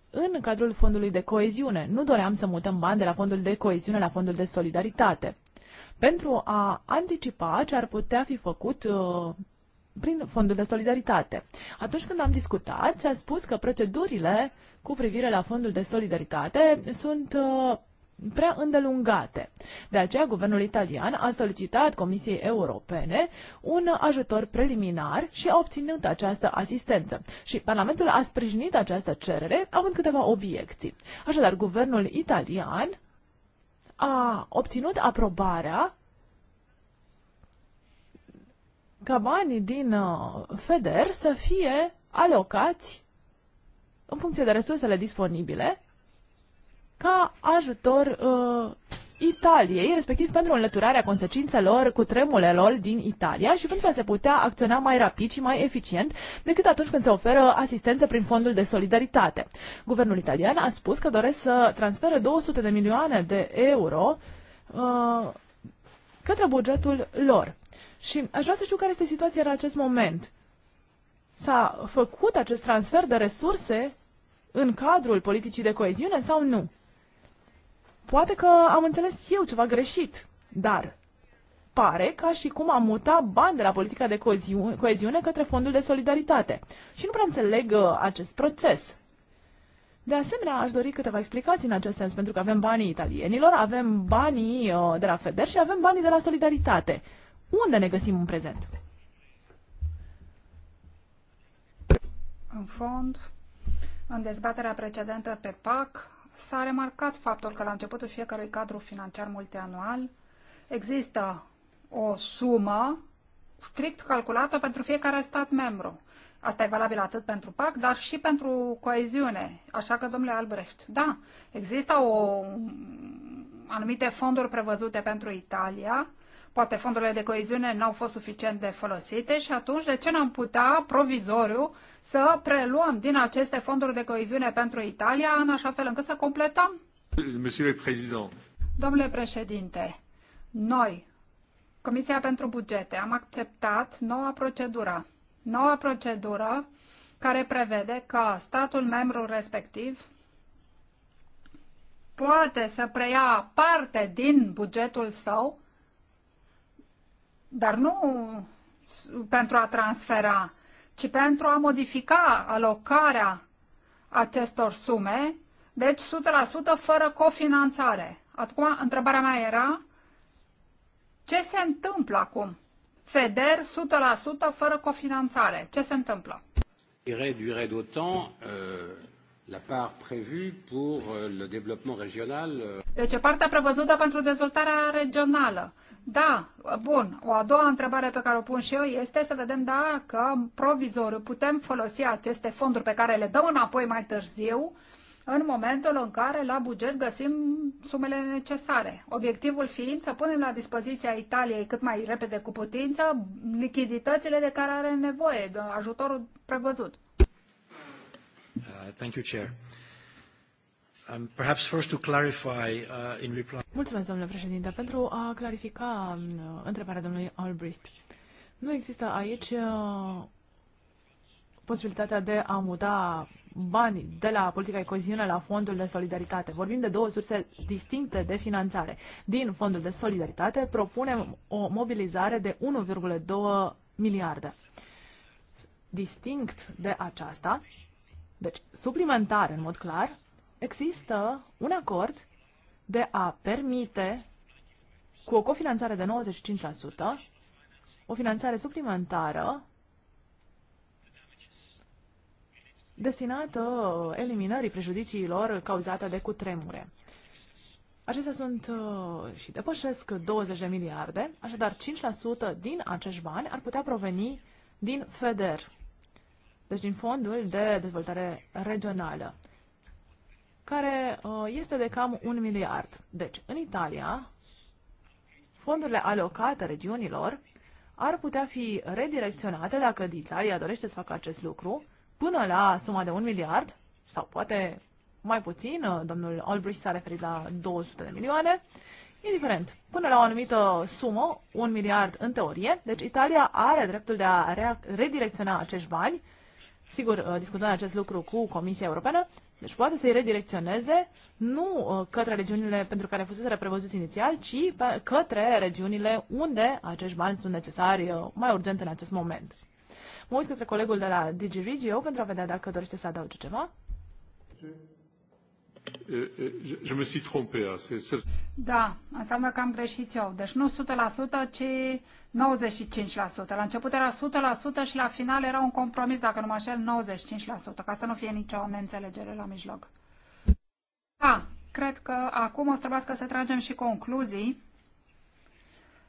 în cadrul fondului de coeziune. Nu doream să mutăm bani de la fondul de coeziune la fondul de solidaritate pentru a anticipa ce ar putea fi făcut uh, prin fondul de solidaritate. Atunci când am discutat, s-a spus că procedurile cu privire la fondul de solidaritate sunt uh, prea îndelungate. De aceea, guvernul italian a solicitat Comisiei Europene un ajutor preliminar și a obținut această asistență. Și Parlamentul a sprijinit această cerere, având câteva obiecții. Așadar, guvernul italian a obținut aprobarea ca banii din uh, FEDER să fie alocați în funcție de resursele disponibile ca ajutor uh, Italiei, respectiv pentru înlăturarea consecințelor cu tremurelor din Italia și pentru a se putea acționa mai rapid și mai eficient decât atunci când se oferă asistență prin fondul de solidaritate. Guvernul italian a spus că doresc să transfere 200 de milioane de euro uh, către bugetul lor. Și aș vrea să știu care este situația în acest moment. S-a făcut acest transfer de resurse în cadrul politicii de coeziune sau nu? Poate că am înțeles eu ceva greșit, dar pare ca și cum am mutat bani de la politica de coeziune către fondul de solidaritate. Și nu prea înțeleg uh, acest proces. De asemenea, aș dori câteva explicații în acest sens, pentru că avem banii italienilor, avem banii uh, de la FEDER și avem banii de la Solidaritate. Unde ne găsim în prezent? În fond, în dezbaterea precedentă pe PAC s-a remarcat faptul că la începutul fiecărui cadru financiar multianual există o sumă strict calculată pentru fiecare stat membru. Asta e valabil atât pentru PAC, dar și pentru coeziune. Așa că, domnule Albrecht, da, există o, anumite fonduri prevăzute pentru Italia, Poate fondurile de coeziune n-au fost suficient de folosite și atunci de ce n-am putea provizoriu să preluăm din aceste fonduri de coeziune pentru Italia în așa fel încât să completăm? Domnule președinte, noi, Comisia pentru Bugete, am acceptat noua procedură. Noua procedură care prevede că statul membru respectiv poate să preia parte din bugetul său dar nu pentru a transfera, ci pentru a modifica alocarea acestor sume, deci 100% fără cofinanțare. Acum, întrebarea mea era, ce se întâmplă acum? FEDER 100% fără cofinanțare. Ce se întâmplă? Durerea de timp, euh, la part prévue pour euh, le développement régional. Euh. Deci partea prevăzută pentru dezvoltarea regională. Da, bun. O a doua întrebare pe care o pun și eu este să vedem dacă provizor putem folosi aceste fonduri pe care le dăm înapoi mai târziu în momentul în care la buget găsim sumele necesare. Obiectivul fiind să punem la dispoziția Italiei cât mai repede cu putință lichiditățile de care are nevoie, de ajutorul prevăzut. Uh, thank you, Chair. Um, perhaps first to clarify uh, in reply. Mulțumesc, domnule președinte, pentru a clarifica um, întrebarea domnului Albrecht. Nu există aici uh, posibilitatea de a muta bani de la politica de coziune la fondul de solidaritate. Vorbim de două surse distincte de finanțare. Din fondul de solidaritate propunem o mobilizare de 1,2 miliarde. Distinct de aceasta, deci suplimentar, în mod clar, există un acord de a permite cu o cofinanțare de 95%, o finanțare suplimentară destinată eliminării prejudiciilor cauzate de cutremure. Acestea sunt uh, și depășesc 20 de miliarde, așadar 5% din acești bani ar putea proveni din FEDER, deci din fondul de dezvoltare regională, care uh, este de cam un miliard. Deci, în Italia, fondurile alocate regiunilor ar putea fi redirecționate, dacă Italia dorește să facă acest lucru, până la suma de un miliard, sau poate mai puțin, uh, domnul Albrecht s-a referit la 200 de milioane, indiferent, până la o anumită sumă, un miliard în teorie, deci Italia are dreptul de a redirecționa acești bani Sigur, uh, discutând acest lucru cu Comisia Europeană, deci poate să-i redirecționeze nu uh, către regiunile pentru care fuseseră prevăzuți inițial, ci către regiunile unde acești bani sunt necesari uh, mai urgent în acest moment. Mă uit către colegul de la DigiRegio pentru a vedea dacă dorește să adauge ceva. Sí. Je me suis trompé. Da, înseamnă că am greșit eu. Deci nu 100%, ci 95%. La început era 100% și la final era un compromis, dacă nu mă așel, 95%, ca să nu fie nicio neînțelegere la mijloc. Da, cred că acum o să trebuiască să tragem și concluzii.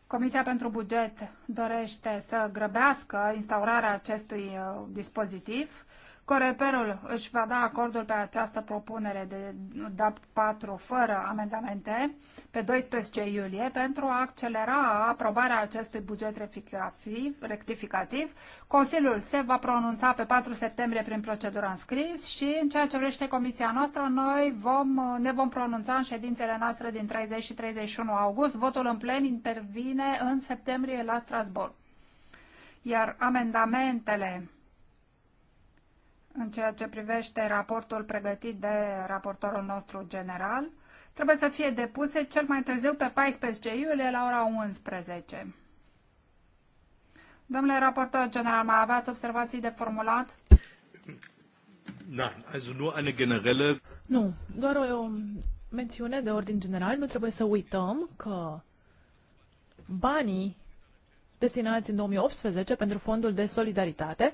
Comisia pentru buget dorește să grăbească instaurarea acestui uh, dispozitiv Coreperul își va da acordul pe această propunere de DAP 4 fără amendamente pe 12 iulie pentru a accelera aprobarea acestui buget rectificativ. Consiliul se va pronunța pe 4 septembrie prin procedura înscris și în ceea ce vrește comisia noastră, noi vom, ne vom pronunța în ședințele noastre din 30 și 31 august. Votul în plen intervine în septembrie la Strasbourg. Iar amendamentele în ceea ce privește raportul pregătit de raportorul nostru general, trebuie să fie depuse cel mai târziu pe 14 iulie la ora 11. Domnule raportor general, mai aveați observații de formulat? Nein, also nur eine generelle... Nu, doar o mențiune de ordin general. Nu trebuie să uităm că banii destinați în 2018 pentru fondul de solidaritate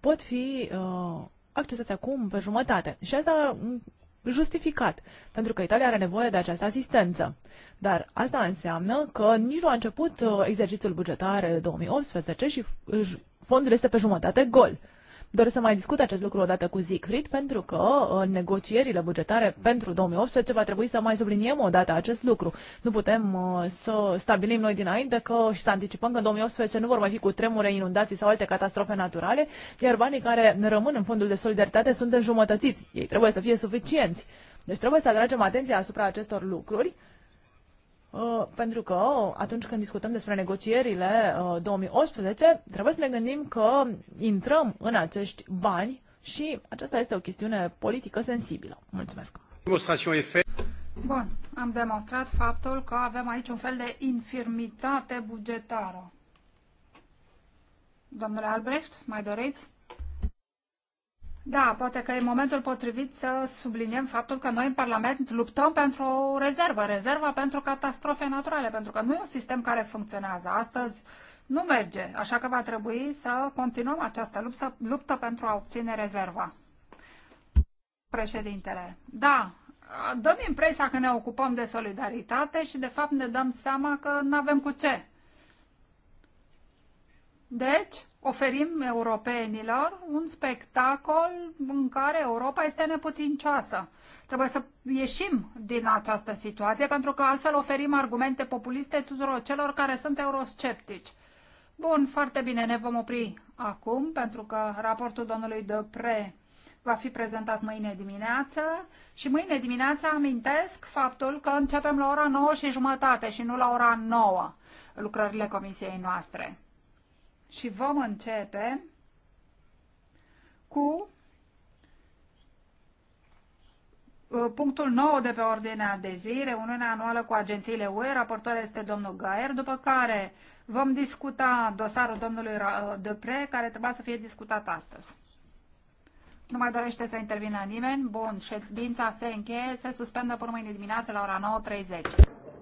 pot fi uh, accesați acum pe jumătate. Și asta mm, justificat, pentru că Italia are nevoie de această asistență. Dar asta înseamnă că nici nu a început uh, exercițiul bugetar 2018 și uh, fondul este pe jumătate gol. Doresc să mai discut acest lucru odată cu Siegfried, pentru că în uh, negocierile bugetare pentru 2018 va trebui să mai subliniem odată acest lucru. Nu putem uh, să stabilim noi dinainte că și să anticipăm că în 2018 nu vor mai fi cu tremure, inundații sau alte catastrofe naturale, iar banii care rămân în fondul de solidaritate sunt înjumătățiți. Ei trebuie să fie suficienți. Deci trebuie să atragem atenția asupra acestor lucruri Uh, pentru că oh, atunci când discutăm despre negocierile 2018, uh, trebuie să ne gândim că intrăm în acești bani și aceasta este o chestiune politică sensibilă. Mulțumesc! Bun, am demonstrat faptul că avem aici un fel de infirmitate bugetară. Domnule Albrecht, mai doriți? Da, poate că e momentul potrivit să subliniem faptul că noi în Parlament luptăm pentru o rezervă, rezerva pentru catastrofe naturale, pentru că nu e un sistem care funcționează. Astăzi nu merge, așa că va trebui să continuăm această luptă, luptă pentru a obține rezerva. Președintele, da, dăm impresia că ne ocupăm de solidaritate și de fapt ne dăm seama că nu avem cu ce. Deci, oferim europenilor un spectacol în care Europa este neputincioasă. Trebuie să ieșim din această situație, pentru că altfel oferim argumente populiste tuturor celor care sunt eurosceptici. Bun, foarte bine, ne vom opri acum, pentru că raportul domnului Depre va fi prezentat mâine dimineață și mâine dimineață amintesc faptul că începem la ora 9 și jumătate și nu la ora 9 lucrările comisiei noastre și vom începe cu uh, punctul 9 de pe ordinea de zi, reuniunea anuală cu agențiile UE, raportor este domnul Gaier, după care vom discuta dosarul domnului uh, Depre, care trebuia să fie discutat astăzi. Nu mai dorește să intervină nimeni? Bun, ședința se încheie, se suspendă până mâine dimineață la ora 9.30.